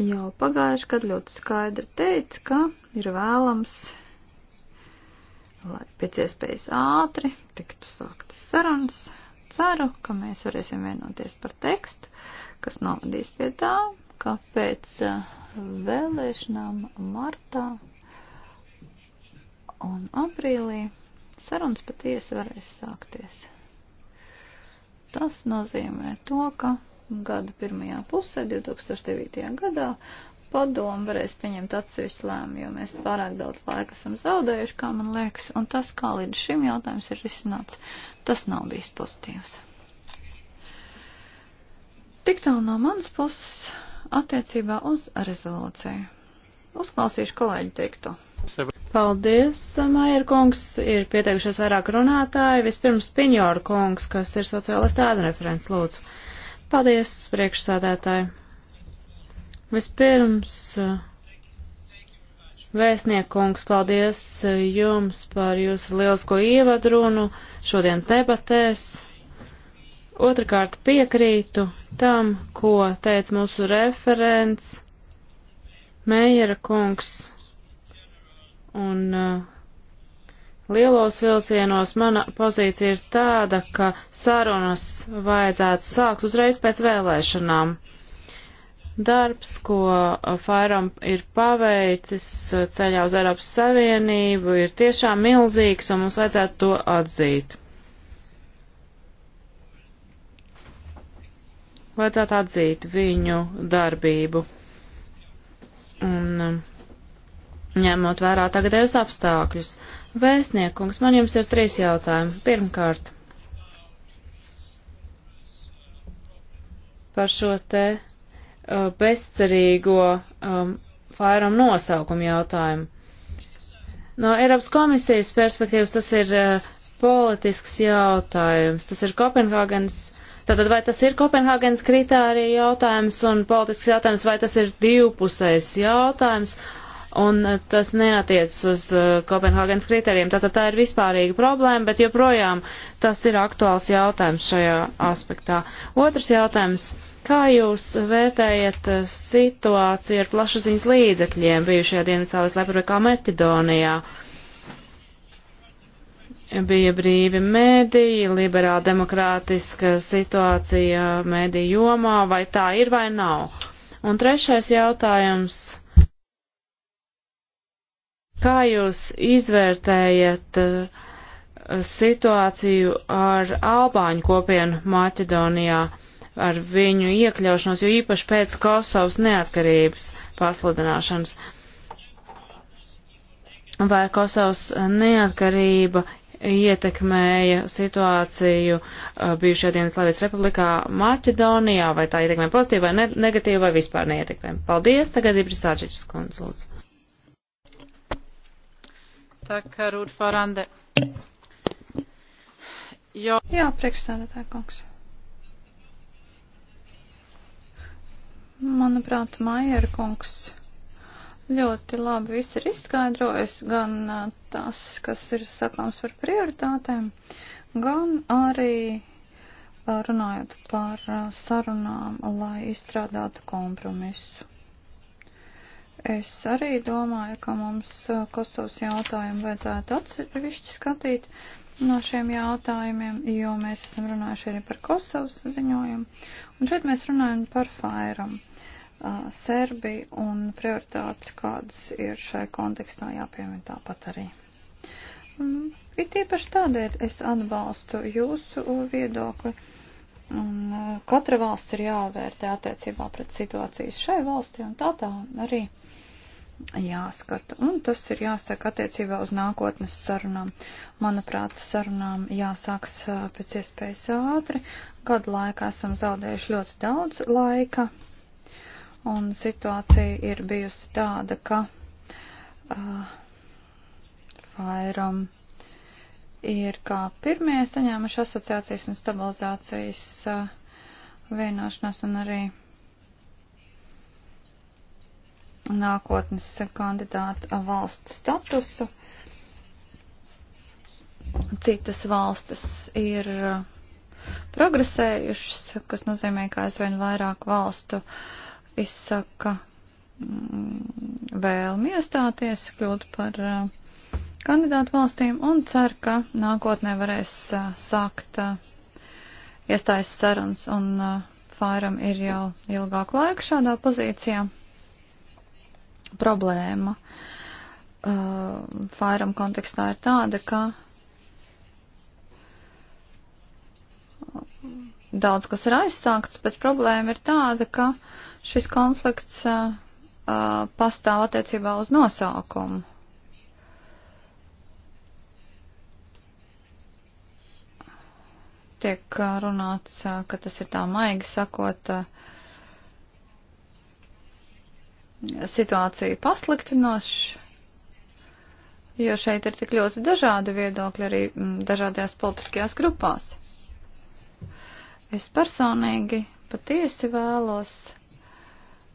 jau pagājuši gadu ļoti skaidri teica, ka ir vēlams, lai pēc iespējas ātri tiktu sāktas sarunas. Ceru, ka mēs varēsim vienoties par tekstu, kas novadīs pie tā, ka pēc eh, vēlēšanām martā un aprīlī sarunas patiesi varēs sākties. Tas nozīmē to, ka gada pirmajā pusē, 2009. gadā, padomu varēs pieņemt atsevišķu lēmumu, jo mēs pārāk daudz laika esam zaudējuši, kā man liekas, un tas, kā līdz šim jautājums ir risināts, tas nav bijis pozitīvs. Tik tālu no manas puses attiecībā uz rezolūciju. Uzklausīšu kolēģi teikto. Paldies, Maier kungs. Ir pieteikušies vairāk runātāji. Vispirms Piņor kungs, kas ir sociālais tāda referents, lūdzu. Paldies, priekšsādētāji. Vispirms, eh, vēstniekungs, paldies eh, jums par jūsu lielisko ievadrunu šodienas debatēs. Otrakārt piekrītu tam, ko teica mūsu referents Meijera kungs un uh, Lielos vilcienos mana pozīcija ir tāda, ka sarunas vajadzētu sākt uzreiz pēc vēlēšanām. Darbs, ko Fairam ir paveicis ceļā uz Eiropas Savienību, ir tiešām milzīgs, un mums vajadzētu to atzīt. Vajadzētu atzīt viņu darbību. Un um, ņemot vērā tagadējos apstākļus. Uh, Vēstniekums, man jums ir trīs jautājumi. Pirmkārt, par šo te uh, bezcerīgo um, fairam nosaukumu jautājumu. No Eiropas komisijas perspektīvas tas ir uh, politisks jautājums. Tas ir Kopenhāgenes. Tātad vai tas ir Kopenhāgenes kritērija jautājums un politisks jautājums, vai tas ir divpusējs jautājums, un eh, tas neatiecas uz eh, Kopenhāgenes kritērijiem. Tātad tā ir vispārīga problēma, bet joprojām tas ir aktuāls jautājums šajā aspektā. Otrs jautājums. Kā jūs vērtējat eh, situāciju ar plašsaziņas līdzekļiem bijušajā Dienvidcēlēs Leprevekā Metidonijā? Bija brīvi mēdī, liberāla demokrātiska situācija mēdī jomā, vai tā ir vai nav? Un trešais jautājums Kā jūs izvērtējat uh, situāciju ar Albāņu kopienu Maķedonijā, ar viņu iekļaušanos, jo īpaši pēc Kosovas neatkarības pasludināšanas? Vai Kosovas neatkarība ietekmēja situāciju uh, bijušajā Dienvidslāvijas republikā Maķedonijā, vai tā ietekmē pozitīvi vai ne negatīvi vai vispār neietekmē. Paldies, tagad ir Prisāčiņas konsults herr ordförande. Jo. Jā, priekšsēdētāja kungs. Manuprāt, Maier kungs ļoti labi viss ir izskaidrojis, gan tas, kas ir sakāms par prioritātēm, gan arī runājot par sarunām, lai izstrādātu kompromisu. Es arī domāju, ka mums uh, Kosovas jautājumu vajadzētu atsevišķi skatīt no šiem jautājumiem, jo mēs esam runājuši arī par Kosovas ziņojumu. Un šeit mēs runājam par Fairam, uh, Serbiju un prioritātes, kādas ir šai kontekstā jāpiemina tāpat arī. Mm, it īpaši tādēļ es atbalstu jūsu viedokli. Uh, Un uh, katra valsts ir jāvērtē attiecībā pret situācijas šai valstī un tā tā arī jāskata. Un tas ir jāsaka attiecībā uz nākotnes sarunām. Manuprāt, sarunām jāsāks uh, pēc iespējas ātri. Gadu laikā esam zaudējuši ļoti daudz laika. Un situācija ir bijusi tāda, ka uh, vairam ir kā pirmie saņēmuši asociācijas un stabilizācijas uh, vienošanās un arī nākotnes kandidāta valsts statusu. Citas valstis ir uh, progresējušas, kas nozīmē, ka aizvien vairāk valstu izsaka mm, vēlmi iestāties, kļūt par uh, kandidātu valstīm un cer, ka nākotnē varēs sākt iestājas sarunas un Fairam ir jau ilgāk laika šādā pozīcijā. Problēma Fairam kontekstā ir tāda, ka daudz kas ir aizsākts, bet problēma ir tāda, ka šis konflikts uh, pastāv attiecībā uz nosaukumu. tiek runāts, ka tas ir tā maigi sakot, situācija pasliktinoša, jo šeit ir tik ļoti dažādi viedokļi arī dažādajās politiskajās grupās. Es personīgi patiesi vēlos,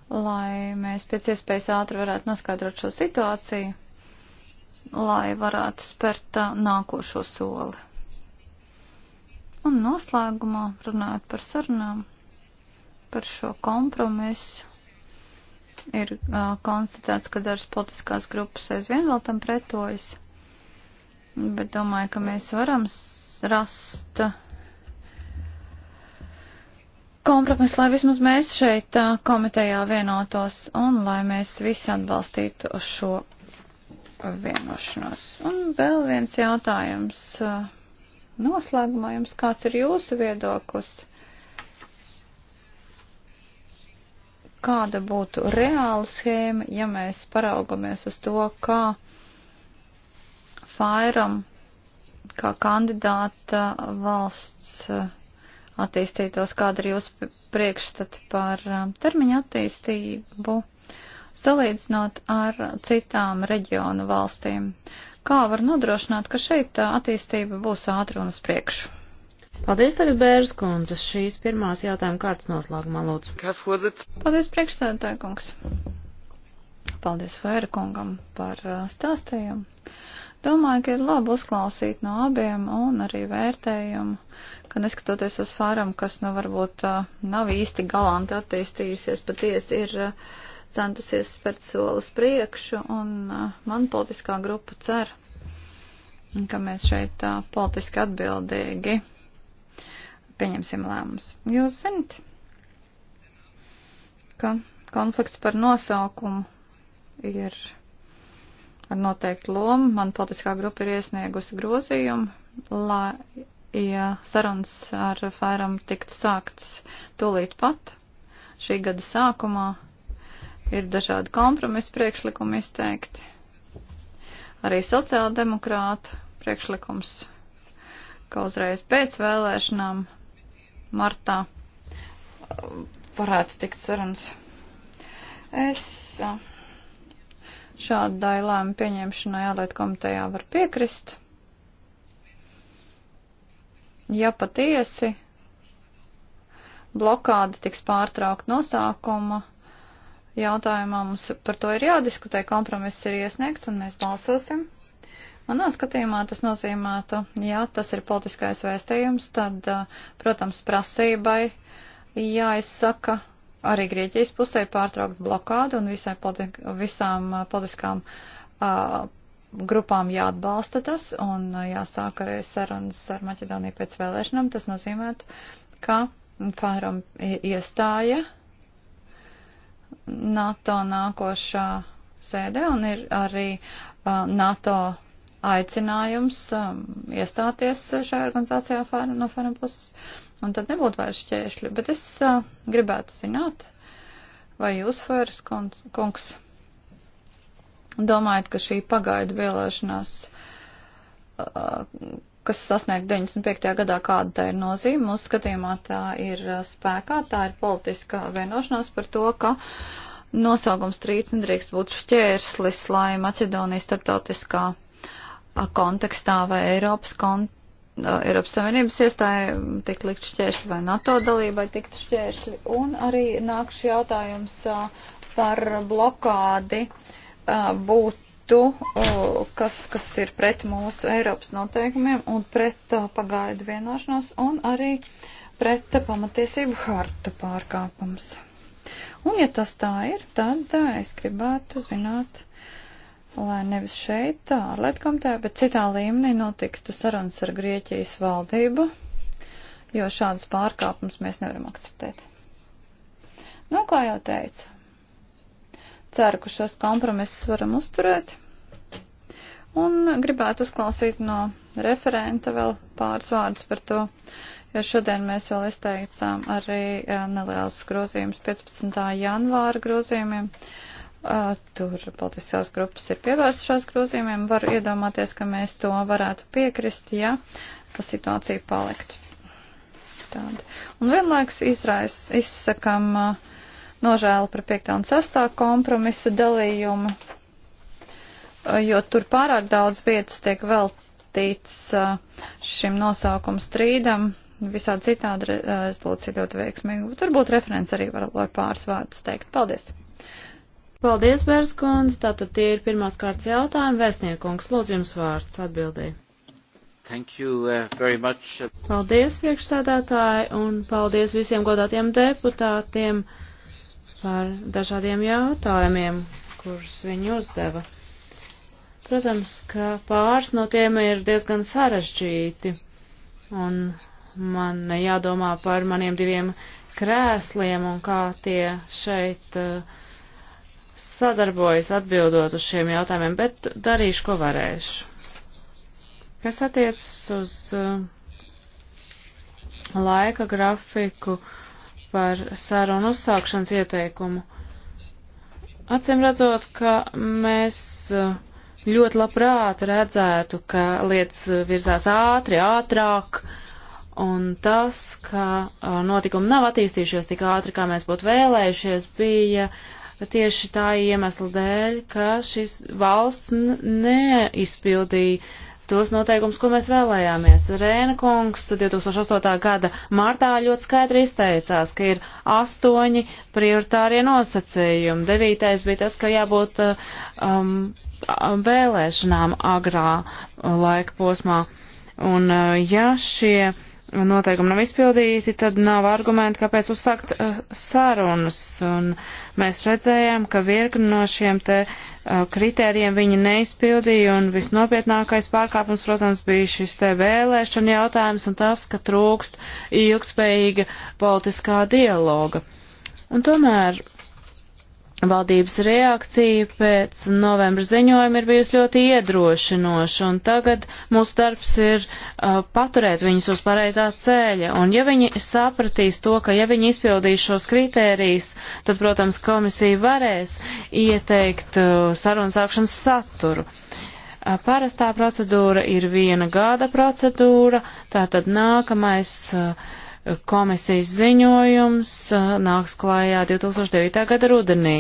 lai mēs pēc iespējas ātri varētu noskaidrot šo situāciju, lai varētu spērt nākošo soli. Un noslēgumā runājot par sarunām, par šo kompromisu, ir uh, konstatēts, ka dažas politiskās grupas aizvien vēl tam pretojas, bet domāju, ka mēs varam rast kompromisu, lai vismaz mēs šeit uh, komitejā vienotos un lai mēs visi atbalstītu šo vienošanos. Un vēl viens jautājums. Uh, Noslēgumā jums kāds ir jūsu viedoklis? Kāda būtu reāla schēma, ja mēs paraugamies uz to, kā Fairam, kā kandidāta valsts eh, attīstītos, kāda ir jūsu priekšstata par eh, termiņu attīstību, salīdzinot ar citām reģionu valstīm. Uh, Kā var nodrošināt, ka šeit attīstība būs ātra un uz priekšu? Paldies, tagad Bērs kundze. Šīs pirmās jautājuma kārtas noslēgumā lūdzu. Paldies, priekšsēdētāja kungs. Paldies Vēra kungam par stāstījumu. Domāju, ka ir labi uzklausīt no abiem un arī vērtējumu, ka neskatoties uz fāram, kas nu varbūt nav īsti galanti attīstījusies, patiesi ir uh, centusies spērt soli uz priekšu, un uh, man politiskā grupa cer, ka mēs šeit tā, uh, politiski atbildīgi pieņemsim lēmumus. Jūs zinat, ka konflikts par nosaukumu ir ar noteiktu lomu. Man politiskā grupa ir iesniegusi grozījumu, lai ja sarunas ar Fairam tiktu sākts tūlīt pat šī gada sākumā Ir dažādi kompromisa priekšlikumi izteikti. Arī sociāldemokrātu priekšlikums, ka uzreiz pēc vēlēšanām martā uh, varētu tikt sarunas. Es uh, šādai lēmu pieņemšanai ārlietu komitejā var piekrist. Ja patiesi blokāde tiks pārtraukta nosākuma jautājumā mums par to ir jādiskutē, kompromiss ir iesniegts un mēs balsosim. Manā skatījumā tas nozīmētu, ja tas ir politiskais vēstījums, tad, protams, prasībai jāizsaka arī Grieķijas pusē pārtraukt blokādu un visai, politi visām politiskām uh, grupām jāatbalsta tas un jāsāk arī sarunas ar Maķedoniju pēc vēlēšanām. Tas nozīmē, ka Fāram iestāja. Ja NATO nākošā sēdē un ir arī uh, NATO aicinājums um, iestāties šajā organizācijā fēr, no Fēram puses, un tad nebūtu vairs šķēršļi. Bet es uh, gribētu zināt, vai jūs, Fēras kungs, domājat, ka šī pagaidu vēlēšanās, uh, kas sasniegt 95. gadā, kāda tā ir nozīme. Mūsu skatījumā tā ir uh, spēkā, tā ir politiska vienošanās par to, ka nosaukums trīc nedrīkst būt šķērslis, lai Maķedonija starptautiskā uh, kontekstā vai Eiropas, kon, uh, Eiropas Savienības iestāja um, tik likt šķēršļi vai NATO dalībai tikt šķēršļi. Un arī nāk šis jautājums par blokādi būt tu, kas, kas ir pret mūsu Eiropas noteikumiem un pret pagaidu vienošanos un arī pret pamatiesību harta pārkāpums. Un ja tas tā ir, tad tā, es gribētu zināt, lai nevis šeit, ārlietu komitē, bet citā līmenī notiktu sarunas ar Grieķijas valdību, jo šādas pārkāpums mēs nevaram akceptēt. Nu, kā jau teicu, ceru, ka šos kompromisus varam uzturēt. Un gribētu uzklausīt no referenta vēl pāris vārdus par to, jo šodien mēs vēl izteicām arī eh, nelielas grozījumus 15. janvāra grozījumiem. Eh, tur politiskās grupas ir pievērsušās grozījumiem. Varu iedomāties, ka mēs to varētu piekrist, ja tā situācija paliktu tāda. Un vienlaiks izrais, izsakam uh, nožēla par 5. un 6. kompromisa dalījumu, jo tur pārāk daudz vietas tiek veltīts šim nosaukumu strīdam. Visā citādi rezolūcija ļoti veiksmīga. Turbūt referents arī var, var pāris vārdus teikt. Paldies! Paldies, Bērskundze. Tātad tie ir pirmās kārtas jautājumi. Vēstniekungs, lūdzu jums vārds atbildēji. Thank you uh, very much. Paldies, priekšsēdētāji, un paldies visiem godātiem deputātiem par dažādiem jautājumiem, kurus viņi uzdeva. Protams, ka pāris no tiem ir diezgan sarežģīti, un man jādomā par maniem diviem krēsliem un kā tie šeit eh, sadarbojas atbildot uz šiem jautājumiem, bet darīšu, ko varēšu. Kas attiecas uz eh, laika grafiku, uh, par sarunu uzsākšanas ieteikumu. Acīm redzot, ka mēs eh, ļoti labprāt redzētu, ka lietas virzās ātri, ātrāk, un tas, ka eh, notikumi nav attīstījušies tik ātri, kā mēs būtu vēlējušies, bija tieši tā iemesla dēļ, ka šis valsts neizpildīja tos noteikumus, ko mēs vēlējāmies. Rēna kungs 2008. gada martā ļoti skaidri izteicās, ka ir astoņi prioritārie nosacījumi. Devītais bija tas, ka jābūt uh, um, um, vēlēšanām agrā laika posmā. Un uh, ja šie noteikumi nav izpildīti, tad nav argumenti, kāpēc uzsākt uh, sarunas. Un mēs redzējām, ka virkni no šiem te uh, Eh, kritērijiem viņi neizpildīja, un visnopietnākais pārkāpums, protams, bija šis te vēlēšana jautājums un tas, ka trūkst ilgspējīga politiskā dialoga. Un tomēr Valdības reakcija pēc novembra ziņojuma ir bijusi ļoti iedrošinoša, un tagad mūsu darbs ir uh, paturēt viņus uz pareizā ceļa. Un ja viņi sapratīs to, ka ja viņi izpildīs šos kritērijus, tad, protams, komisija varēs ieteikt uh, sarunas sākšanas saturu. Uh, parastā procedūra ir viena gada procedūra, tātad nākamais. Uh, Komisijas ziņojums nāks klājā 2009. gada rudenī.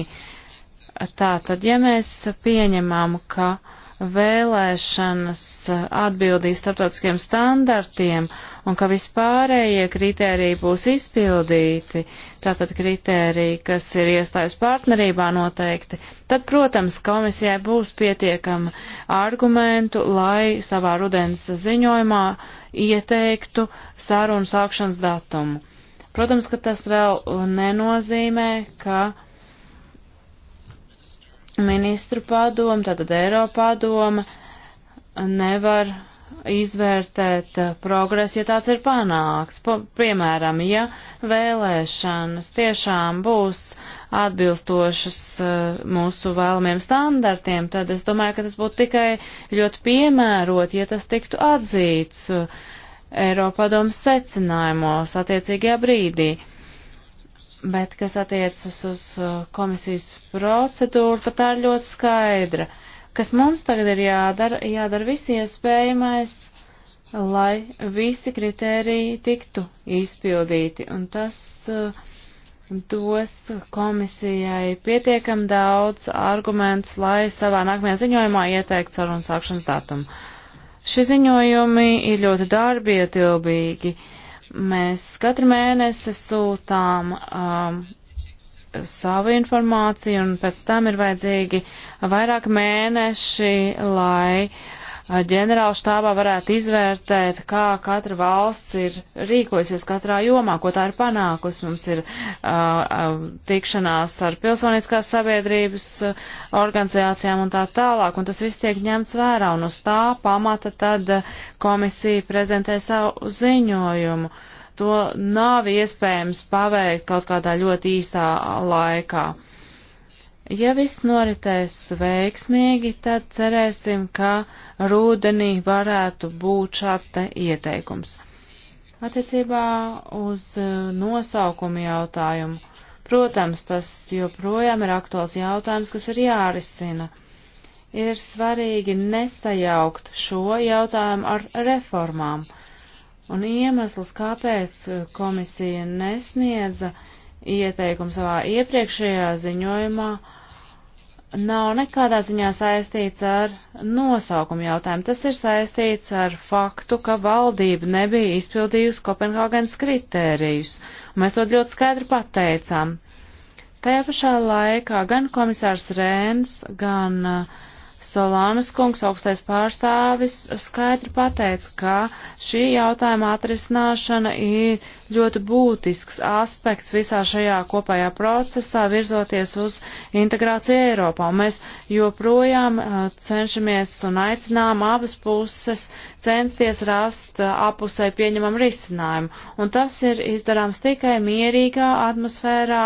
Tātad, ja mēs pieņemam, ka uh, vēlēšanas atbildīs starptautiskiem standartiem un ka vispārējie kritēriji būs izpildīti, tātad kritēriji, kas ir iestājas partnerībā noteikti, tad, protams, komisijai būs pietiekama argumentu, lai savā rudens ziņojumā ieteiktu sarunu sākšanas datumu. Protams, ka tas vēl nenozīmē, ka ministru padoma, tātad Eiropadoma nevar izvērtēt eh, progresu, ja tāds ir panākts. Po, piemēram, ja vēlēšanas tiešām būs atbilstošas eh, mūsu vēlamiem standartiem, tad es domāju, ka tas būtu tikai ļoti piemērot, ja tas tiktu atzīts eh, Eiropadomas secinājumos attiecīgajā brīdī. Uh, Bet, kas attiecas uz uh, komisijas procedūru, tad tā ir ļoti skaidra. Kas mums tagad ir jādara? Jādara viss iespējamais, lai visi kritēriji tiktu izpildīti. Un tas uh, dos komisijai pietiekam daudz argumentus, lai savā nākamajā ziņojumā ieteikt sarunu sākšanas datumu. Šie ziņojumi ir ļoti darbi ietilbīgi. Ja Mēs katru mēnesi sūtām um, savu informāciju, un pēc tam ir vajadzīgi vairāk mēneši, lai uh, ģenerāla štābā varētu izvērtēt, kā katra valsts ir rīkojusies katrā jomā, ko tā ir panākusi. Mums ir uh, uh tikšanās ar pilsoniskās sabiedrības uh, organizācijām un tā tālāk, un tas viss tiek ņemts vērā, un uz tā pamata tad uh, komisija prezentē savu ziņojumu. To nav iespējams paveikt kaut kādā ļoti īsā laikā. Uh, Ja viss noritēs veiksmīgi, tad cerēsim, ka rudenī varētu būt šāds te ieteikums. Attiecībā uz e, nosaukumu jautājumu. Protams, tas joprojām ir aktuāls jautājums, kas ir jārisina ir svarīgi nesajaukt šo jautājumu ar reformām. Un iemesls, kāpēc e, komisija nesniedza ieteikumu savā iepriekšējā ziņojumā nav nekādā ziņā saistīts ar nosaukumu jautājumu. Tas ir saistīts ar faktu, ka valdība nebija izpildījusi Kopenhāgenes kritērijus. Mēs to ļoti skaidri pateicām. Tajā pašā laikā gan komisārs Rēns, gan uh, Solānas kungs, augstais pārstāvis, skaidri pateica, ka šī jautājuma atrisināšana ir ļoti būtisks aspekts visā šajā kopējā procesā virzoties uz integrāciju Eiropā. Un mēs joprojām uh, cenšamies un aicinām abas puses censties rast uh, apusē pieņemam risinājumu. Un tas ir izdarāms tikai mierīgā atmosfērā,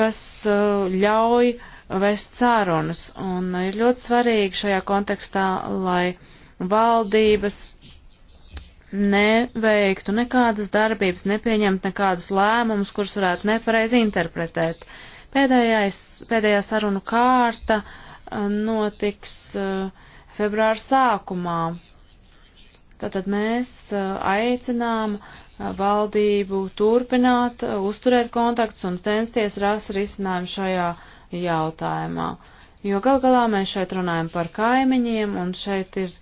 kas uh, ļauj uh, vest sārunas. Un ir ļoti svarīgi šajā kontekstā, lai valdības neveiktu nekādas darbības, nepieņemtu nekādus lēmumus, kurus varētu nepareizi interpretēt. Pēdējais, pēdējā sarunu kārta uh, notiks uh, februāra sākumā. Tātad mēs uh, aicinām valdību turpināt, uzturēt kontaktus un censties rast risinājumu šajā jautājumā. Jo gal galā mēs šeit runājam par kaimiņiem, un šeit ir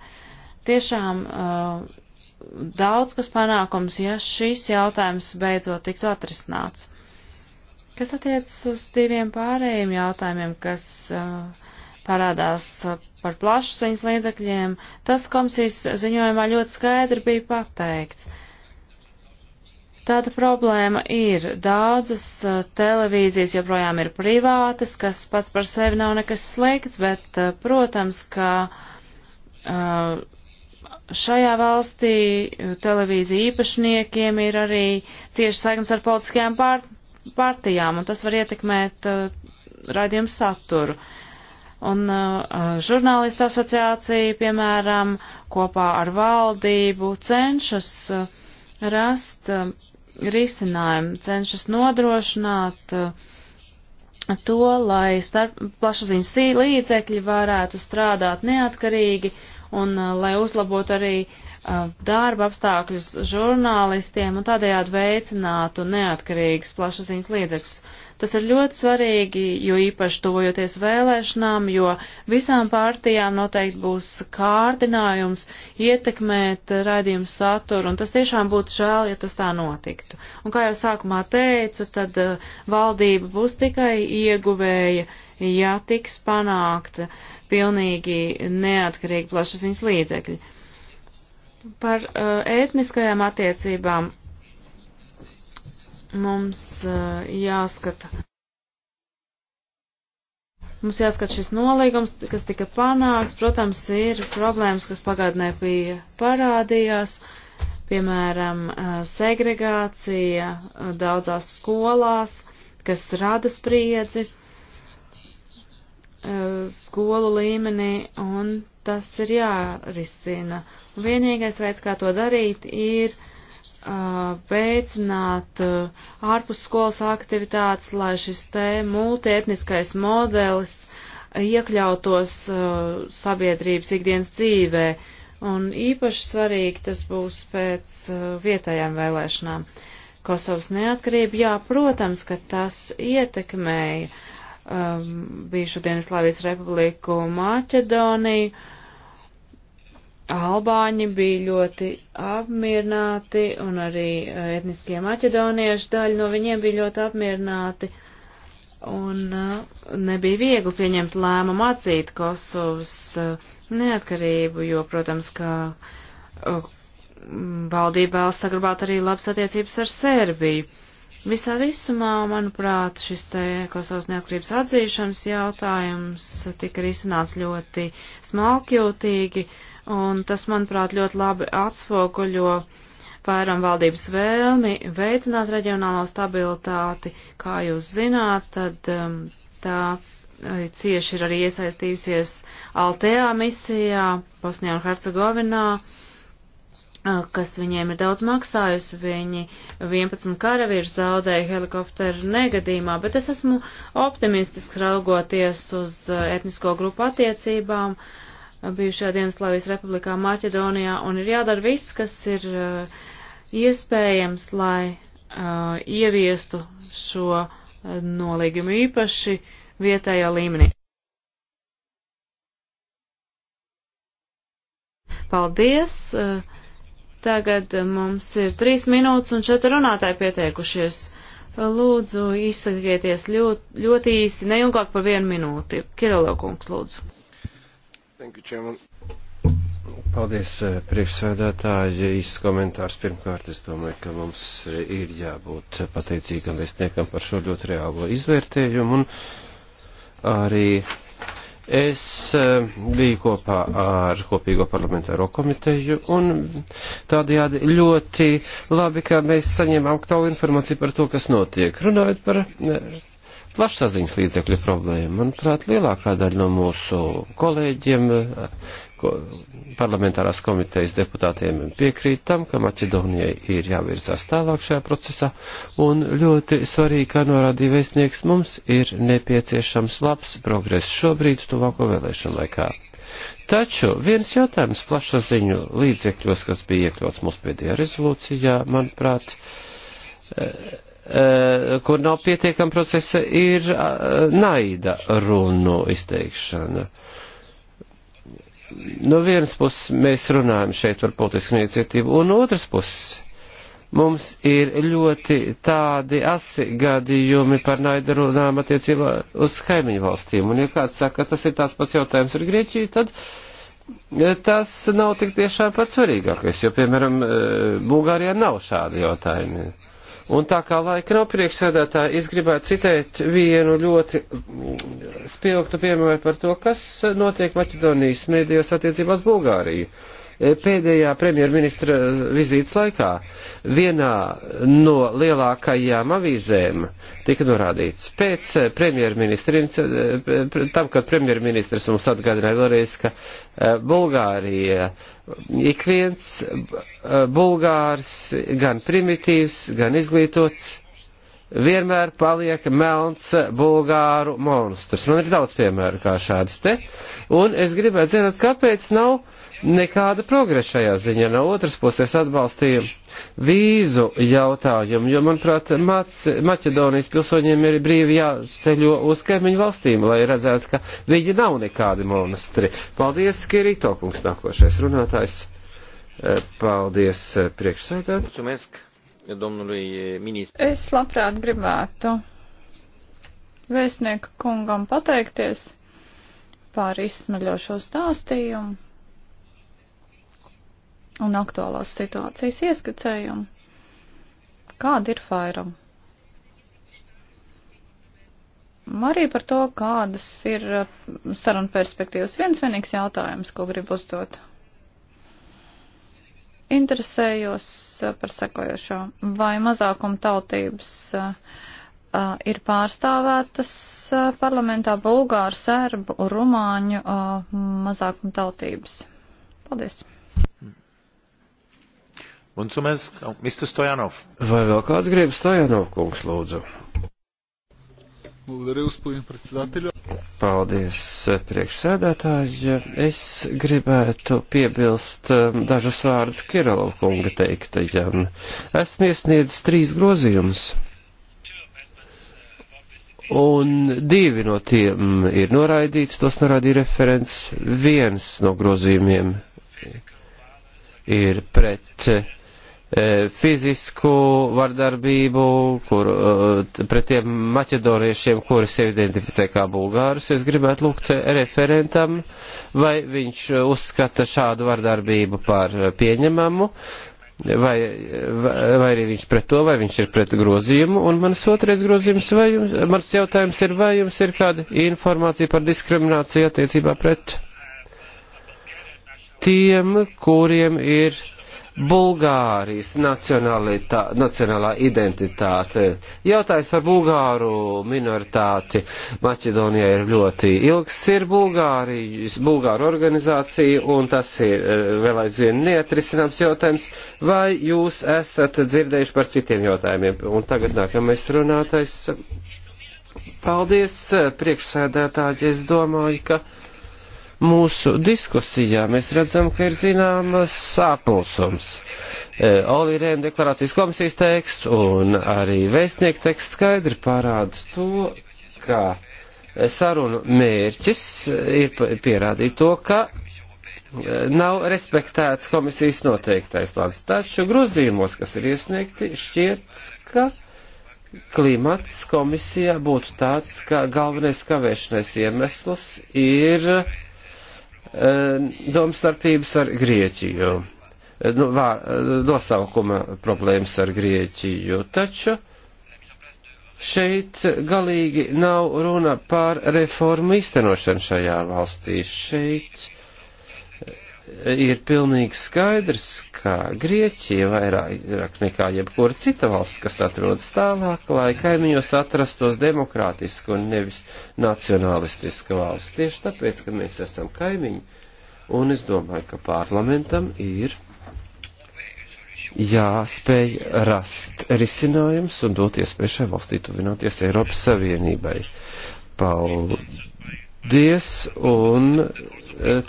tiešām uh, daudz kas panākums, ja šis jautājums beidzot tiktu atrisināts. Kas attiecas uz diviem pārējiem jautājumiem, kas uh, parādās par plašsaziņas līdzekļiem, tas komisijas ziņojumā ļoti skaidri bija pateikts. Uh, Tāda problēma ir. Daudzas uh, televīzijas joprojām ir privātas, kas pats par sevi nav nekas slikts, bet, uh, protams, ka uh, šajā valstī televīzija īpašniekiem ir arī cieši saiknes ar politiskajām pār partijām, un tas var ietekmēt raidījumu saturu. Un uh, žurnālistu asociācija, piemēram, kopā ar valdību cenšas uh, rast uh, risinājumu, cenšas nodrošināt uh, to, lai starp, plašaziņas līdzekļi varētu strādāt neatkarīgi un uh, lai uzlabotu arī uh, darba apstākļus žurnālistiem un tādējādi veicinātu neatkarīgus plašaziņas līdzekļus. Tas ir ļoti svarīgi, jo īpaši tuvojoties vēlēšanām, jo visām pārtījām noteikti būs kārdinājums ietekmēt raidījumu saturu, un tas tiešām būtu žēl, ja tas tā notiktu. Un kā jau sākumā teicu, tad uh, valdība būs tikai ieguvēja, ja tiks panākta pilnīgi neatkarīgi plašas viņas līdzekļi. Par uh, ētniskajām attiecībām Eh, mums jāskata. Mums jāskat šis nolīgums, kas tika panāks. Protams, ir problēmas, kas pagātnē bija parādījās, piemēram, eh, segregācija eh, daudzās skolās, kas rada spriedzi skolu līmenī, un tas ir jārisina. Vienīgais veids, kā to darīt, ir Uh, veicināt uh, ārpus skolas aktivitātes, lai šis te multietniskais modelis iekļautos uh, sabiedrības ikdienas dzīvē. Un īpaši svarīgi tas būs pēc vietējām vēlēšanām. Kosovas neatkarība, jā, protams, ka tas ietekmēja um, bijušo Dienaslāvijas republiku Maķedoniju, uh, Albāņi bija ļoti apmierināti, un arī uh, etniskie maķedonieši daļa no viņiem bija ļoti apmierināti, un uh, nebija viegli pieņemt lēmumu atzīt Kosovas uh, neatkarību, jo, protams, ka valdība vēlas saglabāt arī labas attiecības ar Serbiju. Visā visumā, manuprāt, šis te Kosovas neatkarības atzīšanas jautājums tika risināts ļoti smalkjūtīgi un tas, manuprāt, ļoti labi atspoguļo pēram valdības vēlmi veicināt reģionālo stabilitāti. Kā jūs zināt, tad um, tā eh, cieši ir arī iesaistījusies Altea misijā, Bosnijā un Hercegovinā, eh, kas viņiem ir daudz maksājusi. Viņi 11 karavīrus zaudēja helikopteru negadījumā, bet es esmu optimistisks raugoties uz eh, etnisko grupu attiecībām. Uh, bijušajā Dienaslavijas republikā Maķedonijā, un ir jādara viss, kas ir uh, iespējams, lai uh, ieviestu šo uh, nolīgumu īpaši vietējā līmenī. Paldies! Uh, tagad uh, mums ir trīs minūtes un četri runātāji pieteikušies. Uh, lūdzu, izsakieties ļoti, ļoti īsi, neilgāk par vienu minūti. Kirilov kungs, lūdzu. Thank you, Chairman. Paldies, eh, priekšsēdētāji. Īsts komentārs. Pirmkārt, es domāju, ka mums eh, ir jābūt pateicīgam vēstniekam par šo ļoti reālo izvērtējumu. Un arī es eh, biju kopā ar kopīgo parlamentāro komiteju un tādējādi ļoti labi, ka mēs saņēmām aktuālu informāciju par to, kas notiek. Runājot par plašsaziņas līdzekļu problēma. Manuprāt, lielākā daļa no mūsu kolēģiem, ko, parlamentārās komitejas deputātiem piekrīt tam, ka Maķedonijai ir jāvirzās tālāk šajā procesā, un ļoti svarīgi, kā norādīja vēstnieks, mums ir nepieciešams labs progress šobrīd, tuvāko vēlēšanu laikā. Taču viens jautājums plašsaziņu līdzekļos, kas bija iekļauts mūsu pēdējā rezolūcijā, manuprāt, e, Eh, kur nav pietiekama procesa, ir eh, naida runu izteikšana. No vienas puses mēs runājam šeit par politisku iniciatīvu, un otras puses mums ir ļoti tādi asi gadījumi par naida runām attiecībā uz kaimiņu valstīm. Un ja kāds saka, ka tas ir tāds pats jautājums ar Grieķiju, tad eh, tas nav tik tiešām pats svarīgākais, jo, piemēram, Bulgārijā nav šādi jautājumi. Uh, Un tā kā laika nav priekšsēdētāji, es gribētu citēt vienu ļoti spilgtu piemēru par to, kas notiek Maķedonijas mēdījos attiecībās Bulgāriju. Uh, Eh, pēdējā premjerministra vizītes laikā vienā no lielākajām avīzēm tika norādīts pēc eh, premjerministra, eh, tam, kad premjerministrs mums atgādināja vēlreiz, ka Bulgārija, ik viens bulgārs, gan primitīvs, gan izglītots, vienmēr paliek melns bulgāru monstrs. Man ir daudz piemēru kā šāds te, un es gribētu zināt, kāpēc nav nekāda progresa šajā ziņā. No otras puses atbalstīja vīzu jautājumu, jo, manuprāt, Mac Maķedonijas pilsoņiem ir brīvi jāceļo uz kaimiņu valstīm, lai redzētu, ka viņi nav nekādi monstri. Paldies, Kirito, kungs, nākošais runātājs. E, paldies, e, priekšsēdētāji. E, es labprāt gribētu vēstnieku kungam pateikties par izsmeļošo stāstījumu un aktuālās situācijas ieskicējumu. Kāda ir fairam? Arī par to, kādas ir uh, saruna perspektīvas. Viens vienīgs jautājums, ko gribu uzdot. Interesējos uh, par sekojošo. Vai mazākuma tautības uh, ir pārstāvētas parlamentā bulgāru, serbu, rumāņu mazākuma tautības? Paldies! Mulțumesc, Mr. Stojanov. Vai vēl kāds grib Stojanov, kungs, lūdzu? Paldies, priekšsēdētāji. Es gribētu piebilst dažus vārdus Kirilov kunga teiktajam. Esmu iesniedzis trīs grozījumus. Un divi no tiem ir noraidīts, tos noraidīja referents. Viens no grozījumiem ir pret E, fizisku vardarbību, kur, e, pret tiem maķedoniešiem, kuri sevi identificē kā bulgārus. Es gribētu lūgt referentam, vai viņš uzskata šādu vardarbību par pieņemamu, vai, vai arī viņš pret to, vai viņš ir pret grozījumu, un mans otrais grozījums, vai jums, mans jautājums ir, vai jums ir kāda informācija par diskrimināciju attiecībā pret tiem, kuriem ir Bulgārijas nacionālā identitāte. Jautājums par bulgāru minoritāti Maķedonijā ir ļoti ilgs. Ir Bulgārijas, Bulgāru organizācija, un tas ir eh, vēl aizvien neatrisināms jautājums. Vai jūs esat dzirdējuši par citiem jautājumiem? Un tagad nākamais runātais. Paldies, priekšsēdētāji. Es domāju, ka mūsu diskusijā mēs redzam, ka ir zināmas sāpulsums. E, Olī Rēna deklarācijas komisijas teksts un arī vēstnieka teksts skaidri parāda to, ka sarunu mērķis ir pierādīt to, ka e, nav respektēts komisijas noteiktais plāns. Taču grozījumos, kas ir iesniegti, šķiet, ka klimats komisijā būtu tāds, ka galvenais kavēšanais iemesls ir uh, Ehm, domstarpības ar Grieķiju, ehm, nu, vār, ehm, nosaukuma problēmas ar Grieķiju, taču šeit galīgi nav runa par reformu īstenošanu šajā valstī. Šeit ir pilnīgi skaidrs, ka Grieķija vairāk nekā jebkura cita valsts, kas atrodas tālāk, lai kaimiņos atrastos demokrātiska un nevis nacionalistiska valsts. Tieši tāpēc, ka mēs esam kaimiņi, un es domāju, ka parlamentam ir jāspēj rast risinājums un dot iespēju šai valstī tuvināties Eiropas Savienībai. Paldies! Un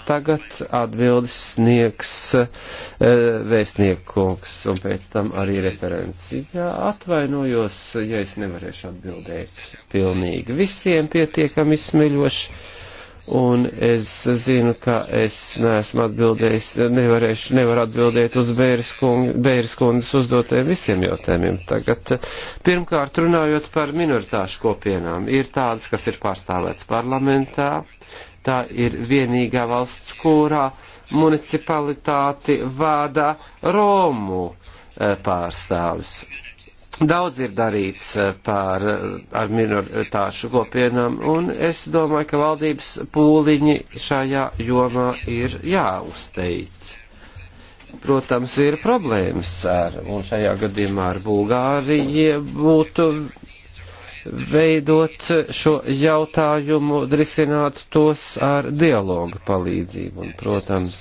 tagad atbildes sniegs eh, vēstniekungs un pēc tam arī referenci. Jā, atvainojos, ja es nevarēšu atbildēt pilnīgi visiem pietiekam izsmeļoši. Un es zinu, ka es neesmu atbildējis, nevarēšu, nevaru atbildēt uz Bēris, kund, Bēris kundas uzdotiem visiem jautājumiem. Tagad, pirmkārt, runājot par minoritāšu kopienām, ir tādas, kas ir pārstāvētas parlamentā, Tā ir vienīgā valsts, kurā municipalitāti vada Romu eh, pārstāvis. Daudz ir darīts eh, pār, eh, ar minoritāšu kopienām, un es domāju, ka valdības pūliņi šajā jomā ir jāuzteic. Protams, ir problēmas ar, un šajā gadījumā ar Bulgāriju būtu veidot šo jautājumu, risināt tos ar dialogu palīdzību. Un, protams,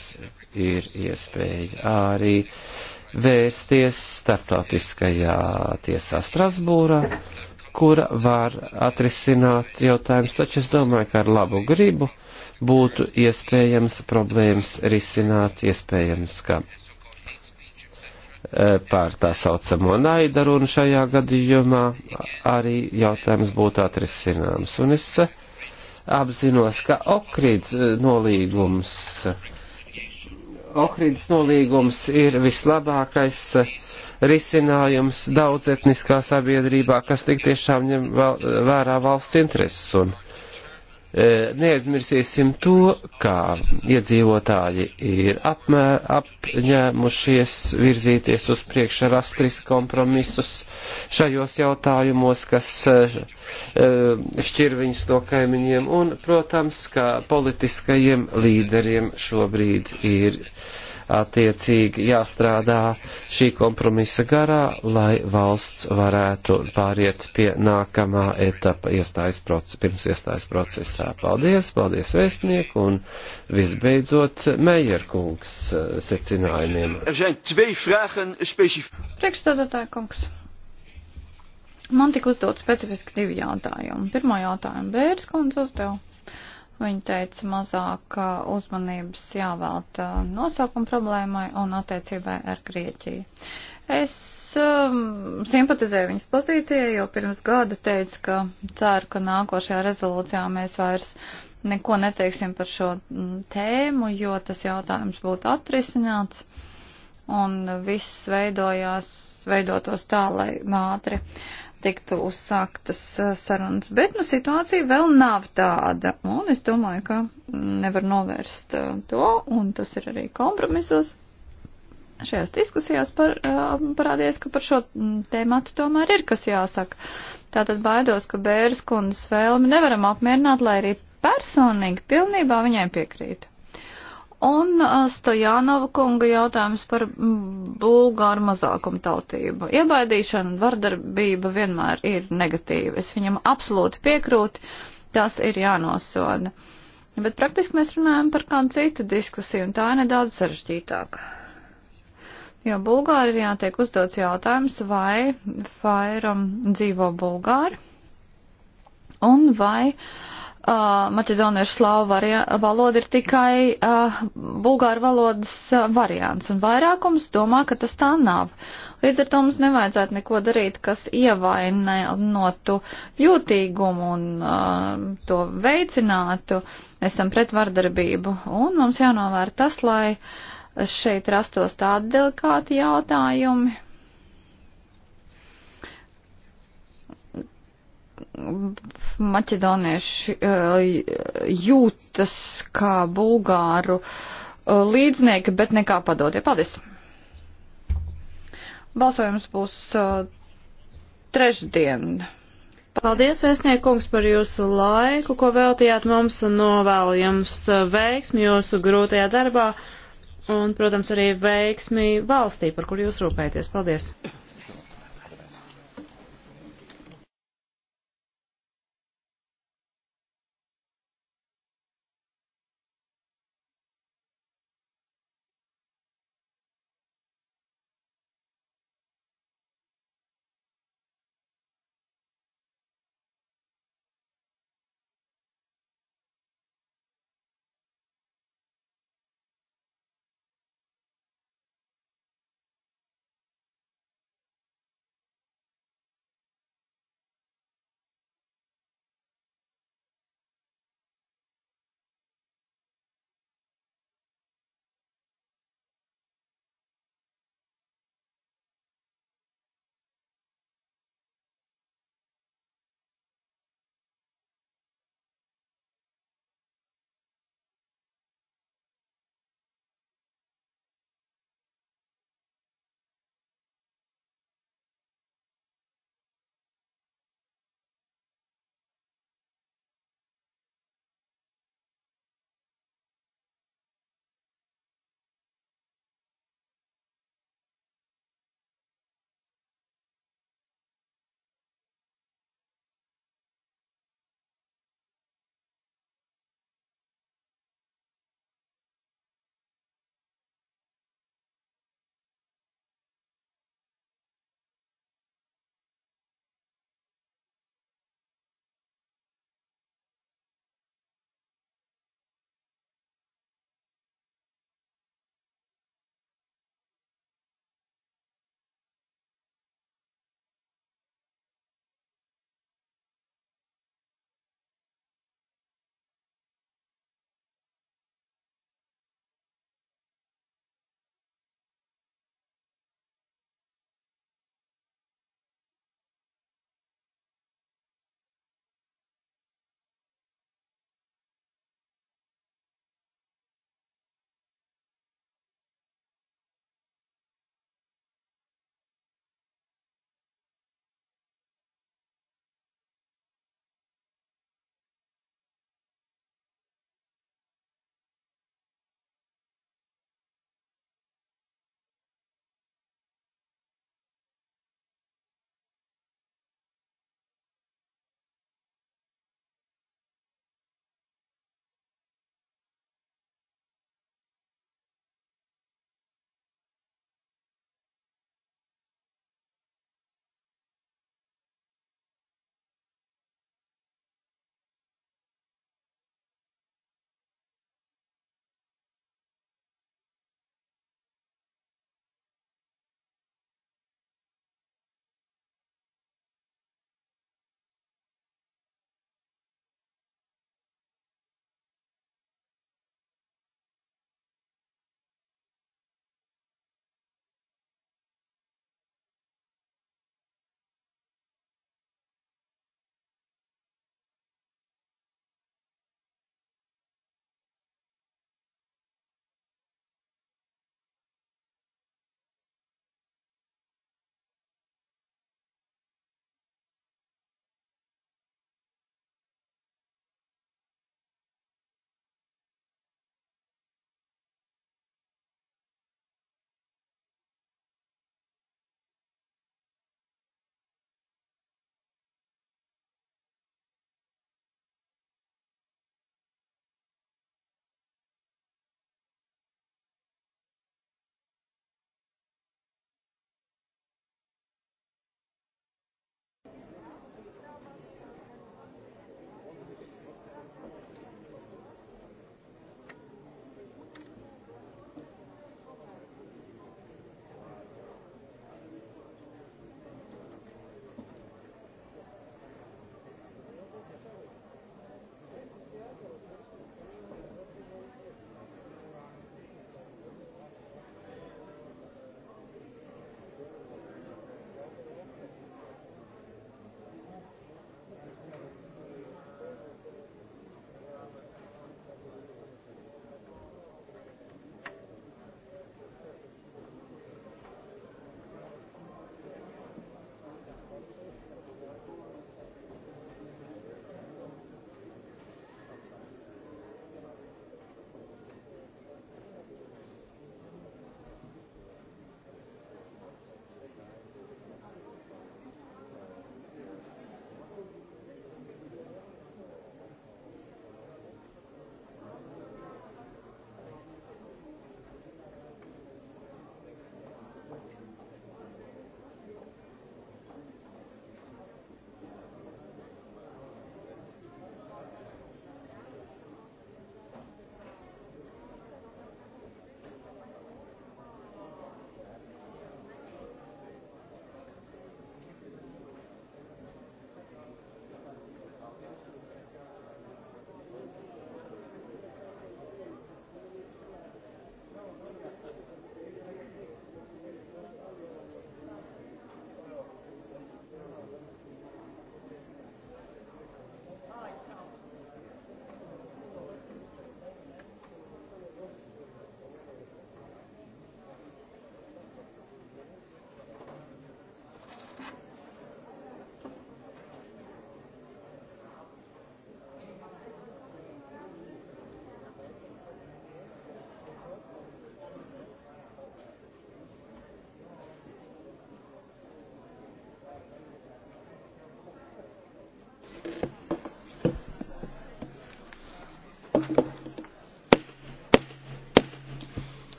ir iespēja arī vērsties starptautiskajā tiesā Strasbūrā, kura var atrisināt jautājumus, taču es domāju, ka ar labu gribu būtu iespējams problēmas risināt, iespējams, ka Eh, pār tā saucamo naidaru, un šajā gadījumā arī jautājums būtu atrisināms. Un es eh, apzinos, ka Okrīds eh, nolīgums, Okrīds nolīgums ir vislabākais risinājums daudzetniskā sabiedrībā, kas tik tiešām ņem vērā valsts intereses. Un E, neaizmirsīsim to, kā iedzīvotāji ir apmē, apņēmušies virzīties uz priekšu ar astris kompromisus šajos jautājumos, kas e, e, šķir viņus no kaimiņiem, un, protams, kā politiskajiem līderiem šobrīd ir attiecīgi jāstrādā šī kompromisa garā, lai valsts varētu pāriet pie nākamā etapa iestājas proces, pirms iestājas procesā. Paldies, paldies vēstnieku un visbeidzot Meijerkungs eh, secinājumiem. Er Priekšstādātāja kungs. Man tika uzdot specifiski divi jautājumi. Pirmā jautājuma Bērs kundze uzdeva Viņa teica, mazāk uzmanības jāvelta nosaukuma problēmai un attiecībai ar Grieķiju. Es um, simpatizēju viņas pozīcijai, jo pirms gada teicu, ka ceru, ka nākošajā rezolūcijā mēs vairs neko neteiksim par šo mm, tēmu, jo tas jautājums būtu atrisināts un viss veidojās, veidotos tā, lai mātri. Uh, tiktu uzsāktas eh, sarunas, bet nu situācija vēl nav tāda. Un es domāju, ka nevar novērst eh, to, un tas ir arī kompromisos. Šajās diskusijās par, eh, parādījies, ka par šo mm, tēmatu tomēr ir kas jāsaka. Tātad baidos, ka bērns kundas vēlmi nevaram apmierināt, lai arī personīgi pilnībā viņai piekrītu. Un uh, Stojānova kunga jautājums par mm, bulgāru mazākumu tautību. Iebaidīšana un vardarbība vienmēr ir negatīva. Es viņam absolūti piekrūtu, tas ir jānosoda. Bet praktiski mēs runājam par kādu citu diskusiju, un tā ir nedaudz sarežģītāka. Jo Bulgārijā tiek uzdots jautājums, vai Fairam dzīvo Bulgāri un vai uh, uh, maķedoniešu slāvu varia, valoda ir tikai uh, bulgāru valodas uh, variants, un vairākums domā, ka tas tā nav. Līdz ar to mums nevajadzētu neko darīt, kas ievainotu jūtīgumu un uh, to veicinātu. Esam pret vardarbību, un mums jānovēr tas, lai šeit rastos tādi delikāti jautājumi, maķedonieši eh, jūtas kā bulgāru eh, līdznieki, bet nekā padotie. Paldies! Balsojums būs eh, trešdien. Paldies, vēstniekums, par jūsu laiku, ko veltījāt mums un novēlu jums veiksmi jūsu grūtajā darbā un, protams, arī veiksmi valstī, par kur jūs rūpēties. Paldies!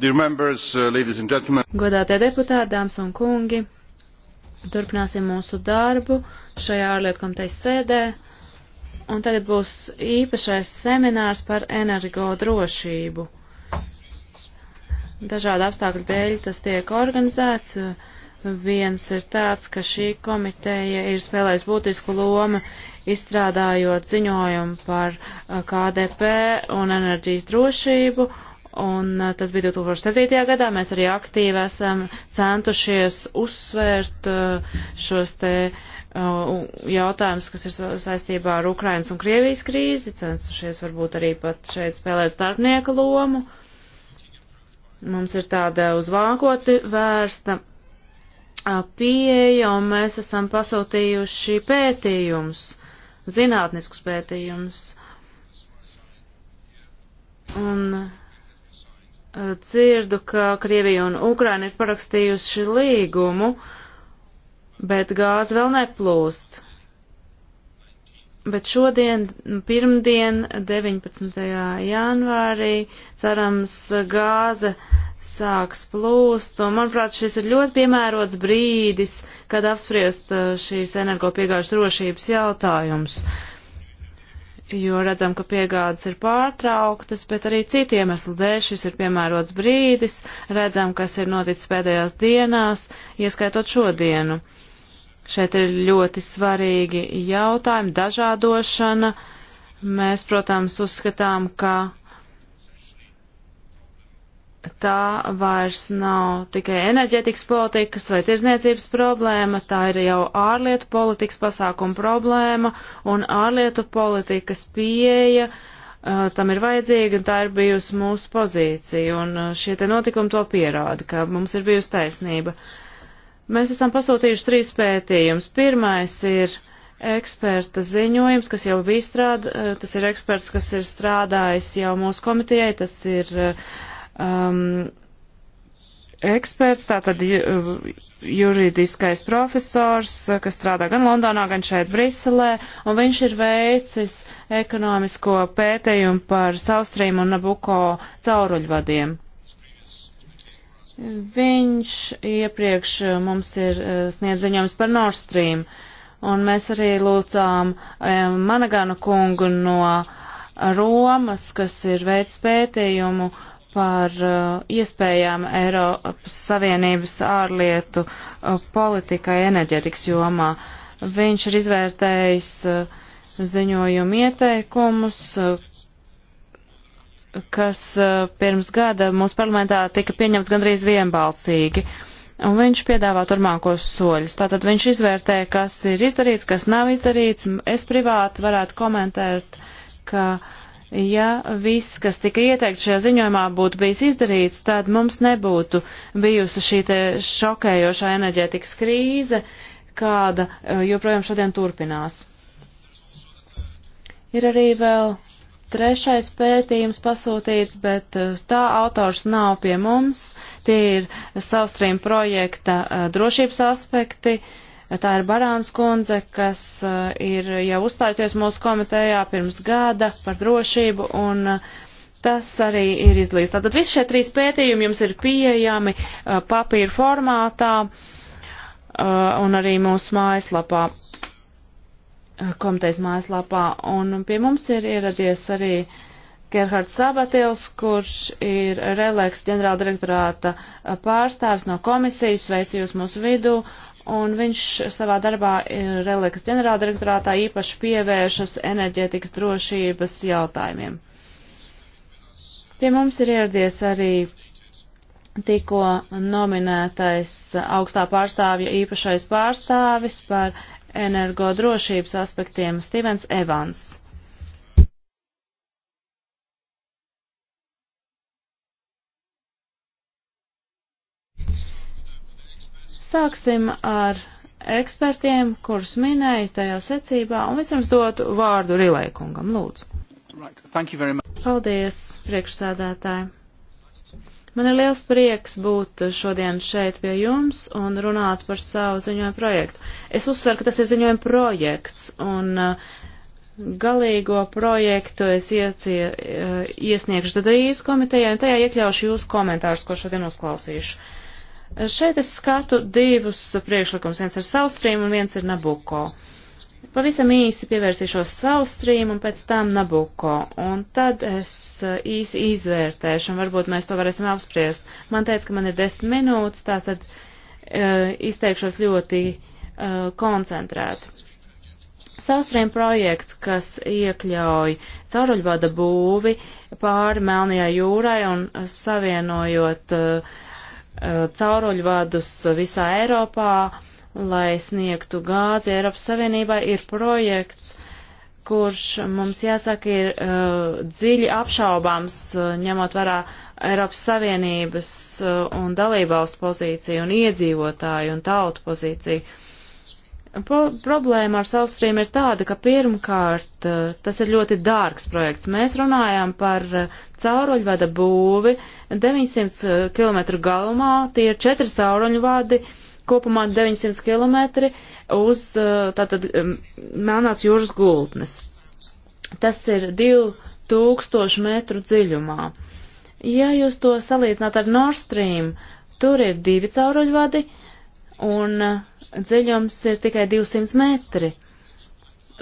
Members, uh, Godātie deputāti, dāmas un kungi, turpināsim mūsu darbu šajā ārlietu komitejas sēdē. Un tagad būs īpašais seminārs par energo drošību. Dažādu apstākļu dēļ tas tiek organizēts. Viens ir tāds, ka šī komiteja ir spēlējusi būtisku lomu izstrādājot ziņojumu par uh, KDP un enerģijas drošību Un eh, tas bija 2007. gadā. Mēs arī aktīvi esam centušies uzsvērt eh, šos te eh, jautājumus, kas ir saistībā ar Ukrainas un Krievijas krīzi, centušies varbūt arī pat šeit spēlēt starpnieka lomu. Mums ir tāda uz vākoti vērsta pieeja, un mēs esam pasūtījuši pētījumus, zinātniskus pētījumus. Un dzirdu, ka Krievija un Ukraina ir parakstījuši līgumu, bet gāze vēl neplūst. Bet šodien, pirmdien, 19. janvārī, cerams, gāze sāks plūst, un manuprāt, šis ir ļoti piemērots brīdis, kad apspriest uh, šīs energopiegāžu drošības jautājumus. Uh, jo redzam, ka piegādes ir pārtrauktas, bet arī citu iemeslu dēļ šis ir piemērots brīdis, redzam, kas ir noticis pēdējās dienās, ieskaitot šodienu. Šeit ir ļoti svarīgi jautājumi, dažādošana. Mēs, protams, uzskatām, ka tā vairs nav tikai enerģetikas politikas vai tirzniecības problēma, tā ir jau ārlietu politikas pasākuma problēma un ārlietu politikas pieeja. Uh, tam ir vajadzīga, un tā ir bijusi mūsu pozīcija, un uh, šie te notikumi to pierāda, ka mums ir bijusi taisnība. Mēs esam pasūtījuši trīs pētījumus. Pirmais ir eksperta ziņojums, kas jau bija strādā, tas ir eksperts, kas ir strādājis jau mūsu komitejai, tas ir uh, um, eksperts, tātad juridiskais profesors, kas strādā gan Londonā, gan šeit Briselē, un viņš ir veicis ekonomisko pētījumu par Saustrīm un Nabuko cauruļvadiem. Viņš iepriekš mums ir eh, sniedz ziņojums par Nord Stream, un mēs arī lūdzām eh, Managana kungu no Romas, kas ir veids pētījumu par uh, iespējām Eiropas Savienības ārlietu uh, politikai enerģetikas jomā. Viņš ir izvērtējis uh, ziņojumu ieteikumus, uh, kas uh, pirms gada mūsu parlamentā tika pieņemts gandrīz vienbalsīgi. Un viņš piedāvā turmākos soļus. Tātad viņš izvērtē, kas ir izdarīts, kas nav izdarīts. Es privāti varētu komentēt, ka uh, Ja viss, kas tika ieteikt šajā ziņojumā, būtu bijis izdarīts, tad mums nebūtu bijusi šī te šokējošā enerģētikas krīze, kāda e, joprojām šodien turpinās. Ir arī vēl trešais pētījums pasūtīts, bet e, tā autors nav pie mums. Tie ir South Stream projekta e, drošības aspekti. Uh, Tā ir Barāns kundze, kas uh, ir jau uzstājusies mūsu komitejā pirms gada par drošību, un uh, tas arī ir izlīdz. Tātad visi šie trīs pētījumi jums ir pieejami uh, papīra formātā un arī mūsu mājaslapā, komitejas mājaslapā, un pie mums ir ieradies arī Gerhards Sabatils, kurš ir Releks ģenerāldirektorāta pārstāvis no komisijas, sveicu jūs mūsu vidū. Uh, un viņš savā darbā e, Relikas ģenerāldirektorātā īpaši pievēršas enerģētikas drošības jautājumiem. Pie mums ir ieradies arī tikko nominētais augstā pārstāvja īpašais pārstāvis par energodrošības aspektiem Stevens Evans. Sāksim ar ekspertiem, kurus minēju tajā secībā, un vispirms dotu vārdu Rilēkungam, lūdzu. Right. Paldies, priekšsēdētāji. Man ir liels prieks būt šodien šeit pie jums un runāt par savu ziņojumu projektu. Es uzsveru, ka tas ir ziņojuma projekts, un uh, galīgo projektu es iecie, uh, iesniegšu tad drīz komitejai, un tajā iekļaušu jūsu komentārus, ko šodien uzklausīšu. Šeit es skatu divus priekšlikumus. Viens ir South Stream un viens ir Nabuko. Pavisam īsi pievērsīšos South Stream un pēc tam Nabuko. Un tad es eh, īsi izvērtēšu un varbūt mēs to varēsim apspriest. Man teica, ka man ir desmit minūtes, tā tad uh, eh, izteikšos ļoti uh, koncentrēti. Saustriem projekts, kas iekļauj cauruļvada būvi pāri Melnajai jūrai un savienojot uh, Uh, cauruļvadus visā Eiropā, lai sniegtu gāzi Eiropas Savienībai, ir projekts, kurš mums jāsaka ir uh, dziļi apšaubāms, uh, ņemot vērā Eiropas Savienības uh, un dalībvalstu pozīciju un iedzīvotāju un tautu pozīciju. Problēma ar South Stream ir tāda, ka pirmkārt eh, tas ir ļoti dārgs projekts. Mēs runājam par eh, cauruļvada būvi 900 eh, km galumā, tie ir četri cauruļvadi, kopumā 900 km uz tātad Melnās jūras gultnes. Tas ir 2000 metru dziļumā. Ja jūs to salīdzināt ar Nord Stream, tur ir divi cauruļvadi, uh, un dziļums ir tikai 200 metri.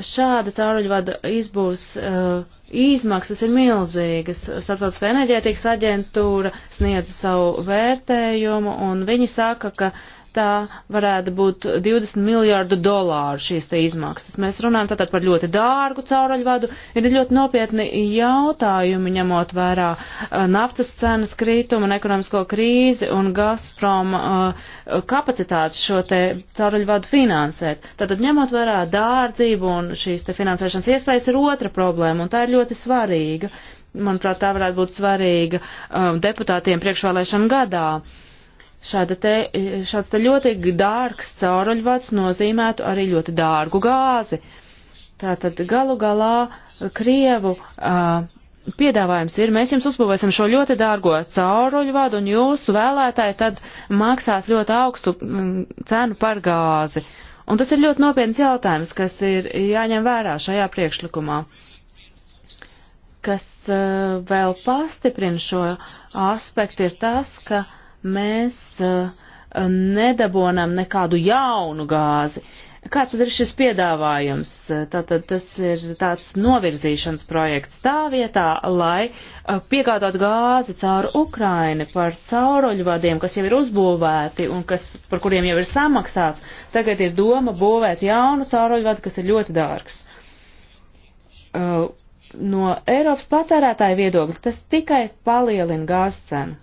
Šāda cauruļvada izbūs uh, izmaksas ir milzīgas. Starptautiskā enerģētikas aģentūra sniedz savu vērtējumu, un viņi saka, ka tā varētu būt 20 miljārdu dolāru šīs te izmaksas. Mēs runājam tātad par ļoti dārgu cauruļvadu. Ir ļoti nopietni jautājumi, ņemot vērā uh, naftas cenas krītumu un ekonomisko krīzi un Gazprom uh, kapacitāti šo te cauruļvadu finansēt. Tātad ņemot vērā dārdzību un šīs te finansēšanas iespējas ir otra problēma un tā ir ļoti svarīga. Manuprāt, tā varētu būt svarīga um, deputātiem priekšvēlēšana gadā. Uh, Šāda te, šāds te ļoti dārgs cauruļvads nozīmētu arī ļoti dārgu gāzi. Tātad galu galā Krievu uh, piedāvājums ir, mēs jums uzbūvēsim šo ļoti dārgo cauruļvadu un jūsu vēlētāji tad maksās ļoti augstu mm, cenu par gāzi. Un tas ir ļoti nopietns jautājums, kas ir jāņem vērā šajā priekšlikumā kas uh, vēl pastiprina šo aspektu, ir tas, ka uh, mēs eh, nedabonam nekādu jaunu gāzi. Kāds tad ir šis piedāvājums? Tātad tas ir tāds novirzīšanas projekts tā vietā, lai eh, piegādāt gāzi caur Ukraini par cauroļvadiem, kas jau ir uzbūvēti un kas, par kuriem jau ir samaksāts. Tagad ir doma būvēt jaunu cauroļvadu, kas ir ļoti dārgs. Eh, no Eiropas patērētāja viedokļa tas tikai palielina gāzes cenu.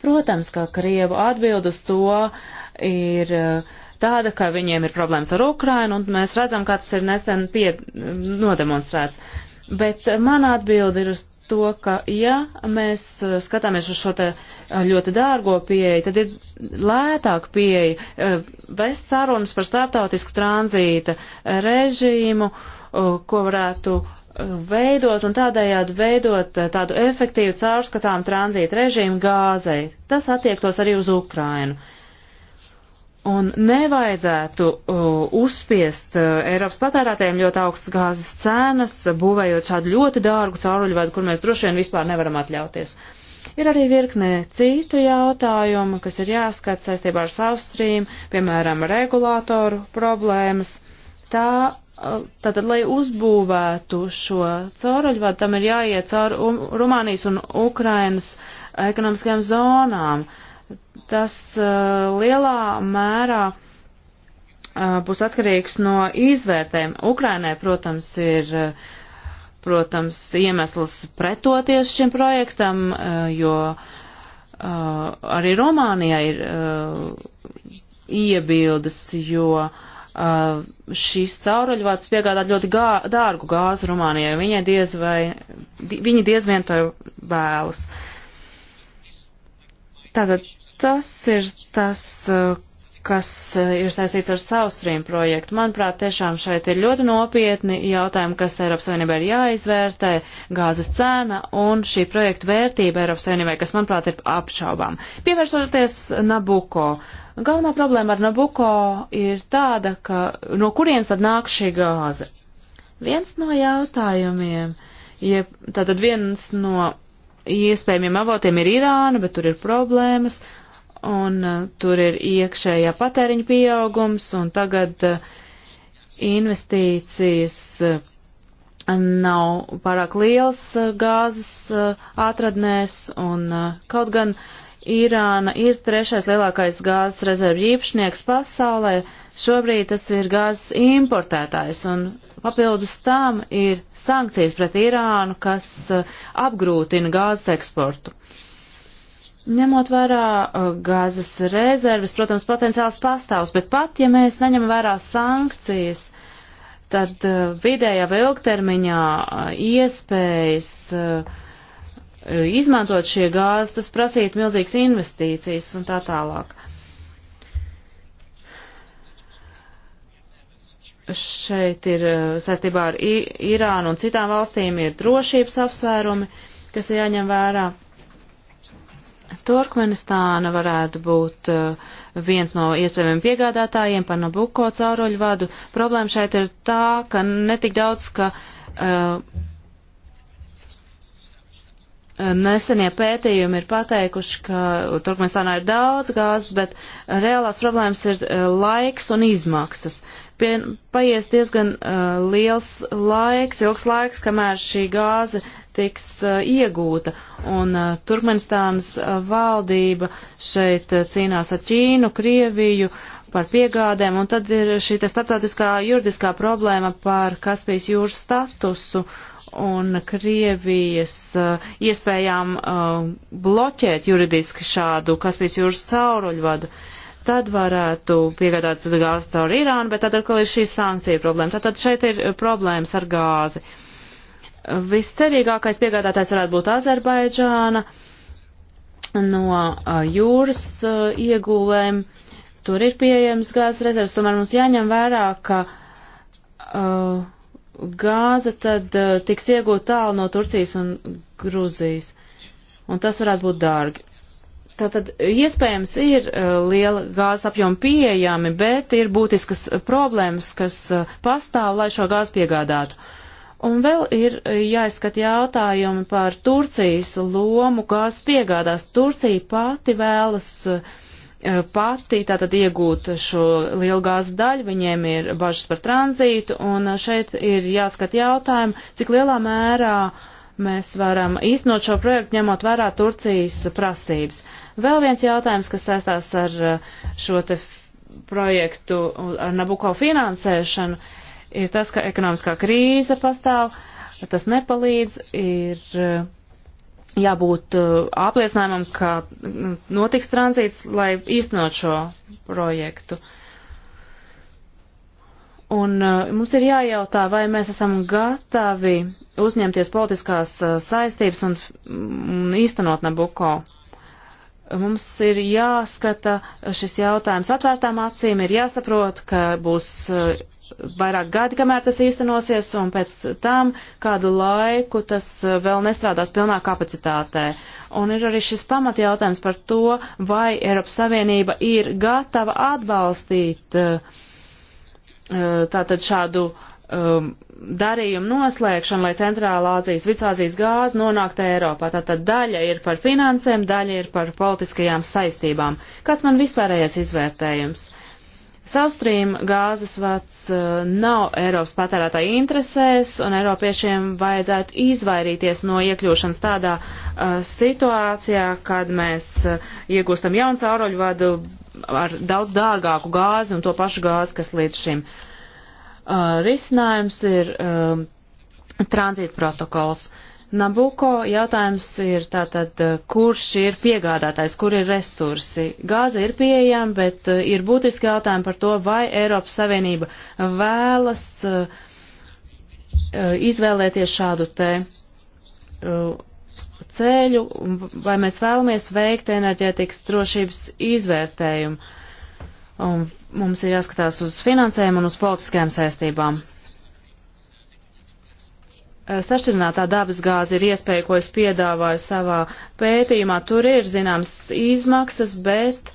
Protams, ka Krievu atbild uz to ir eh, tāda, ka viņiem ir problēmas ar Ukrainu, un mēs redzam, kā tas ir nesen pie, nodemonstrēts. Bet mana atbilde ir uz to, ka ja mēs eh, skatāmies uz šo te eh, ļoti dārgo pieeju, tad ir lētāk pieeja vest sarunas par starptautisku tranzīta režīmu, ko varētu uh, veidot un tādējādi veidot eh, tādu efektīvu caurskatām tranzītu režīmu gāzei. Tas attiektos arī uz Ukrainu. Un nevajadzētu uh, uzspiest uh, Eiropas patērētājiem ļoti augstas gāzes cenas, būvējot šādu ļoti dārgu cauruļvadu, kur mēs droši vien vispār nevaram atļauties. Ir arī virknē citu jautājumu, kas ir jāskata saistībā ar South Stream, piemēram, regulātoru problēmas. Tā Tātad, lai uzbūvētu šo cauruļvadu, tam ir jāiet cauri um, Rumānijas un Ukrainas ekonomiskajām zonām. Tas uh, lielā mērā uh, būs atkarīgs no izvērtēm. Ukrainai, protams, ir uh, protams, iemesls pretoties šim projektam, uh, jo uh, arī Rumānijai ir uh, iebildes, jo uh, Uh, šīs cauruļvāts piegādā ļoti gā, dārgu gāzu Rumānijai. Viņai diez vai, di, viņi diez vien to vēlas. Tātad tas ir tas, uh, kas uh, ir saistīts ar Saustrīm projektu. Manuprāt, tiešām šeit ir ļoti nopietni jautājumi, kas Eiropas Savienībai ir jāizvērtē, gāzes cena un šī projekta vērtība Eiropas Savienībai, kas, manuprāt, ir apšaubām. Pievērsoties Nabuko. Uh, Galvenā problēma ar Nabuko ir tāda, ka no kurienes tad nāk šī gāze? Viens no jautājumiem, ja, tātad viens no iespējamiem avotiem ir Irāna, bet tur ir problēmas, un uh, tur ir iekšējā patēriņa pieaugums, un tagad uh, investīcijas uh, nav pārāk liels uh, gāzes uh, atradnēs, un uh, kaut gan uh, Irāna ir trešais lielākais gāzes rezervju īpašnieks pasaulē. Šobrīd tas ir gāzes importētājs, un papildus tam ir sankcijas pret Irānu, kas uh, apgrūtina gāzes eksportu. Ņemot vērā uh, gāzes rezerves, protams, potenciāls pastāvs, bet pat ja mēs neņem vērā sankcijas, tad uh, vidējā vai ilgtermiņā iespējas uh, Eh, izmantot šie gāzi, tas prasītu milzīgas investīcijas un tā tālāk. Šeit ir eh, saistībā ar Irānu un citām valstīm ir drošības apsvērumi, kas ir jāņem vērā. Turkmenistāna varētu būt eh, viens no iespējamiem piegādātājiem par Nabuko cauruļu vadu. Problēma šeit ir tā, ka netik daudz, ka uh, Nesenie pētījumi ir pateikuši, ka Turkmenistānā ir daudz gāzes, bet reālās problēmas ir eh, laiks un izmaksas. Pie, paies diezgan uh, liels laiks, ilgs laiks, kamēr šī gāze tiks uh, iegūta. Un uh, Turkmenistānas uh, valdība šeit uh, cīnās ar Ķīnu, Krieviju par piegādēm, un tad ir šī starptautiskā juridiskā problēma par Kaspijas jūras statusu. Uh, un Krievijas uh, iespējām uh, bloķēt juridiski šādu Kaspijas jūras cauruļvadu, tad varētu piegādāt gāzi caur Irānu, bet tad atkal ir šī sankcija problēma. Tātad šeit ir eh, problēmas ar gāzi. Viscerīgākais piegādātājs varētu būt Azerbaidžāna no uh, jūras uh, ieguvēm. Tur ir pieejams gāzes rezerves, tomēr mums jāņem vērā, ka uh, gāze tad uh, tiks iegūta tālu no Turcijas un Gruzijas. Un tas varētu būt dārgi. Tātad iespējams ir uh, liela gāzes apjoma pieejami, bet ir būtiskas problēmas, kas uh, pastāv, lai šo gāzi piegādātu. Un vēl ir jāizskat jautājumi par Turcijas lomu gāzes piegādās. Turcija pati vēlas uh, Eh, pati tātad iegūt šo lielu gāzes daļu, viņiem ir bažas par tranzītu, un eh, šeit ir jāskat jautājumu, cik lielā mērā mēs varam īstenot šo projektu, ņemot vērā Turcijas prasības. Vēl viens jautājums, kas saistās ar eh, šo te projektu, ar Nabuko finansēšanu, ir tas, ka ekonomiskā krīze pastāv, tas nepalīdz, ir jābūt uh, apliecinājumam, ka mm, notiks tranzīts, lai īstenot šo projektu. Un uh, mums ir jājautā, vai mēs esam gatavi uzņemties politiskās uh, saistības un, un īstenot Nabuko. Mums ir jāskata šis jautājums atvērtām acīm, ir jāsaprot, ka būs uh, vairāk gadi, kamēr tas īstenosies, un pēc tam kādu laiku tas vēl nestrādās pilnā kapacitātē. Un ir arī šis pamatjautājums par to, vai Eiropas Savienība ir gatava atbalstīt eh, eh, tātad šādu um, darījumu noslēgšanu, lai Centrālā Azijas, Vicāzijas gāze nonāktu Eiropā. Tātad daļa ir par finansēm, daļa ir par politiskajām saistībām. Kāds man vispārējais izvērtējums? Saustrīm gāzes vats eh, nav Eiropas patērētāja interesēs, un Eiropiešiem vajadzētu izvairīties no iekļūšanas tādā uh, situācijā, kad mēs uh, iegūstam jaunu cauroļvadu ar daudz dārgāku gāzi un to pašu gāzi, kas līdz šim. Uh, risinājums ir tranzīta protokols. Uh, Nabuko jautājums ir tātad, eh, kurš ir piegādātājs, kur ir resursi. Gāze ir pieejama, bet eh, ir būtiski jautājumi par to, vai Eiropas Savienība vēlas eh, izvēlēties šādu te ceļu, vai mēs vēlamies veikt enerģētikas drošības izvērtējumu. Un mums ir jāskatās uz finansējumu un uz politiskajām saistībām. Eh, sašķirinātā dabasgāze ir iespēja, ko es piedāvāju savā pētījumā. Tur ir zināmas izmaksas, bet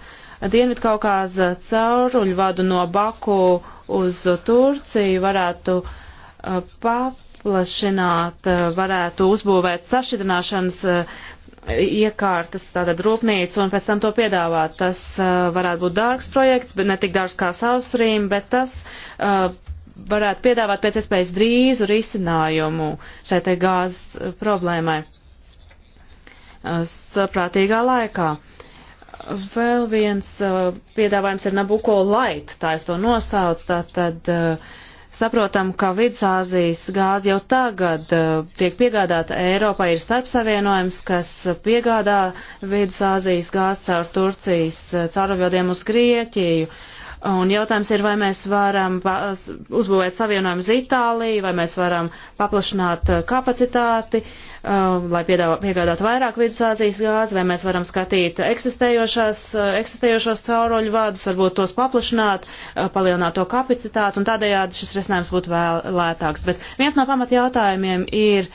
Dienvidkaukāza cauruļu vadu no Baku uz Turciju varētu eh, paplašināt, eh, varētu uzbūvēt sašķirināšanas iekārtas, tātad rūpnīcu, un pēc tam to piedāvāt. Tas uh, varētu būt dārgs projekts, bet ne tik dārgs kā South Stream, bet tas uh, varētu piedāvāt pēc iespējas drīzu risinājumu šai te gāzes eh, problēmai eh, saprātīgā laikā. Vēl viens eh, piedāvājums ir Nabuko Light, tā es to nosauc, tātad saprotam, ka Vidusāzijas gāze jau tagad tiek piegādāta Eiropai, ir starpsavienojums, kas piegādā Vidusāzijas gāzi caur Turcijas caurvildiem uz Grieķiju. Uh, Un jautājums ir, vai mēs varam uzbūvēt savienojumu uz Itāliju, vai mēs varam paplašināt uh, kapacitāti, uh, lai piegādātu vairāk vidusāzijas gāzi, vai mēs varam skatīt eksistējošās, uh, eksistējošos cauroļu vadus, varbūt tos paplašināt, uh, palielināt to kapacitāti, un tādējādi šis risinājums būtu vēl lētāks. Bet viens no pamatjautājumiem ir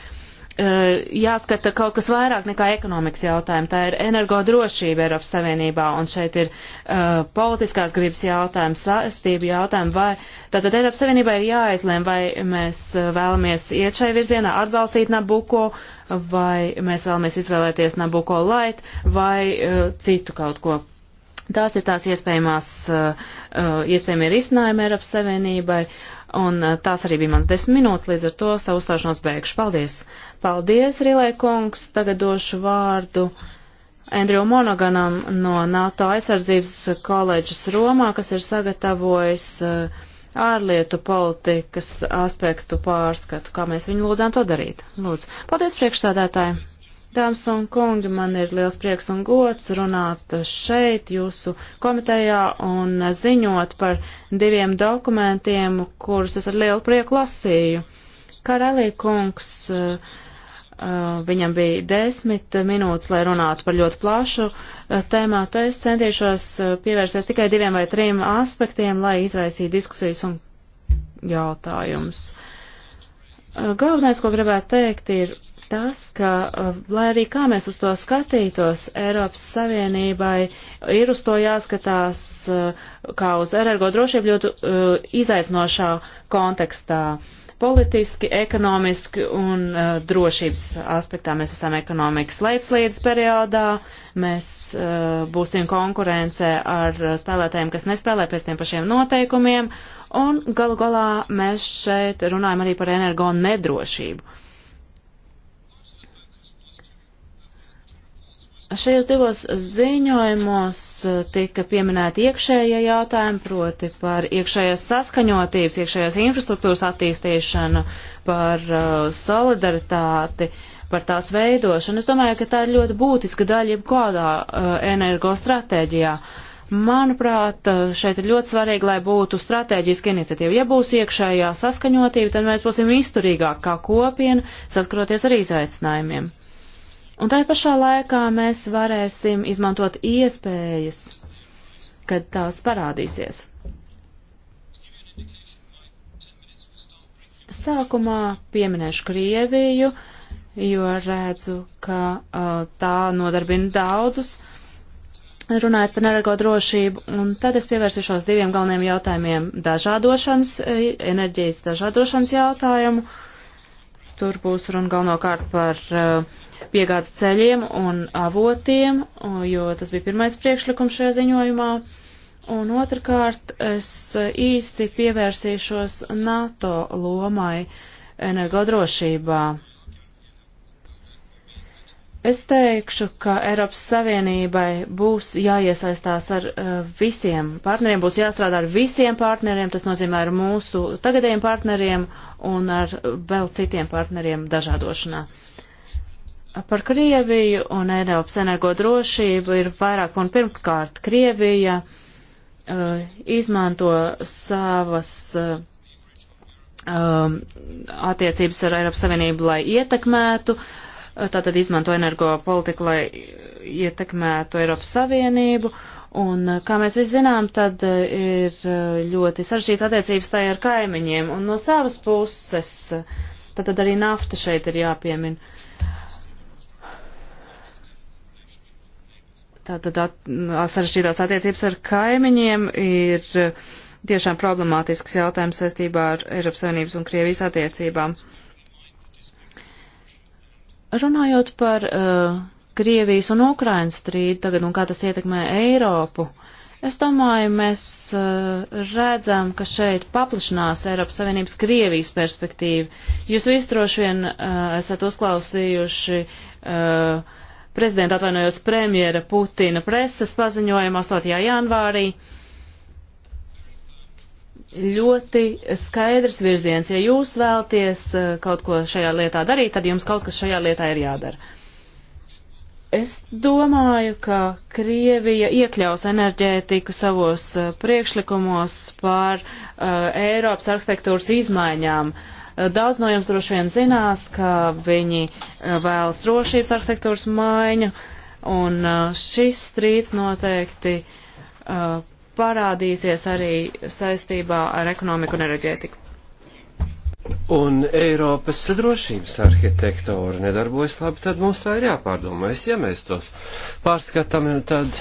Eh, jāskata kaut kas vairāk nekā ekonomikas jautājumi. Tā ir energodrošība Eiropas Savienībā, un šeit ir uh, politiskās gribas jautājumi, saistību jautājumi. Vai, tātad Eiropas Savienībā ir jāizlēm, vai mēs eh, vēlamies iet šai virzienā, atbalstīt Nabuko, vai mēs vēlamies izvēlēties Nabuko Light, vai uh, citu kaut ko. Tās ir tās iespējamās, uh, iespējamie risinājumi Eiropas Savienībai, un uh, tās arī bija mans desmit minūtes, līdz ar to savu uzstāšanos beigšu. Paldies! Uh, Paldies, Rilē kungs. Tagad došu vārdu Andriju Monoganam no NATO aizsardzības koledžas Romā, kas ir sagatavojis uh, ārlietu politikas aspektu pārskatu, kā mēs viņu lūdzām to darīt. Lūdzu. Paldies, priekšsādātāji! Dāmas un kungi, man ir liels prieks un gods runāt šeit, jūsu komitejā, un ziņot par diviem dokumentiem, kurus es ar lielu prieku lasīju. Karelī kungs uh, Eh, viņam bija desmit minūtes, lai runātu par ļoti plašu eh, tēmātu. Es centīšos eh, pievērsties tikai diviem vai trim aspektiem, lai izraisītu diskusijas un jautājumus. Galvenais, ko gribētu teikt, ir tas, ka, lai arī kā mēs uz to skatītos, Eiropas Savienībai ir uz to jāskatās kā uz energo drošību ļoti uh, izaicinošā kontekstā. Uh, Politiski, ekonomiski un uh, drošības aspektā mēs esam ekonomikas leipslīdes periodā. Mēs uh, būsim konkurence ar uh, spēlētājiem, kas nespēlē pēc tiem pašiem noteikumiem. Un galu galā mēs šeit runājam arī par energo nedrošību. Uh, Šajos divos ziņojumos eh, tika pieminēti iekšējie jautājumi, proti par iekšējās saskaņotības, iekšējās infrastruktūras attīstīšanu, par uh, solidaritāti, par tās veidošanu. Es domāju, ka tā ir ļoti būtiska daļa jebkādā uh, eh, energostratēģijā. Manuprāt, šeit ir ļoti svarīgi, lai būtu strateģiska iniciatīva. Ja būs iekšējā saskaņotība, tad mēs būsim izturīgāk kā kopiena, saskaroties ar izaicinājumiem. Un tajā pašā laikā mēs varēsim izmantot iespējas, kad tās parādīsies. Sākumā pieminēšu Krieviju, jo redzu, ka uh, tā nodarbina daudzus, runājot par energo drošību, un tad es pievērsīšos diviem galveniem jautājumiem - dažādošanas, enerģijas dažādošanas jautājumu. Tur būs runa galvenokārt par uh, piegādes ceļiem un avotiem, jo tas bija pirmais priekšlikums šajā ziņojumā. Un otrkārt, es īsi pievērsīšos NATO lomai energodrošībā. Es teikšu, ka Eiropas Savienībai būs jāiesaistās ar uh, visiem partneriem, būs jāstrādā ar visiem partneriem, tas nozīmē ar mūsu tagadējiem partneriem un ar vēl citiem partneriem dažādošanā. Uh, Par Krieviju un Eiropas energodrošību ir vairāk un pirmkārt Krievija uh, izmanto savas uh, attiecības ar Eiropas Savienību, lai ietekmētu, eh, tātad izmanto energo politiku, lai ietekmētu Eiropas Savienību, Un, kā mēs visi zinām, tad ir ļoti saržģīts attiecības tā ar kaimiņiem, un no savas puses, tad, tad arī nafta šeit ir jāpiemina. Tātad at, sarežģītās attiecības ar kaimiņiem ir eh, tiešām problemātisks jautājums saistībā ar Eiropas Savienības un Krievijas attiecībām. Runājot par uh, Krievijas un Ukrainas strīdu tagad un kā tas ietekmē Eiropu, es domāju, mēs uh, redzam, ka šeit paplašinās Eiropas Savienības Krievijas perspektīva. Jūs visi droši vien uh, esat uzklausījuši uh, prezidenta atvainojos premjera Putina preses paziņojumu 8. janvārī. Ļoti skaidrs virziens. Ja jūs vēlties eh, kaut ko šajā lietā darīt, tad jums kaut kas šajā lietā ir jādara. Es domāju, ka Krievija iekļaus enerģētiku savos eh, priekšlikumos par uh, Eiropas arhitektūras izmaiņām. Uh, Eh, daudz no jums droši vien zinās, ka viņi eh, vēlas drošības arhitektūras maiņu, un eh, šis strīds noteikti parādīsies arī saistībā ar ekonomiku un enerģētiku. Un Eiropas drošības arhitektūra nedarbojas labi, tad mums tā ir jāpārdomā. Ja mēs tos pārskatām, tad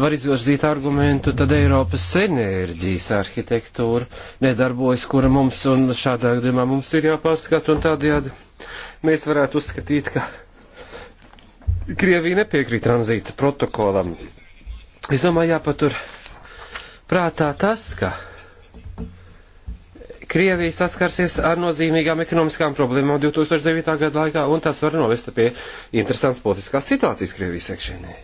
var izvirzīt argumentu, tad Eiropas enerģijas arhitektūra nedarbojas, kura mums un šādā gadījumā mums ir jāpārskata, un tādējādi mēs varētu uzskatīt, ka Krievija nepiekrīt tranzīta protokolam. Es domāju, jāpatur prātā tas, ka Krievija saskarsies ar nozīmīgām ekonomiskām problēmām 2009. gada laikā, un tas var novest pie interesants politiskās situācijas Krievijas iekšienē.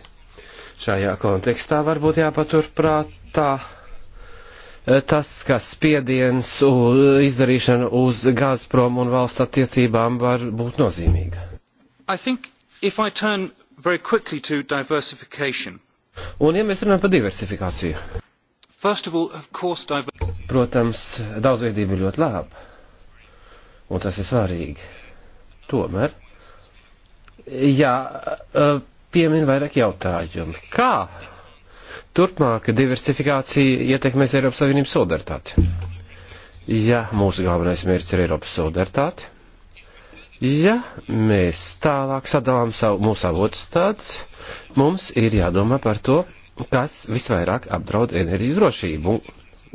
Šajā kontekstā varbūt jāpaturprātā eh, tas, ka spiediens un izdarīšana uz Gazprom un valsts attiecībām var būt nozīmīga. Un ja mēs runājam par diversifikāciju. All, course, Protams, daudzveidība ir ļoti laba, un tas ir svarīgi. Tomēr, ja eh, piemin vairāk jautājumu. Kā turpmāka diversifikācija ietekmēs Eiropas Savienības solidaritāti? Ja mūsu galvenais mērķis ir Eiropas solidaritāte, ja mēs tālāk sadalām savu, mūsu avotus, tad mums ir jādomā par to, kas visvairāk apdraud enerģijas drošību un,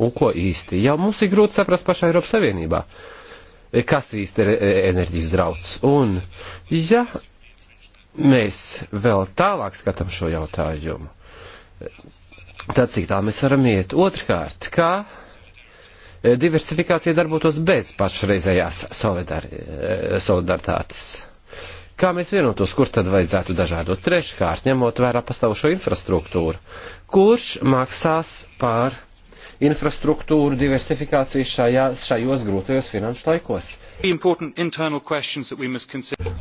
un ko īsti. Jau mums ir grūti saprast pašā Eiropas Savienībā kas īsti ir e- e- enerģijas drauds. Un, ja mēs vēl tālāk skatām šo jautājumu, tad cik tā mēs varam iet. Otrkārt, kā diversifikācija darbotos bez pašreizējās solidar solidaritātes. Kā mēs vienotos, kur tad vajadzētu dažādot treškārt, ņemot vērā pastāvošo infrastruktūru? Kurš maksās par infrastruktūru diversifikāciju šajā, šajos grūtajos finanšu laikos.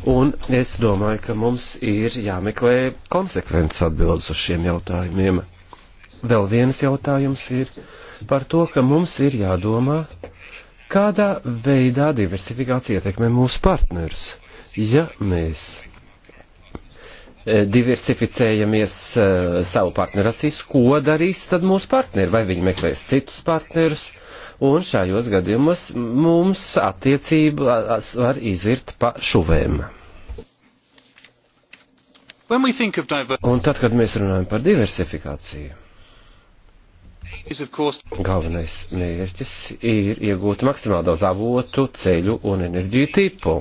Un es domāju, ka mums ir jāmeklē konsekvences atbildes uz šiem jautājumiem. Vēl viens jautājums ir par to, ka mums ir jādomā, kādā veidā diversifikācija ietekmē mūsu partnerus. Ja mēs diversificējamies eh, savu partneru acīs, ko darīs tad mūsu partneri, vai viņi meklēs citus partnerus, un šajos gadījumos mums attiecības var izirt pa šuvēm. Un tad, kad mēs runājam par diversifikāciju, galvenais mērķis ir iegūt maksimāli daudz avotu, ceļu un enerģiju tipu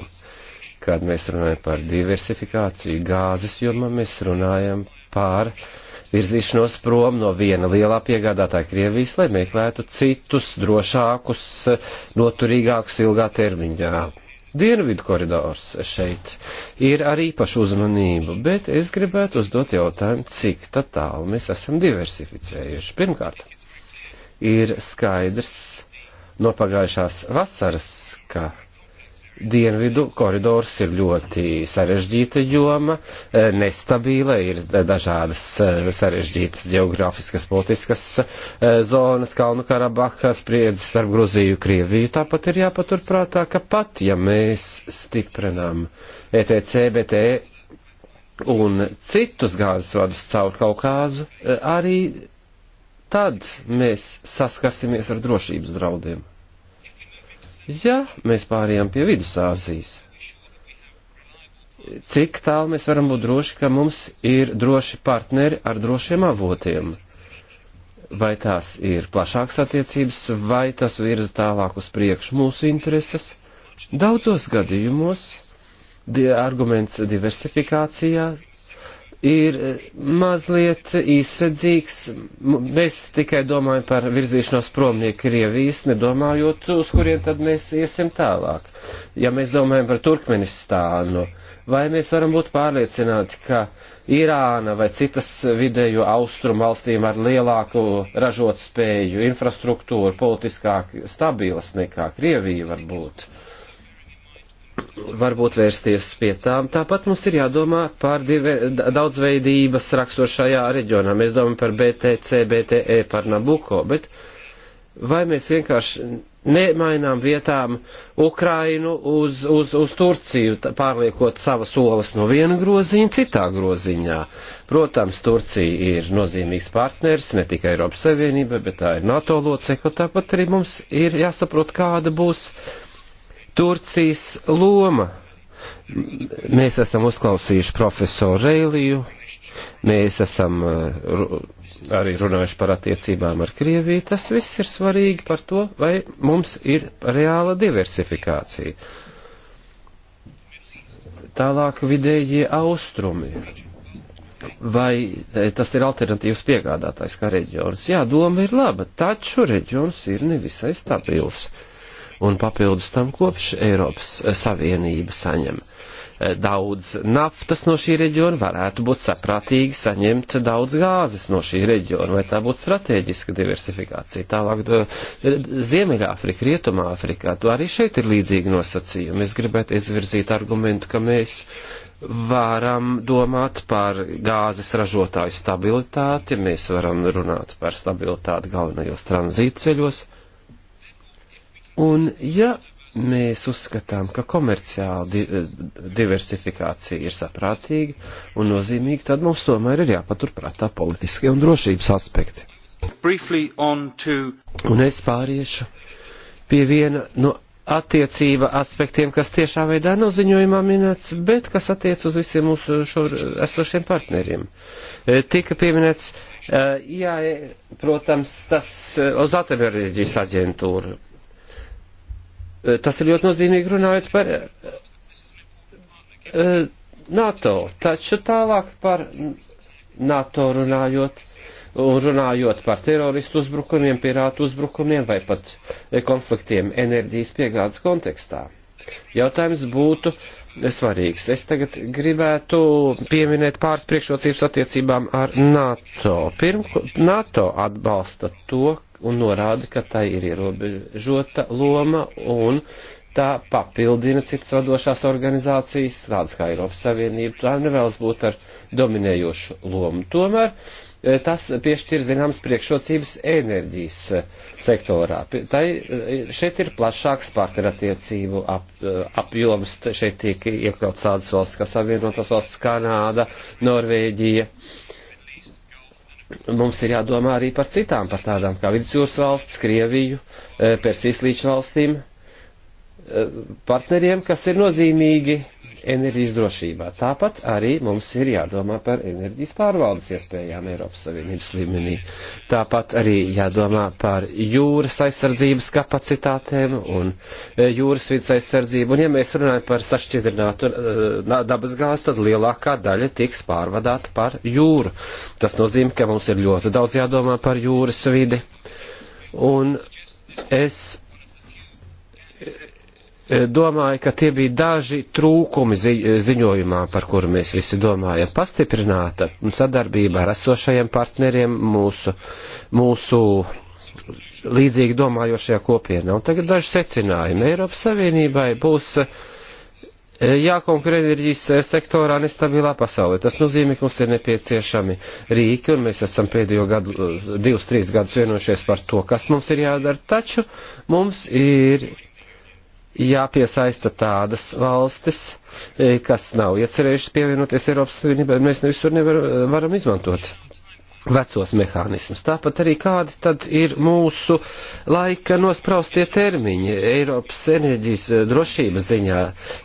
kad mēs runājam par diversifikāciju gāzes jomā, mēs runājam par virzīšanos prom no viena lielā piegādātāja Krievijas, lai meklētu citus drošākus, noturīgākus ilgā termiņā. Dienvidu koridors šeit ir ar īpašu uzmanību, bet es gribētu uzdot jautājumu, cik tā tālu mēs esam diversificējuši. Pirmkārt, ir skaidrs no pagājušās vasaras, ka Dienvidu koridors ir ļoti sarežģīta joma, e, nestabila, ir dažādas e, sarežģītas geogrāfiskas, politiskas e, zonas, Kalnu Karabahā, spriedzes starp Gruziju, Krieviju. Tāpat ir jāpaturprātā, ka pat, ja mēs stiprinām ETC, BT un citus gāzes vadus caur Kaukāzu, arī tad mēs saskarsimies ar drošības draudiem. Ja mēs pārējām pie Vidusāzijas, cik tālu mēs varam būt droši, ka mums ir droši partneri ar drošiem avotiem? Vai tās ir plašākas attiecības, vai tas virza tālāk uz priekšu mūsu intereses? Daudzos gadījumos arguments diversifikācijā ir eh, mazliet īsredzīgs. Mēs tikai domājam par virzīšanos prom no Krievijas, nedomājot, uz kurien tad mēs iesim tālāk. Ja mēs domājam par Turkmenistānu, vai mēs varam būt pārliecināti, ka Irāna vai citas vidējo austrumu valstīm ar lielāku ražot spēju, infrastruktūru, politiskāk stabilas nekā Krievija var būt? Uh, varbūt vērsties pie tām. Tāpat mums ir jādomā par dive, daudzveidības rakstošajā reģionā. Mēs domājam par BTC, BTE, par Nabuko, bet vai mēs vienkārši nemainām vietām Ukrainu uz, uz, uz Turciju, pārliekot savas olas no viena groziņa citā groziņā. Protams, Turcija ir nozīmīgs partners ne tikai Eiropas Savienība, bet tā ir NATO locekla, tāpat arī mums ir jāsaprot, kāda būs Turcijas loma. Mēs esam uzklausījuši profesoru Reiliju, mēs esam eh, arī runājuši par attiecībām ar Krieviju. Tas viss ir svarīgi par to, vai mums ir reāla diversifikācija. Tālāk vidējie austrumi. Vai eh, tas ir alternatīvas piegādātājs kā reģions? Jā, doma ir laba, taču reģions ir nevisai stabils. Uh, un papildus tam kopš Eiropas eh, Savienība saņem eh, daudz naftas no šī reģiona, varētu būt saprātīgi saņemt daudz gāzes no šī reģiona, vai tā būtu strateģiska diversifikācija. Tālāk, eh, Ziemeļāfrika, Rietumāfrikā, to arī šeit ir līdzīgi nosacījumi. Es gribētu izvirzīt argumentu, ka mēs varam domāt par gāzes ražotāju stabilitāti, mēs varam runāt par stabilitāti galvenajos tranzītceļos Un ja mēs uzskatām, ka komerciāla di diversifikācija ir saprātīga un nozīmīga, tad mums tomēr ir jāpaturprātā politiskie un drošības aspekti. To... Un es pāriešu pie viena no attiecība aspektiem, kas tiešā veidā nav ziņojumā minēts, bet kas attiec uz visiem mūsu šor, esošiem partneriem. E, tika pieminēts, e, jā, e, protams, tas uz atomērģijas aģentūru Tas ir ļoti nozīmīgi runājot par eh, NATO, taču tālāk par NATO runājot un runājot par teroristu uzbrukumiem, pirātu uzbrukumiem vai pat eh, konfliktiem enerģijas piegādes kontekstā. Jautājums būtu svarīgs. Es tagad gribētu pieminēt pāris priekšrocības attiecībām ar NATO. Pirmkārt, NATO atbalsta to, un norāda, ka tai ir ierobežota loma un tā papildina citas vadošās organizācijas, tādas kā Eiropas Savienība, tā nevēlas būt ar dominējošu lomu. Tomēr eh, tas piešķir zināmas priekšrocības enerģijas eh, sektorā. Tai, eh, šeit ir plašāks partnerattiecību ap, apjoms, šeit tiek iekļauts tādas valsts kā Savienotās valsts Kanāda, Norvēģija. Uh, mums ir jādomā arī par citām, par tādām kā Vidusjūras valsts, Krieviju, eh, Persijas līča valstīm, eh, partneriem, kas ir nozīmīgi enerģijas drošībā. Tāpat arī mums ir jādomā par enerģijas pārvaldes iespējām Eiropas Savienības līmenī. Tāpat arī jādomā par jūras aizsardzības kapacitātēm un e, jūras vidas aizsardzību. Un ja mēs runājam par sašķidrinātu e, dabas gāzi, tad lielākā daļa tiks pārvadāta par jūru. Tas nozīmē, ka mums ir ļoti daudz jādomā par jūras vidi. Un es Eh, domāju, ka tie bija daži trūkumi zi eh, ziņojumā, par kuru mēs visi domājam. Pastiprināta sadarbība ar esošajiem partneriem mūsu, mūsu līdzīgi domājošajā kopienā. Un tagad daži secinājumi. Eiropas Savienībai būs eh, jākonkurē enerģijas sektorā nestabilā pasaulē. Tas nozīmē, ka mums ir nepieciešami rīki, un mēs esam pēdējo gadu, divus, trīs gadus vienojušies par to, kas mums ir jādara. Taču mums ir jāpiesaista tādas valstis, e, kas nav iecerējušas pievienoties Eiropas Savienībai, mēs visur nevaram e, izmantot vecos mehānismus. Tāpat arī kādi tad ir mūsu laika nospraustie termiņi. Eiropas enerģijas e, drošības ziņā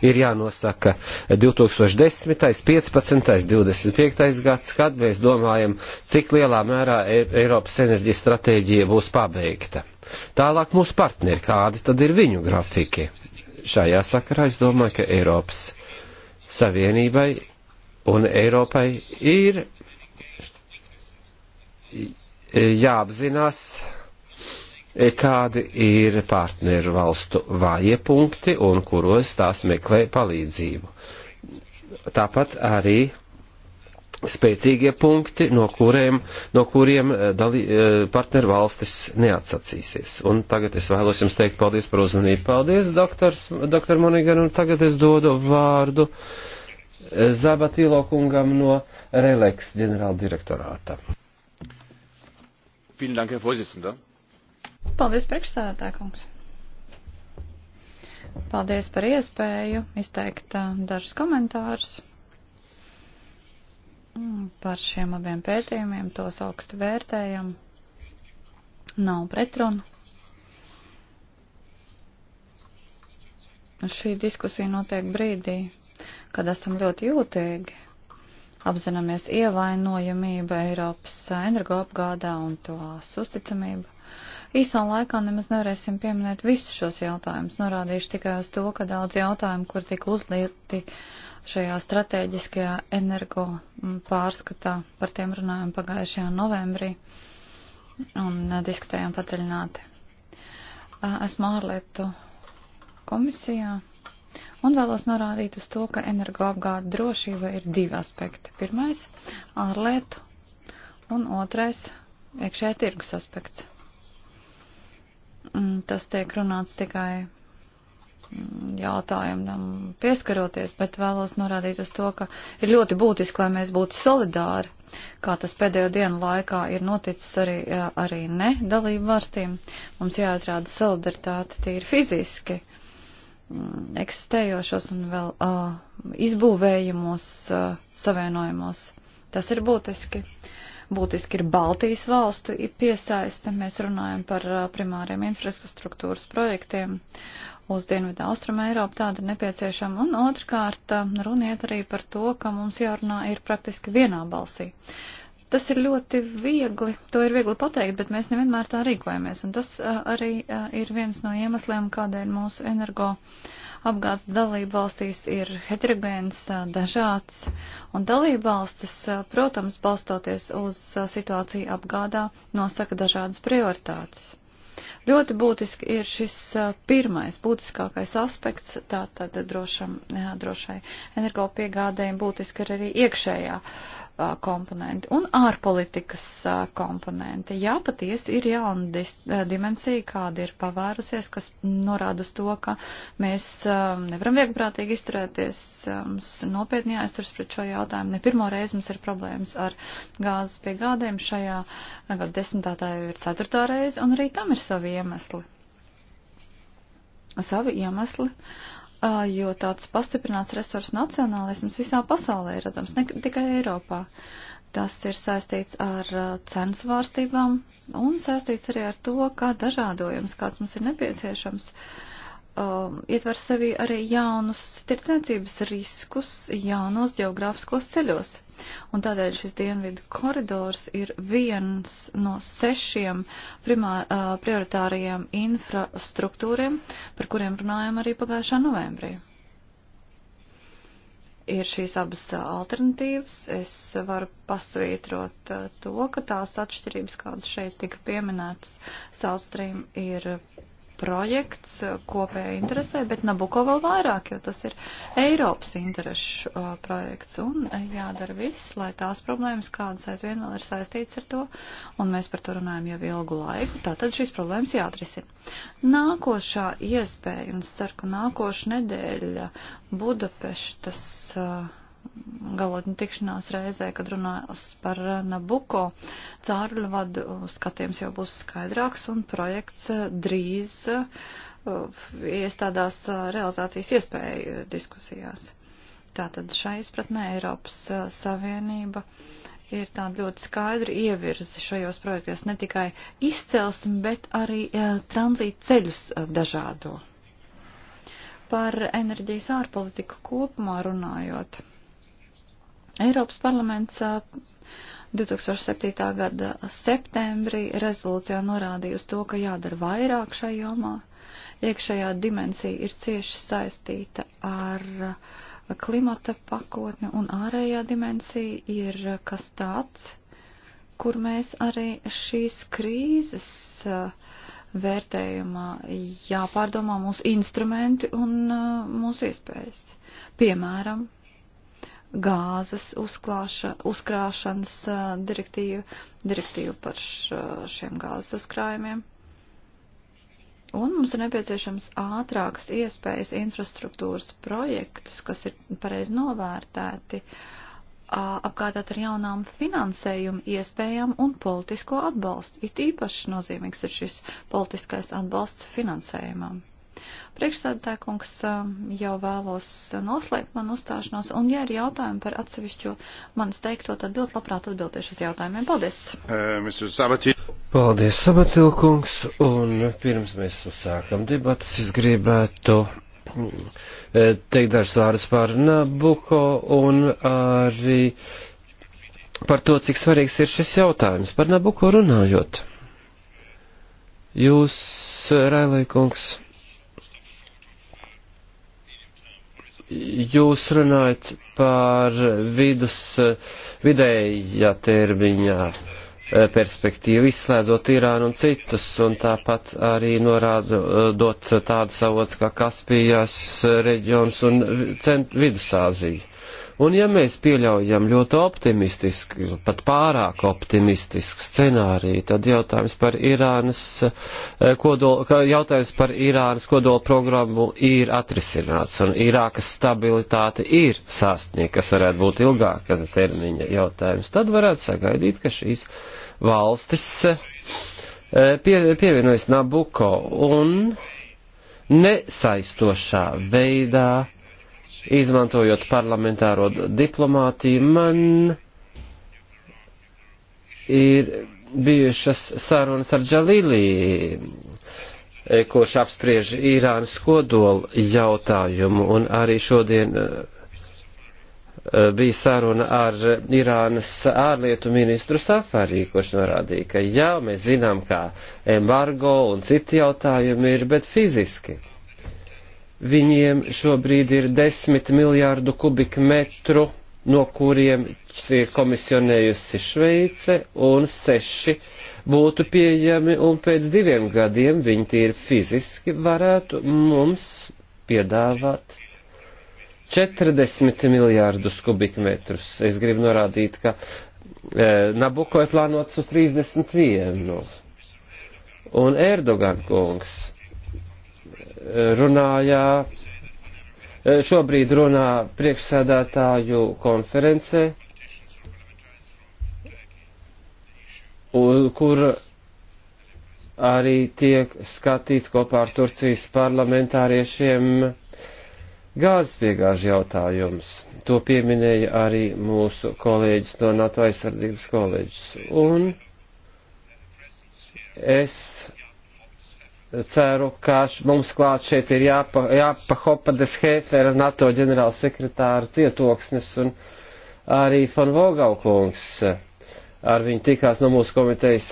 ir jānosaka 2010., 15., 25. gads, kad mēs domājam, cik lielā mērā Eiropas enerģijas stratēģija būs pabeigta. Tālāk mūsu partneri, kādi tad ir viņu grafiki? Šajā sakarā es domāju, ka Eiropas Savienībai un Eiropai ir jāapzinās, kādi ir partneru valstu vāje punkti un kuros tās meklē palīdzību. Tāpat arī spēcīgie punkti, no, kuriem, no kuriem eh, dalī, eh, partneru valstis neatsacīsies. Un tagad es vēlos jums teikt paldies par uzmanību. Paldies, doktors, doktor Monigan, un tagad es dodu vārdu eh, Zabatilo kungam no Releks ģenerāla direktorāta. Paldies, priekšstādātā kungs. Paldies par iespēju izteikt dažus komentārus par šiem abiem pētījumiem, tos augstu vērtējam. Nav pretrunu. Šī diskusija notiek brīdī, kad esam ļoti jūtīgi, apzināmies ievainojamību Eiropas energoapgādā un tās uzticamību. Īsā laikā nemaz nevarēsim pieminēt visus šos jautājumus, norādīšu tikai uz to, ka daudz jautājumu, kur tika uzlieti uh, šajā strateģiskajā energo mm, pārskatā. Par tiem runājām pagājušajā novembrī un eh, diskutējām padziļināti. Esmu ārlietu komisijā un vēlos norādīt uz to, ka energoapgāde drošība ir divi aspekti. Pirmais - ārlietu un otrais - iekšējā tirgus aspekts. Mm, tas tiek runāts tikai jautājumam pieskaroties, bet vēlos norādīt uz to, ka ir ļoti būtiski, lai mēs būtu solidāri, kā tas pēdējo dienu laikā ir noticis arī, arī ne dalību valstīm. Mums jāizrāda solidaritāte tīri fiziski mm, eksistējošos un vēl uh, izbūvējumos uh, savienojumos. Tas ir būtiski. Būtiski ir Baltijas valstu piesaiste. Mēs runājam par uh, primāriem infrastruktūras projektiem uz Dienvidu Austrumu Eiropu, tāda ir nepieciešama. Un otrkārt, runiet arī par to, ka mums jārunā ir praktiski vienā balsī. Tas ir ļoti viegli, to ir viegli pateikt, bet mēs nevienmēr tā rīkojamies. Un tas arī ir viens no iemesliem, kādēļ mūsu energo apgādes dalība valstīs ir heterogēns, dažāds. Un dalība valstis, protams, balstoties uz situāciju apgādā, nosaka dažādas prioritātes. Ļoti būtiski ir šis pirmais, būtiskākais aspekts, tātad drošam, jā, drošai energopiegādēji būtiski ir arī iekšējā uh, Uh, komponenti un ārpolitikas uh, komponenti. Jā, patiesi ir jauna uh, dimensija, kāda ir pavērusies, kas norāda uz to, ka mēs um, nevaram vieglprātīgi izturēties, mums nopietni jāizturas pret šo jautājumu. Ne pirmo reizi mums ir problēmas ar gāzes piegādēm šajā gada desmitā tā jau ir ceturtā reize, un arī tam ir savi iemesli. Savi iemesli. Uh, jo tāds pastiprināts resursu nacionālisms visā pasaulē ir redzams, ne tikai Eiropā. Tas ir saistīts ar cenu svārstībām un saistīts arī ar to, kā dažādojums, kāds mums ir nepieciešams, uh, um, ietver sevī arī jaunus tirdzniecības riskus jaunos geogrāfiskos ceļos. Un tādēļ šis dienvidu koridors ir viens no sešiem primā, uh, prioritārajiem infrastruktūriem, par kuriem runājam arī pagājušā novembrī. Ir šīs abas uh, alternatīvas. Es varu pasvītrot uh, to, ka tās atšķirības, kādas šeit tika pieminētas, South Stream ir projekts uh, kopējai interesē, bet Nabuko vēl vairāk, jo tas ir Eiropas interešu uh, projekts. Un uh, jādara viss, lai tās problēmas, kādas aizvien vēl ir saistītas ar to, un mēs par to runājam jau ilgu laiku, tātad šīs problēmas jāatrisina. Nākošā iespēja, un es ceru, ka nākoša nedēļa Budapeštas. Uh, galotņu tikšanās reizē, kad runās par Nabuko cārļu vadu, skatījums jau būs skaidrāks un projekts drīz uh, iestādās uh, realizācijas iespēju diskusijās. Tātad šai izpratnē Eiropas uh, Savienība ir tāda ļoti skaidra ievirzi šajos projektos, ne tikai izcelsmi, bet arī tranzīta ceļus dažādo. Par enerģijas ārpolitiku kopumā runājot Eiropas parlaments 2007. gada septembrī rezolūcijā norādīja uz to, ka jādara vairāk šai jomā. Iekšējā dimensija ir cieši saistīta ar klimata pakotni un ārējā dimensija ir kas tāds, kur mēs arī šīs krīzes vērtējumā jāpārdomā mūsu instrumenti un mūsu iespējas. Piemēram, gāzes uzklāša, uzkrāšanas direktīva, direktīva par šiem gāzes uzkrājumiem. Un mums ir nepieciešams ātrākas iespējas infrastruktūras projektus, kas ir pareizi novērtēti, apkārtāt ar jaunām finansējumu iespējām un politisko atbalstu. It īpaši nozīmīgs ir šis politiskais atbalsts finansējumam. Priekšsēdētāj kungs um, jau vēlos noslēgt manu uzstāšanos, un ja ir jautājumi par atsevišķo manis teikto, tad ļoti labprāt atbildēšu uz jautājumiem. Paldies! Uh, Paldies, Sabatil kungs, un pirms mēs uzsākam debatas, es gribētu mm, eh, teikt dažas vārdas par Nabuko un arī par to, cik svarīgs ir šis jautājums. Par Nabuko runājot. Jūs, Railai kungs jūs runājat par vidus, vidējā termiņā eh, perspektīvu, izslēdzot Irānu un citus, un tāpat arī norādot eh, tādu savots kā Kaspijas eh, reģions un cent, Vidusāzija. Un ja mēs pieļaujam ļoti optimistisku, pat pārāk optimistisku scenāriju, tad jautājums par Irānas eh, kodol, jautājums par Irānas kodola programmu ir atrisināts, un Irākas stabilitāte ir sāstnieka, kas varētu būt ilgāka termiņa jautājums. Tad varētu sagaidīt, ka šīs valstis eh, pie, pievienojas Nabuko un nesaistošā veidā izmantojot parlamentāro diplomātiju, man ir bijušas sarunas ar Džalīlī, e, kurš apspriež Irānas kodolu jautājumu, un arī šodien e, bija saruna ar Irānas ārlietu ministru Safarī, kurš norādīja, ka jā, mēs zinām, kā embargo un citi jautājumi ir, bet fiziski Viņiem šobrīd ir 10 miljārdu kubikmetru, no kuriem ir komisionējusi Šveice, un 6 būtu pieejami, un pēc diviem gadiem viņi tīri fiziski varētu mums piedāvāt 40 miljārdus kubikmetrus. Es gribu norādīt, ka e, Nabuko ir plānots uz 31. Un Erdogan kungs runājā, eh, šobrīd runā priekšsēdētāju konferencē, kur arī tiek skatīts kopā ar Turcijas parlamentāriešiem gāzes piegāžu jautājums. To pieminēja arī mūsu kolēģis no NATO aizsardzības kolēģis. Un es ceru, ka mums klāt šeit ir jāpa, jāpahopa deshefera NATO ģenerālsekretāra cietoksnis un arī von Vogaukungs. Ar viņu tikās no mūsu komitejas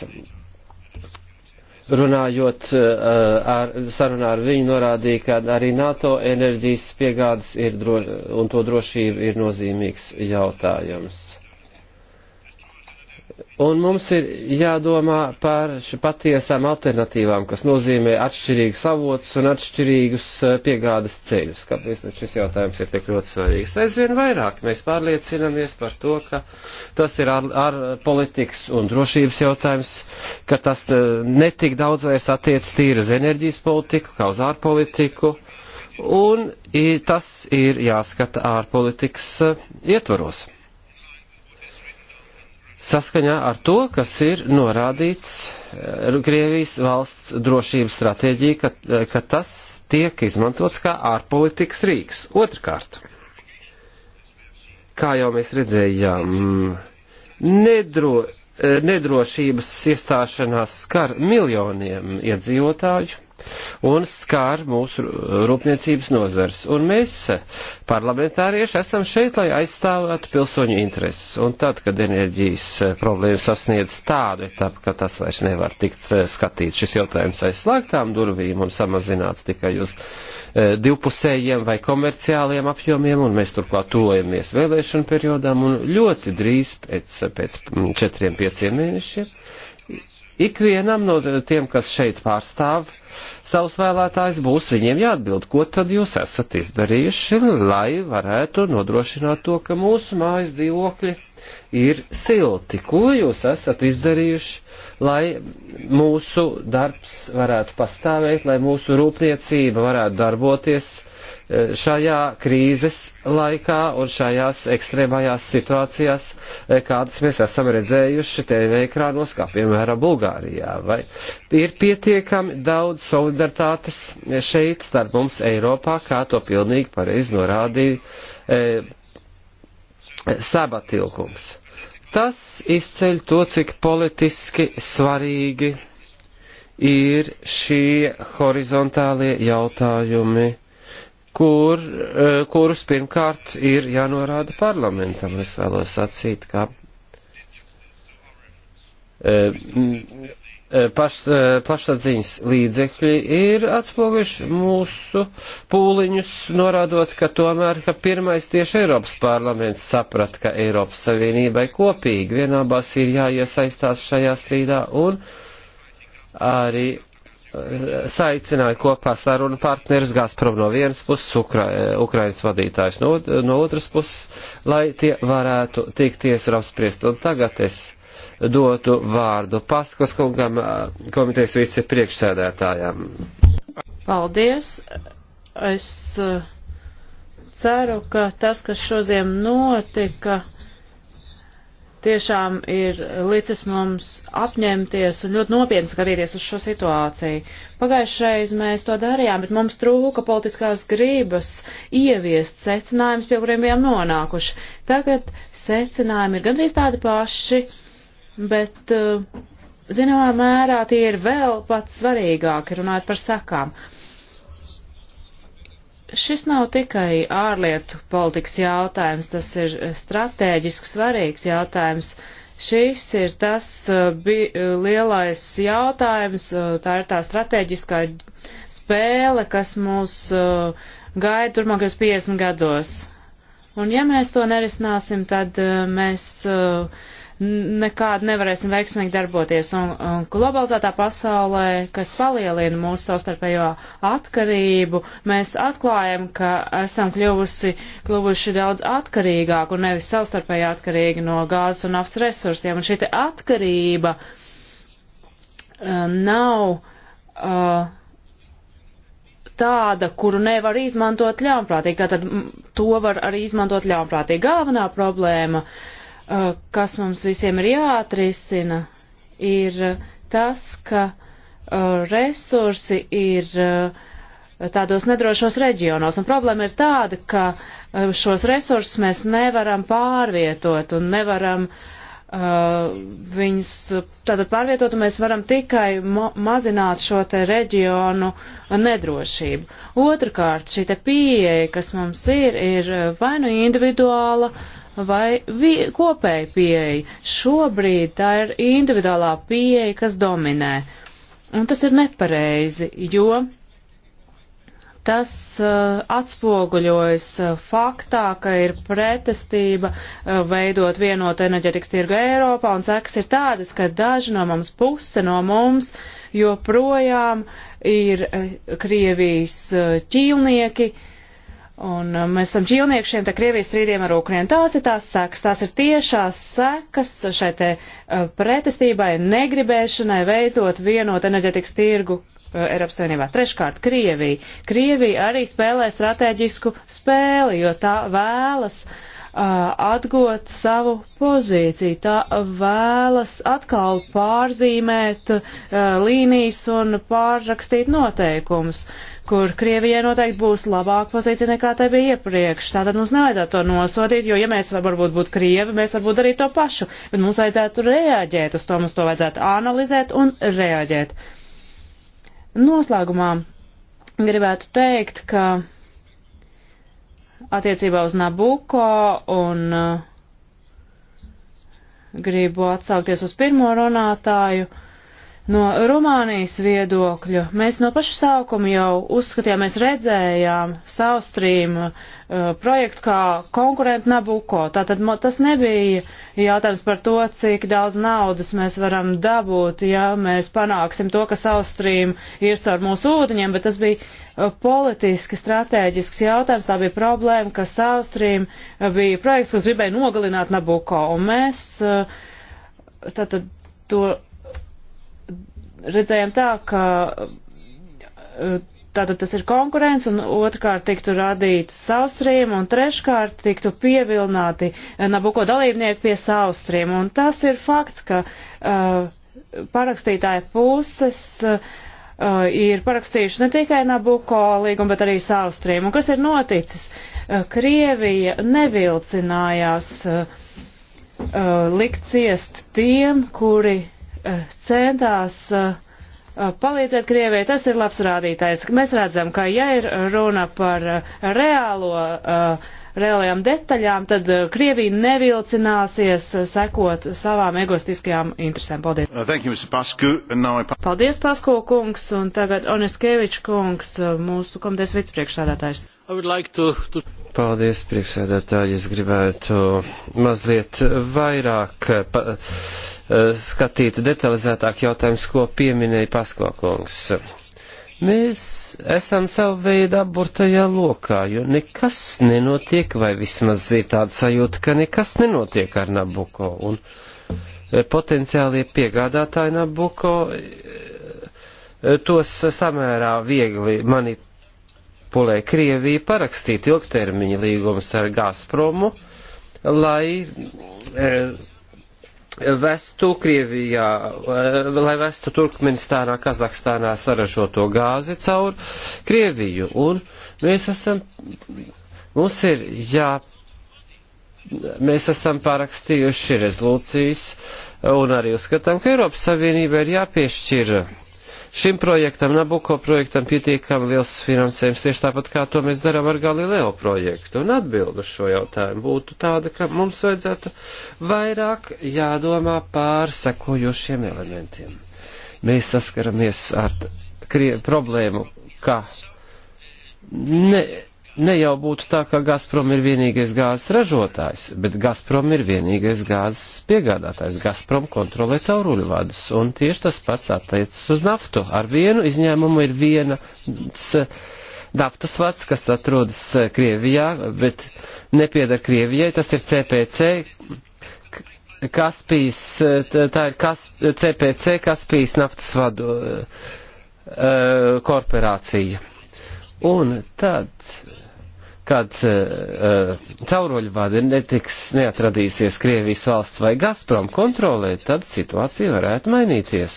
runājot eh, ar, sarunā ar viņu norādīja, ka arī NATO enerģijas piegādes ir dro, un to drošība ir nozīmīgs jautājums. Un mums ir jādomā par patiesām alternatīvām, kas nozīmē atšķirīgus avotus un atšķirīgus piegādes ceļus. Kāpēc šis jautājums ir tik ļoti svarīgs? Aizvien vairāk mēs pārliecinamies par to, ka tas ir ar, ar politikas un drošības jautājums, ka tas netik daudz vairs attiec tīri uz enerģijas politiku, kā uz ārpolitiku, un tas ir jāskata ārpolitikas ietvaros saskaņā ar to, kas ir norādīts eh, Krievijas valsts drošības stratēģija, ka, eh, ka tas tiek izmantots kā ārpolitikas rīks. Otrkārt, kā jau mēs redzējām, nedro, eh, nedrošības iestāšanās skar miljoniem iedzīvotāju, un skār mūsu rūpniecības nozars. Un mēs, parlamentārieši, esam šeit, lai aizstāvētu pilsoņu intereses. Un tad, kad enerģijas problēma sasniedz tādu etapu, ka tas vairs nevar tikt eh, skatīts, šis jautājums aizslēgtām durvīm un samazināts tikai uz eh, divpusējiem vai komerciāliem apjomiem, un mēs turklāt tuvojamies vēlēšanu periodām, un ļoti drīz pēc, pēc četriem, pieciem mēnešiem Ikvienam no tiem, kas šeit pārstāv savus vēlētājus, būs viņiem jāatbild, ko tad jūs esat izdarījuši, lai varētu nodrošināt to, ka mūsu mājas dzīvokļi ir silti. Ko jūs esat izdarījuši, lai mūsu darbs varētu pastāvēt, lai mūsu rūpniecība varētu darboties? Eh, šajā krīzes laikā un šajās ekstrēmajās situācijās, eh, kādas mēs esam redzējuši TV ekrānos, kā piemēram Bulgārijā. Vai ir pietiekami daudz solidaritātes eh, šeit starp mums Eiropā, kā to pilnīgi pareizi norādīja e, sabatilkums. Tas izceļ to, cik politiski svarīgi ir šie horizontālie jautājumi kur, e, kurus pirmkārt ir jānorāda parlamentam. Es vēlos sacīt, ka e, e, paš, plašsaziņas līdzekļi ir atspoguļuši mūsu pūliņus, norādot, ka tomēr, ka pirmais tieši Eiropas parlaments saprat, ka Eiropas Savienībai kopīgi vienībās ir jāiesaistās šajā strīdā un arī saicināja kopā sarunu partnerus Gazprom no vienas puses, Ukra Ukrainas vadītājs no, no otras puses, lai tie varētu tikties un apspriest. Un tagad es dotu vārdu Paskos kungam, komitejas vicepriekšsēdētājām. Paldies! Es eh, ceru, ka tas, kas šodien notika, tiešām ir licis mums apņemties un ļoti nopietni skatīties uz šo situāciju. Pagājušreiz mēs to darījām, bet mums trūka politiskās grības ieviest secinājumus, pie kuriem bijām nonākuši. Tagad secinājumi ir gandrīz tādi paši, bet, uh, zināmā mērā, tie ir vēl pats svarīgāki runājot par sakām. Uh, Šis nav tikai ārlietu politikas jautājums, tas ir eh, strateģiski svarīgs jautājums. Šis ir tas eh, bi, eh, lielais jautājums, tā ir tā strateģiskā spēle, kas mūs gaida turmākajos 50 gados. Un ja mēs to nerisināsim, tad mēs uh, nekādi nevarēsim veiksmīgi darboties. Un, un globalizētā pasaulē, kas palielina mūsu savstarpējo atkarību, mēs atklājam, ka esam kļuvusi, kļuvuši daudz atkarīgāk un nevis savstarpēji atkarīgi no gāzes un naftas resursiem. Un šī atkarība uh, nav. Uh, tāda, kuru nevar izmantot ļaunprātīgi. Tātad to var arī izmantot ļaunprātīgi. Galvenā problēma uh, kas mums visiem ir jāatrisina, ir tas, ka resursi ir tādos nedrošos reģionos. Un problēma ir tāda, ka šos resursus mēs nevaram pārvietot un nevaram uh, viņus tātad pārvietot, un mēs varam tikai mazināt šo te reģionu nedrošību. Otrakārt, šī te pieeja, kas mums ir, ir vai nu individuāla, uh, vai kopēja pieeja. Šobrīd tā ir individuālā pieeja, kas dominē. Un tas ir nepareizi, jo tas uh, atspoguļojas uh, faktā, ka ir pretestība uh, veidot vienotu enerģetikas tirgu Eiropā, un sekas ir tādas, ka daži no mums, puse no mums, joprojām ir uh, Krievijas uh, ķīlnieki, Un uh, mēs esam ķīlnieki šiem te Krievijas strīdiem ar Ukrainu. Tās ir tās sekas, tās ir tiešās sekas šai te uh, pretestībai, negribēšanai veidot vienot enerģetikas tirgu uh, Eiropas Savienībā. Treškārt, Krievija. Krievija arī spēlē strateģisku spēli, jo tā vēlas uh, atgūt savu pozīciju, tā vēlas atkal pārzīmēt uh, līnijas un pārrakstīt noteikumus. Uh, kur Krievijai noteikti būs labāka pozīcija nekā tai bija iepriekš. Tātad mums nevajadzētu to nosodīt, jo ja mēs varbūt būtu Krievi, mēs varbūt darītu to pašu, bet mums vajadzētu reaģēt uz to, mums to vajadzētu analizēt un reaģēt. Noslēgumā gribētu teikt, ka attiecībā uz Nabuko un uh, gribu atsaukties uz pirmo runātāju. Uh, No Rumānijas viedokļa mēs no paša sākuma jau uzskatījām, mēs redzējām Saustrīm uh, projektu kā konkurentu Nabuko. Tātad tas nebija jautājums par to, cik daudz naudas mēs varam dabūt, ja mēs panāksim to, ka Saustrīm ir caur mūsu ūdeņiem, bet tas bija uh, politiski strateģisks jautājums. Tā bija problēma, ka Saustrīm uh, bija projekts, kas gribēja nogalināt Nabuko. Un mēs uh, tātad to redzējām tā, ka e, tātad tas ir konkurence, un otrkārt tiktu radīta saustriem, un treškārt tiktu pievilināti e, Nabuko dalībnieki pie saustriem. Un tas ir fakts, ka uh, parakstītāja puses uh, ir parakstījuši ne tikai Nabuko līgumu, bet arī saustriem. Un kas ir noticis? Uh, Krievija nevilcinājās uh, uh, likt ciest tiem, kuri Eh, centās eh, palīdzēt Krievijai, tas ir labs rādītājs. Mēs redzam, ka ja ir runa par eh, reālo, reālajām detaļām, tad Krievija nevilcināsies sekot savām egoistiskajām interesēm. Paldies. Uh, thank you, Pasku. I... Paldies, Pasko kungs, un tagad Oneskevičs kungs, mūsu komitejas vicepriekšsādātājs. Like to, to... Paldies, priekšsēdētāji. Es gribētu mazliet vairāk. Pa Eh, skatīt detalizētāk jautājumus, ko pieminēja Paskokungs. Mēs esam savu veidu aburtajā lokā, jo nekas nenotiek, vai vismaz ir tāda sajūta, ka nekas nenotiek ar Nabuko. Un eh, potenciālie piegādātāji Nabuko eh, tos samērā viegli manipulē Krievija parakstīt ilgtermiņa līgumus ar Gazpromu, lai vestu Krievijā, eh, lai vestu Turkmenistānā, Kazahstānā saražoto gāzi caur Krieviju. Un mēs esam, mums ir jā, mēs esam parakstījuši rezolūcijas un arī uzskatām, ka Eiropas Savienība ir jāpiešķira šim projektam, Nabuko projektam, pietiekami liels finansējums, tieši tāpat kā to mēs darām ar Galileo projektu. Un atbildu šo jautājumu būtu tāda, ka mums vajadzētu vairāk jādomā pār sekojošiem elementiem. Mēs saskaramies ar problēmu, ka ne ne jau būtu tā, ka Gazprom ir vienīgais gāzes ražotājs, bet Gazprom ir vienīgais gāzes piegādātājs. Gazprom kontrolē cauruļvadus, un tieši tas pats attiecas uz naftu. Ar vienu izņēmumu ir viena eh, naftas vads, kas atrodas eh, Krievijā, bet nepiedar Krievijai, tas ir CPC. Kaspijas, eh, tā ir kas, CPC Kaspijas naftas vadu korporācija. Un tad, kad uh, eh, eh, cauroļvadi netiks, neatradīsies Krievijas valsts vai Gazprom kontrolē, tad situācija varētu mainīties.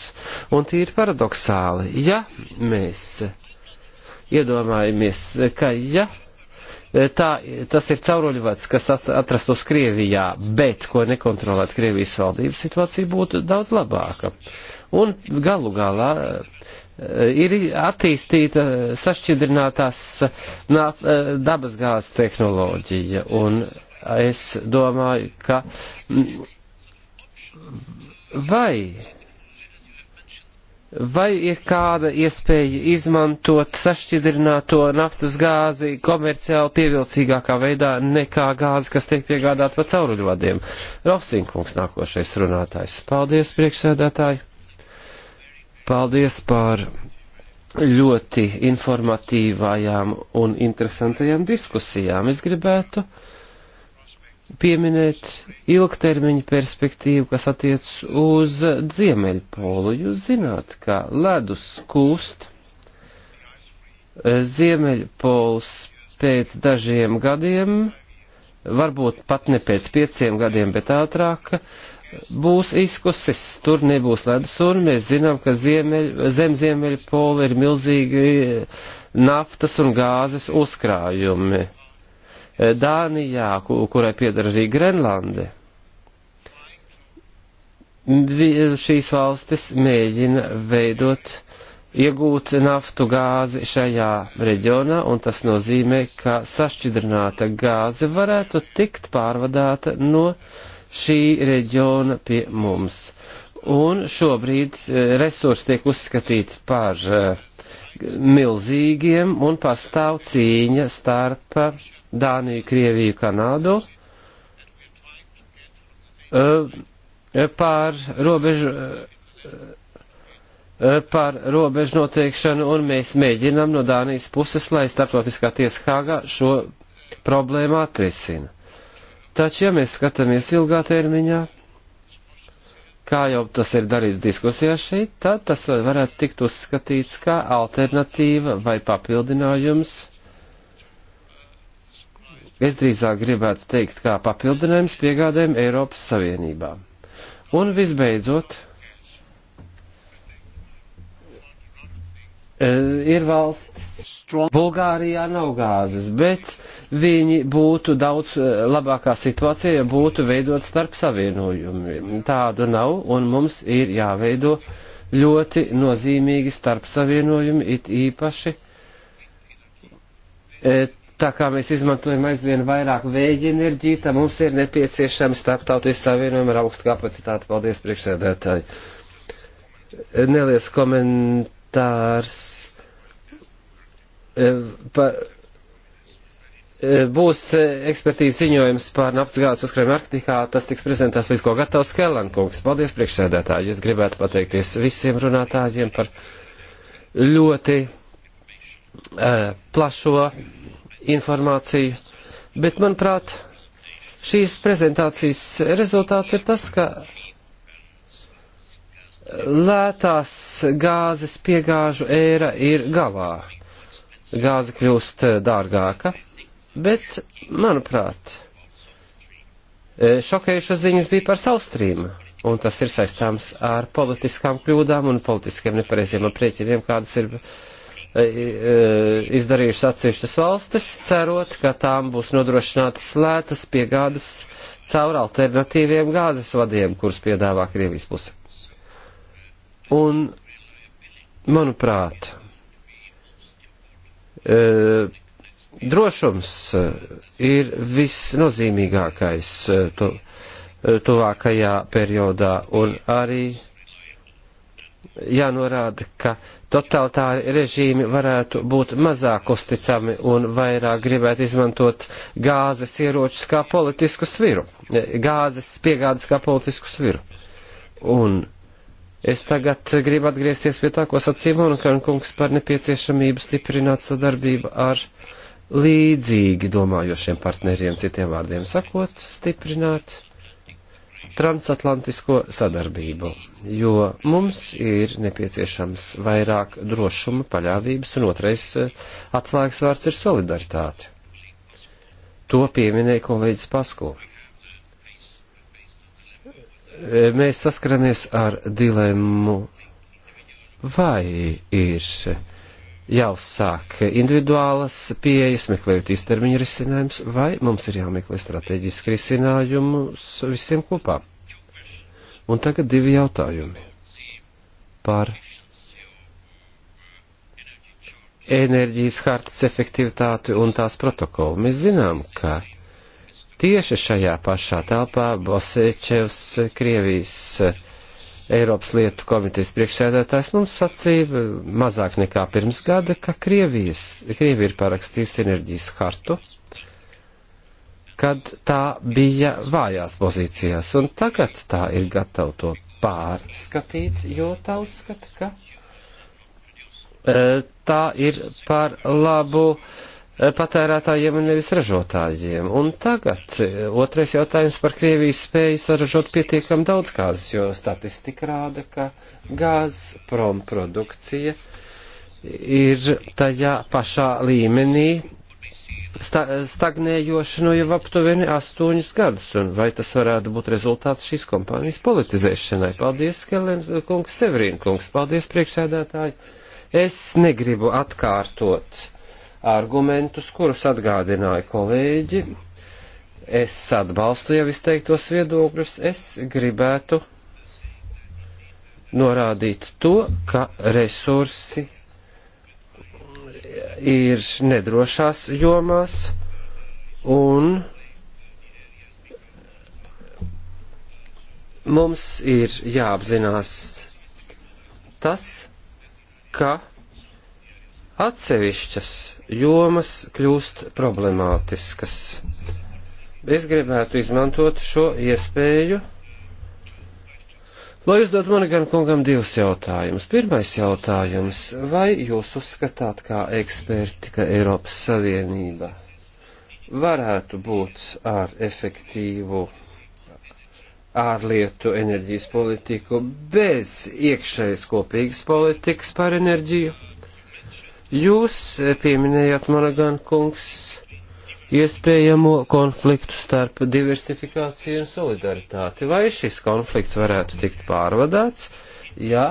Un tīri paradoxāli, ja mēs iedomājamies, ka ja eh, tā, tas ir cauruļvads, kas atrastos Krievijā, bet ko nekontrolēt Krievijas valdības situācija būtu daudz labāka. Un galu galā Eh, ir attīstīta sašķidrinātās eh, dabasgāzes tehnoloģija, un es domāju, ka mm, vai, vai ir kāda iespēja izmantot sašķidrināto naftas gāzi komerciāli pievilcīgākā veidā nekā gāzi, kas tiek piegādāt pa cauruļvadiem? Rofsinkungs nākošais runātājs. Paldies, priekšsēdētāji! Paldies par ļoti informatīvajām un interesantajām diskusijām. Es gribētu pieminēt ilgtermiņa perspektīvu, kas attiec uz Ziemeļpolu. Jūs zināt, ka ledus kūst Ziemeļpols pēc dažiem gadiem, varbūt pat ne pēc pieciem gadiem, bet ātrāk, uh, būs izkuses, tur nebūs ledus, un mēs zinām, ka ziemeļ, zem ziemeļa pola ir milzīgi eh, naftas un gāzes uzkrājumi. Eh, Dānijā, kurai piedara arī Grenlande, šīs valstis mēģina veidot, iegūt naftu gāzi šajā reģionā, un tas nozīmē, ka sašķidrināta gāze varētu tikt pārvadāta no uh, šī reģiona pie mums. Un šobrīd eh, resursi tiek uzskatīti par eh, milzīgiem un pastāv cīņa starp Dāniju, Krieviju, Kanādu eh, pār robežu, pār robežu noteikšanu, un mēs mēģinam no Dānijas puses, lai starptautiskā tiesa Hāgā šo problēmu atrisina. Taču, ja mēs skatāmies ilgā termiņā, kā jau tas ir darīts diskusijā šeit, tad tas varētu tikt uzskatīts kā alternatīva vai papildinājums. Es drīzāk gribētu teikt, kā papildinājums piegādēm Eiropas Savienībā. Un visbeidzot, eh, ir valsts, Bulgārijā nav gāzes, bet viņi būtu daudz eh, labākā situācija, ja būtu veidot starp savienojumi. Tādu nav, un mums ir jāveido ļoti nozīmīgi starp savienojumi, it īpaši. Et, eh, tā kā mēs izmantojam aizvien vairāk vēja enerģiju, tad mums ir nepieciešama starptautiskā savienojuma ar augstu kapacitāti. Paldies, priekšsēdētāji. Eh, neliels komentārs. Pa, būs e, ekspertīzes ziņojums par naftasgāzes uzkrājumu Arktikā, tas tiks prezentēts līdz ko gatavs Kellankungs. Paldies priekšsēdētāji, es gribētu pateikties visiem runātājiem par ļoti uh, plašo informāciju, bet manuprāt, šīs prezentācijas rezultāts ir tas, ka lētās gāzes piegāžu ēra ir galā. Gāze kļūst e, dārgāka Bet, manuprāt, e, šokējušas ziņas bija par saustrīmu, un tas ir saistāms ar politiskām kļūdām un politiskiem nepareiziem aprēķiniem, kādus ir e, e, izdarījušas atsevišķas valstis, cerot, ka tām būs nodrošinātas lētas piegādes caur alternatīviem gāzes vadiem, kurus piedāvā Krievijas puse. Un, manuprāt, Drošums eh, ir visnozīmīgākais eh, tu, eh, tuvākajā periodā un arī jānorāda, ka totalitāri režīmi varētu būt mazāk uzticami un vairāk gribētu izmantot gāzes ieročus kā politisku sviru, gāzes piegādes kā politisku sviru. Un es tagad gribu atgriezties pie tā, ko sacīja Monakarn kungs par nepieciešamību stiprināt sadarbību ar uh, līdzīgi domājošiem partneriem, citiem vārdiem sakot, stiprināt transatlantisko sadarbību, jo mums ir nepieciešams vairāk drošuma, paļāvības, un otrais eh, atslēgas vārds ir solidaritāte. To pieminēja kolēģis Pasko. Eh, mēs saskaramies ar dilemmu, vai ir jāuzsāk individuālas pieejas, meklējot īstermiņa risinājums, vai mums ir jāmeklē strateģiski risinājumus visiem kopā. Un tagad divi jautājumi par enerģijas hartas efektivitāti un tās protokolu. Mēs zinām, ka tieši šajā pašā telpā Bosēčevs, Krievijas Eiropas lietu komitejas priekšsēdētājs mums sacīja eh, mazāk nekā pirms gada, ka Krievijas, Krievija ir parakstījusi enerģijas hartu, kad tā bija vājās pozīcijās, un tagad tā ir gatava to pārskatīt, jo tā uzskata, ka eh, tā ir par labu uh, Eh, patērētājiem un nevis ražotājiem. Un tagad eh, otrais jautājums par Krievijas spēju saražot pietiekam daudz gāzes, jo statistika rāda, ka gāzes promprodukcija ir tajā pašā līmenī sta stagnējoša no nu jau aptuveni astoņus gadus, un vai tas varētu būt rezultāts šīs kompānijas politizēšanai. Paldies, Skelens kungs, Severīna kungs, paldies priekšsēdētāji. Es negribu atkārtot argumentus, kurus atgādināja kolēģi. Es atbalstu jau izteiktos viedokļus. Es gribētu norādīt to, ka resursi ir nedrošās jomās un mums ir jāapzinās tas, ka Atsevišķas jomas kļūst problemātiskas. Es gribētu izmantot šo iespēju, lai uzdot man gan kungam divus jautājumus. Pirmais jautājums - vai jūs uzskatāt kā eksperti, ka Eiropas Savienība varētu būt ar efektīvu ārlietu enerģijas politiku bez iekšējas kopīgas politikas par enerģiju? Jūs pieminējāt, Monagan kungs, iespējamo konfliktu starp diversifikāciju un solidaritāti. Vai šis konflikts varētu tikt pārvadāts? Jā,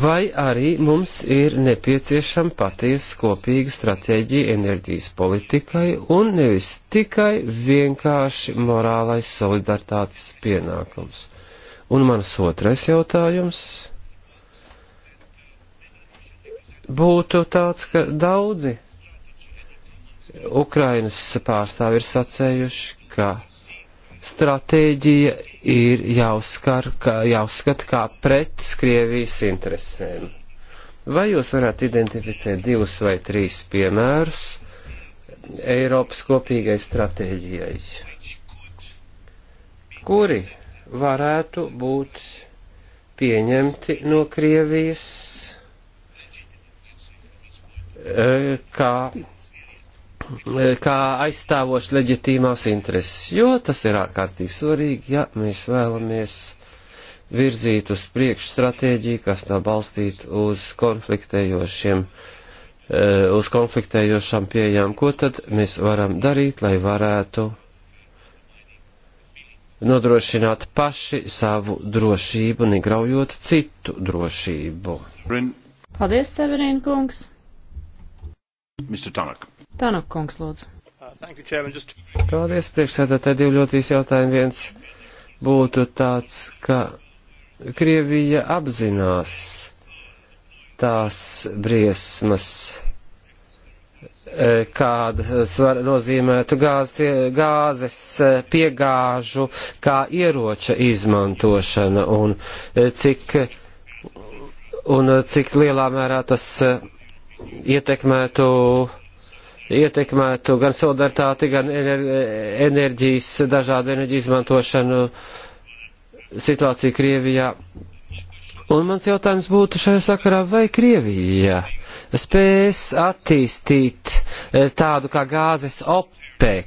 Vai arī mums ir nepieciešama patiesa kopīga stratēģija enerģijas politikai un nevis tikai vienkārši morālais solidaritātes pienākums? Un mans otrais jautājums būtu tāds, ka daudzi Ukrainas pārstāvi ir sacējuši, ka stratēģija ir jāuzskar, kā, jāuzskata kā pret Krievijas interesēm. Vai jūs varētu identificēt divus vai trīs piemērus Eiropas kopīgai stratēģijai? Kuri varētu būt pieņemti no Krievijas kā, kā aizstāvošs leģitīmās intereses, jo tas ir ārkārtīgi svarīgi, ja mēs vēlamies virzīt uz priekšu stratēģiju, kas nav balstīta uz konfliktējošiem, e, uz konfliktējošām pieejām. Ko tad mēs varam darīt, lai varētu nodrošināt paši savu drošību, negraujot citu drošību? Paldies, Severīna kungs! Mr. Tanak. Tanak, kungs, lūdzu. Uh, Paldies, priekšsēdētāji, divi ļoti īsi jautājumi. Viens būtu tāds, ka Krievija apzinās tās briesmas, eh, kādas var nozīmētu gāzi, gāzes eh, piegāžu, kā ieroča izmantošana un eh, cik, un cik lielā mērā tas ietekmētu, ietekmētu gan solidaritāti, gan enerģijas, dažādu enerģiju izmantošanu situāciju Krievijā. Un mans jautājums būtu šajā sakarā, vai Krievija spēs attīstīt eh, tādu kā gāzes op OPEC,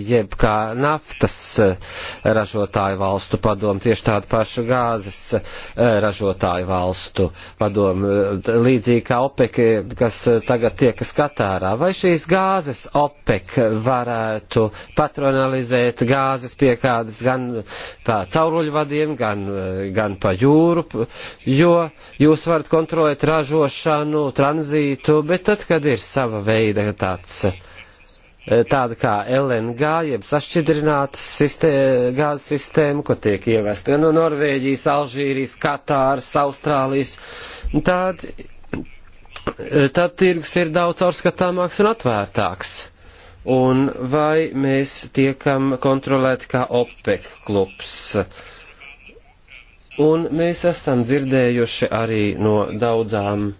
jeb kā naftas e, ražotāju valstu padomu, tieši tādu pašu gāzes e, ražotāju valstu padomu, e, līdzīgi kā OPEC, kas tagad tiekas Katārā. Vai šīs gāzes OPEC varētu patronalizēt gāzes piekādes gan pa cauruļvadiem, gan, gan pa jūru, jo jūs varat kontrolēt ražošanu, tranzītu, bet tad, kad ir sava veida tāds Eh, tāda kā LNG, jeb sašķidrinātas sistē, eh, gāzes sistēma, ko tiek ievesta no Norvēģijas, Alžīrijas, Katāras, Austrālijas, tad, eh, tad tirgus ir daudz caurskatāmāks un atvērtāks. Un vai mēs tiekam kontrolēti kā OPEC klubs? Un mēs esam dzirdējuši arī no daudzām,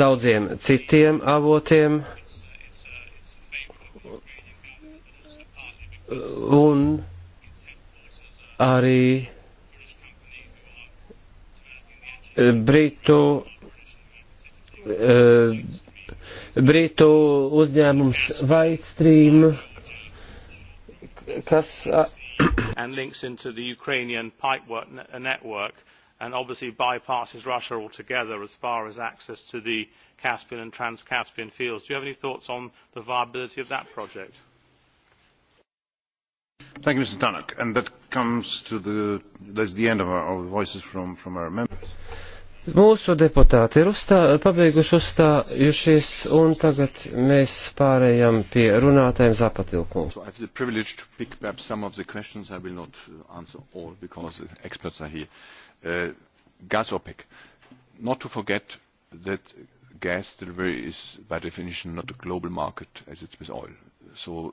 daudziem citiem avotiem, un arī e, Britu, e, Britu uzņēmums Vaidstrīm, kas. and links into the Ukrainian pipework uh, network and obviously bypasses Russia altogether as far as access to the Caspian and Trans-Caspian fields. Do you have any thoughts on the viability of that project? Thank you, Mr. Tanak. And that comes to the, that's the end of our, of voices from, from our members. Mūsu deputāti ir uzstā, pabeiguši uzstājušies, un tagad mēs pārējām pie runātājiem Zapatilkumu. So uh, uh, gas OPEC. Not to forget that gas delivery is by definition not a global market as it's with oil. So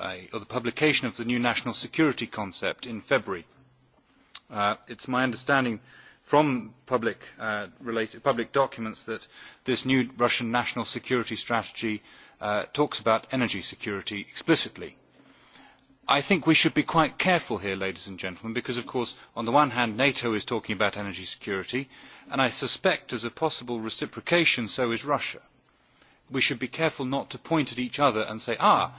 a, or the publication of the new national security concept in February. Uh, it's my understanding from public, uh, related, public documents that this new Russian national security strategy uh, talks about energy security explicitly. I think we should be quite careful here, ladies and gentlemen, because, of course, on the one hand, NATO is talking about energy security, and I suspect as a possible reciprocation, so is Russia. We should be careful not to point at each other and say, ah,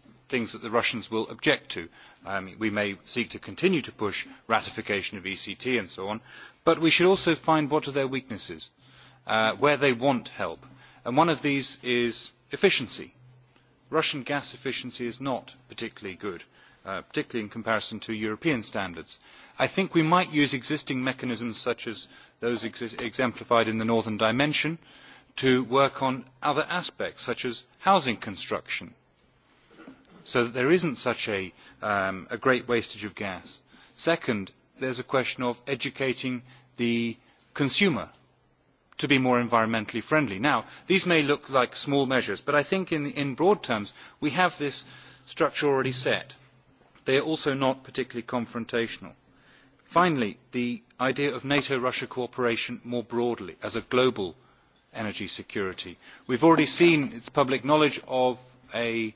things that the Russians will object to. Um, we may seek to continue to push ratification of ECT and so on, but we should also find what are their weaknesses, uh, where they want help. And one of these is efficiency. Russian gas efficiency is not particularly good, uh, particularly in comparison to European standards. I think we might use existing mechanisms such as those ex exemplified in the Northern Dimension to work on other aspects such as housing construction, so that there isn't such a, um, a great wastage of gas. Second, there's a question of educating the consumer to be more environmentally friendly. Now, these may look like small measures, but I think in, in broad terms we have this structure already set. They are also not particularly confrontational. Finally, the idea of NATO-Russia cooperation more broadly as a global energy security. We've already seen, it's public knowledge, of a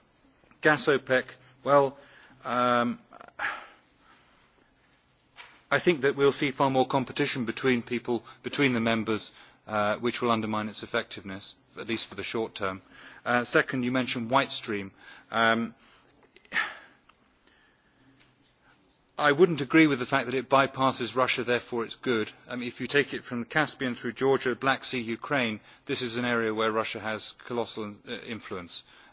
Gas OPEC, well, um, I think that we'll see far more competition between people, between the members, uh, which will undermine its effectiveness, at least for the short term. Uh, second, you mentioned White Stream. Um, I wouldn't agree with the fact that it bypasses Russia, therefore it's good. I mean, if you take it from the Caspian through Georgia, Black Sea, Ukraine, this is an area where Russia has colossal uh, influence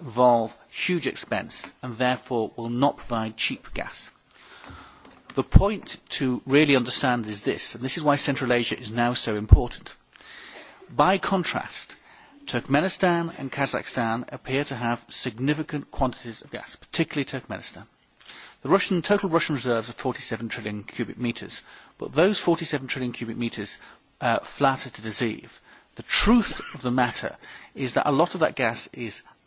involve huge expense and therefore will not provide cheap gas. The point to really understand is this, and this is why Central Asia is now so important. By contrast, Turkmenistan and Kazakhstan appear to have significant quantities of gas, particularly Turkmenistan. The Russian, total Russian reserves are 47 trillion cubic metres, but those 47 trillion cubic metres uh, flatter to deceive. The truth of the matter is that a lot of that gas is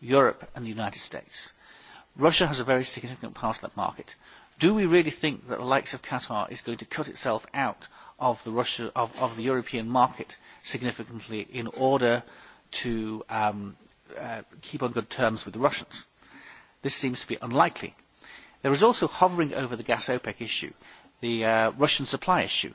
Europe and the United States. Russia has a very significant part of that market. Do we really think that the likes of Qatar is going to cut itself out of the, Russia, of, of the European market significantly in order to um, uh, keep on good terms with the Russians? This seems to be unlikely. There is also hovering over the gas OPEC issue, the uh, Russian supply issue. Uh,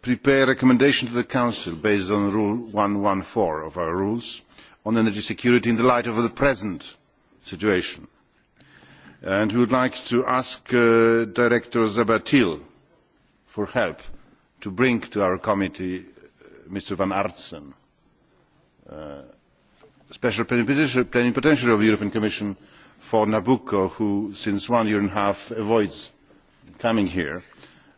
prepare a recommendation to the council based on rule one hundred and fourteen of our rules on energy security in the light of the present situation and we would like to ask uh, director zahbatil for help to bring to our committee uh, mr van artsen uh, special plenipotentiary of the european commission for nabucco who for one year and a half avoids coming here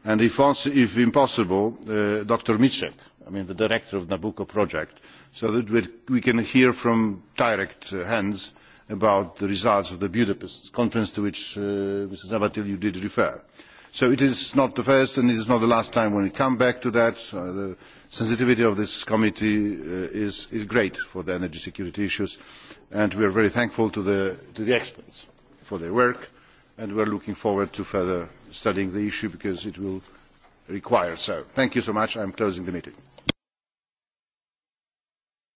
and if, if possible uh, dr mizek I mean, the director of the nabucco project so that we can hear from direct uh, hands about the results of the budapest conference to which uh, ms sabatel you did refer. so it is not the first and it is not the last time we will come back to that. the sensitivity of this committee is great for the energy security issues and we are very thankful to the experts for their work and we are looking forward to further studying the issue because it will require so. thank you so much i am closing the meeting.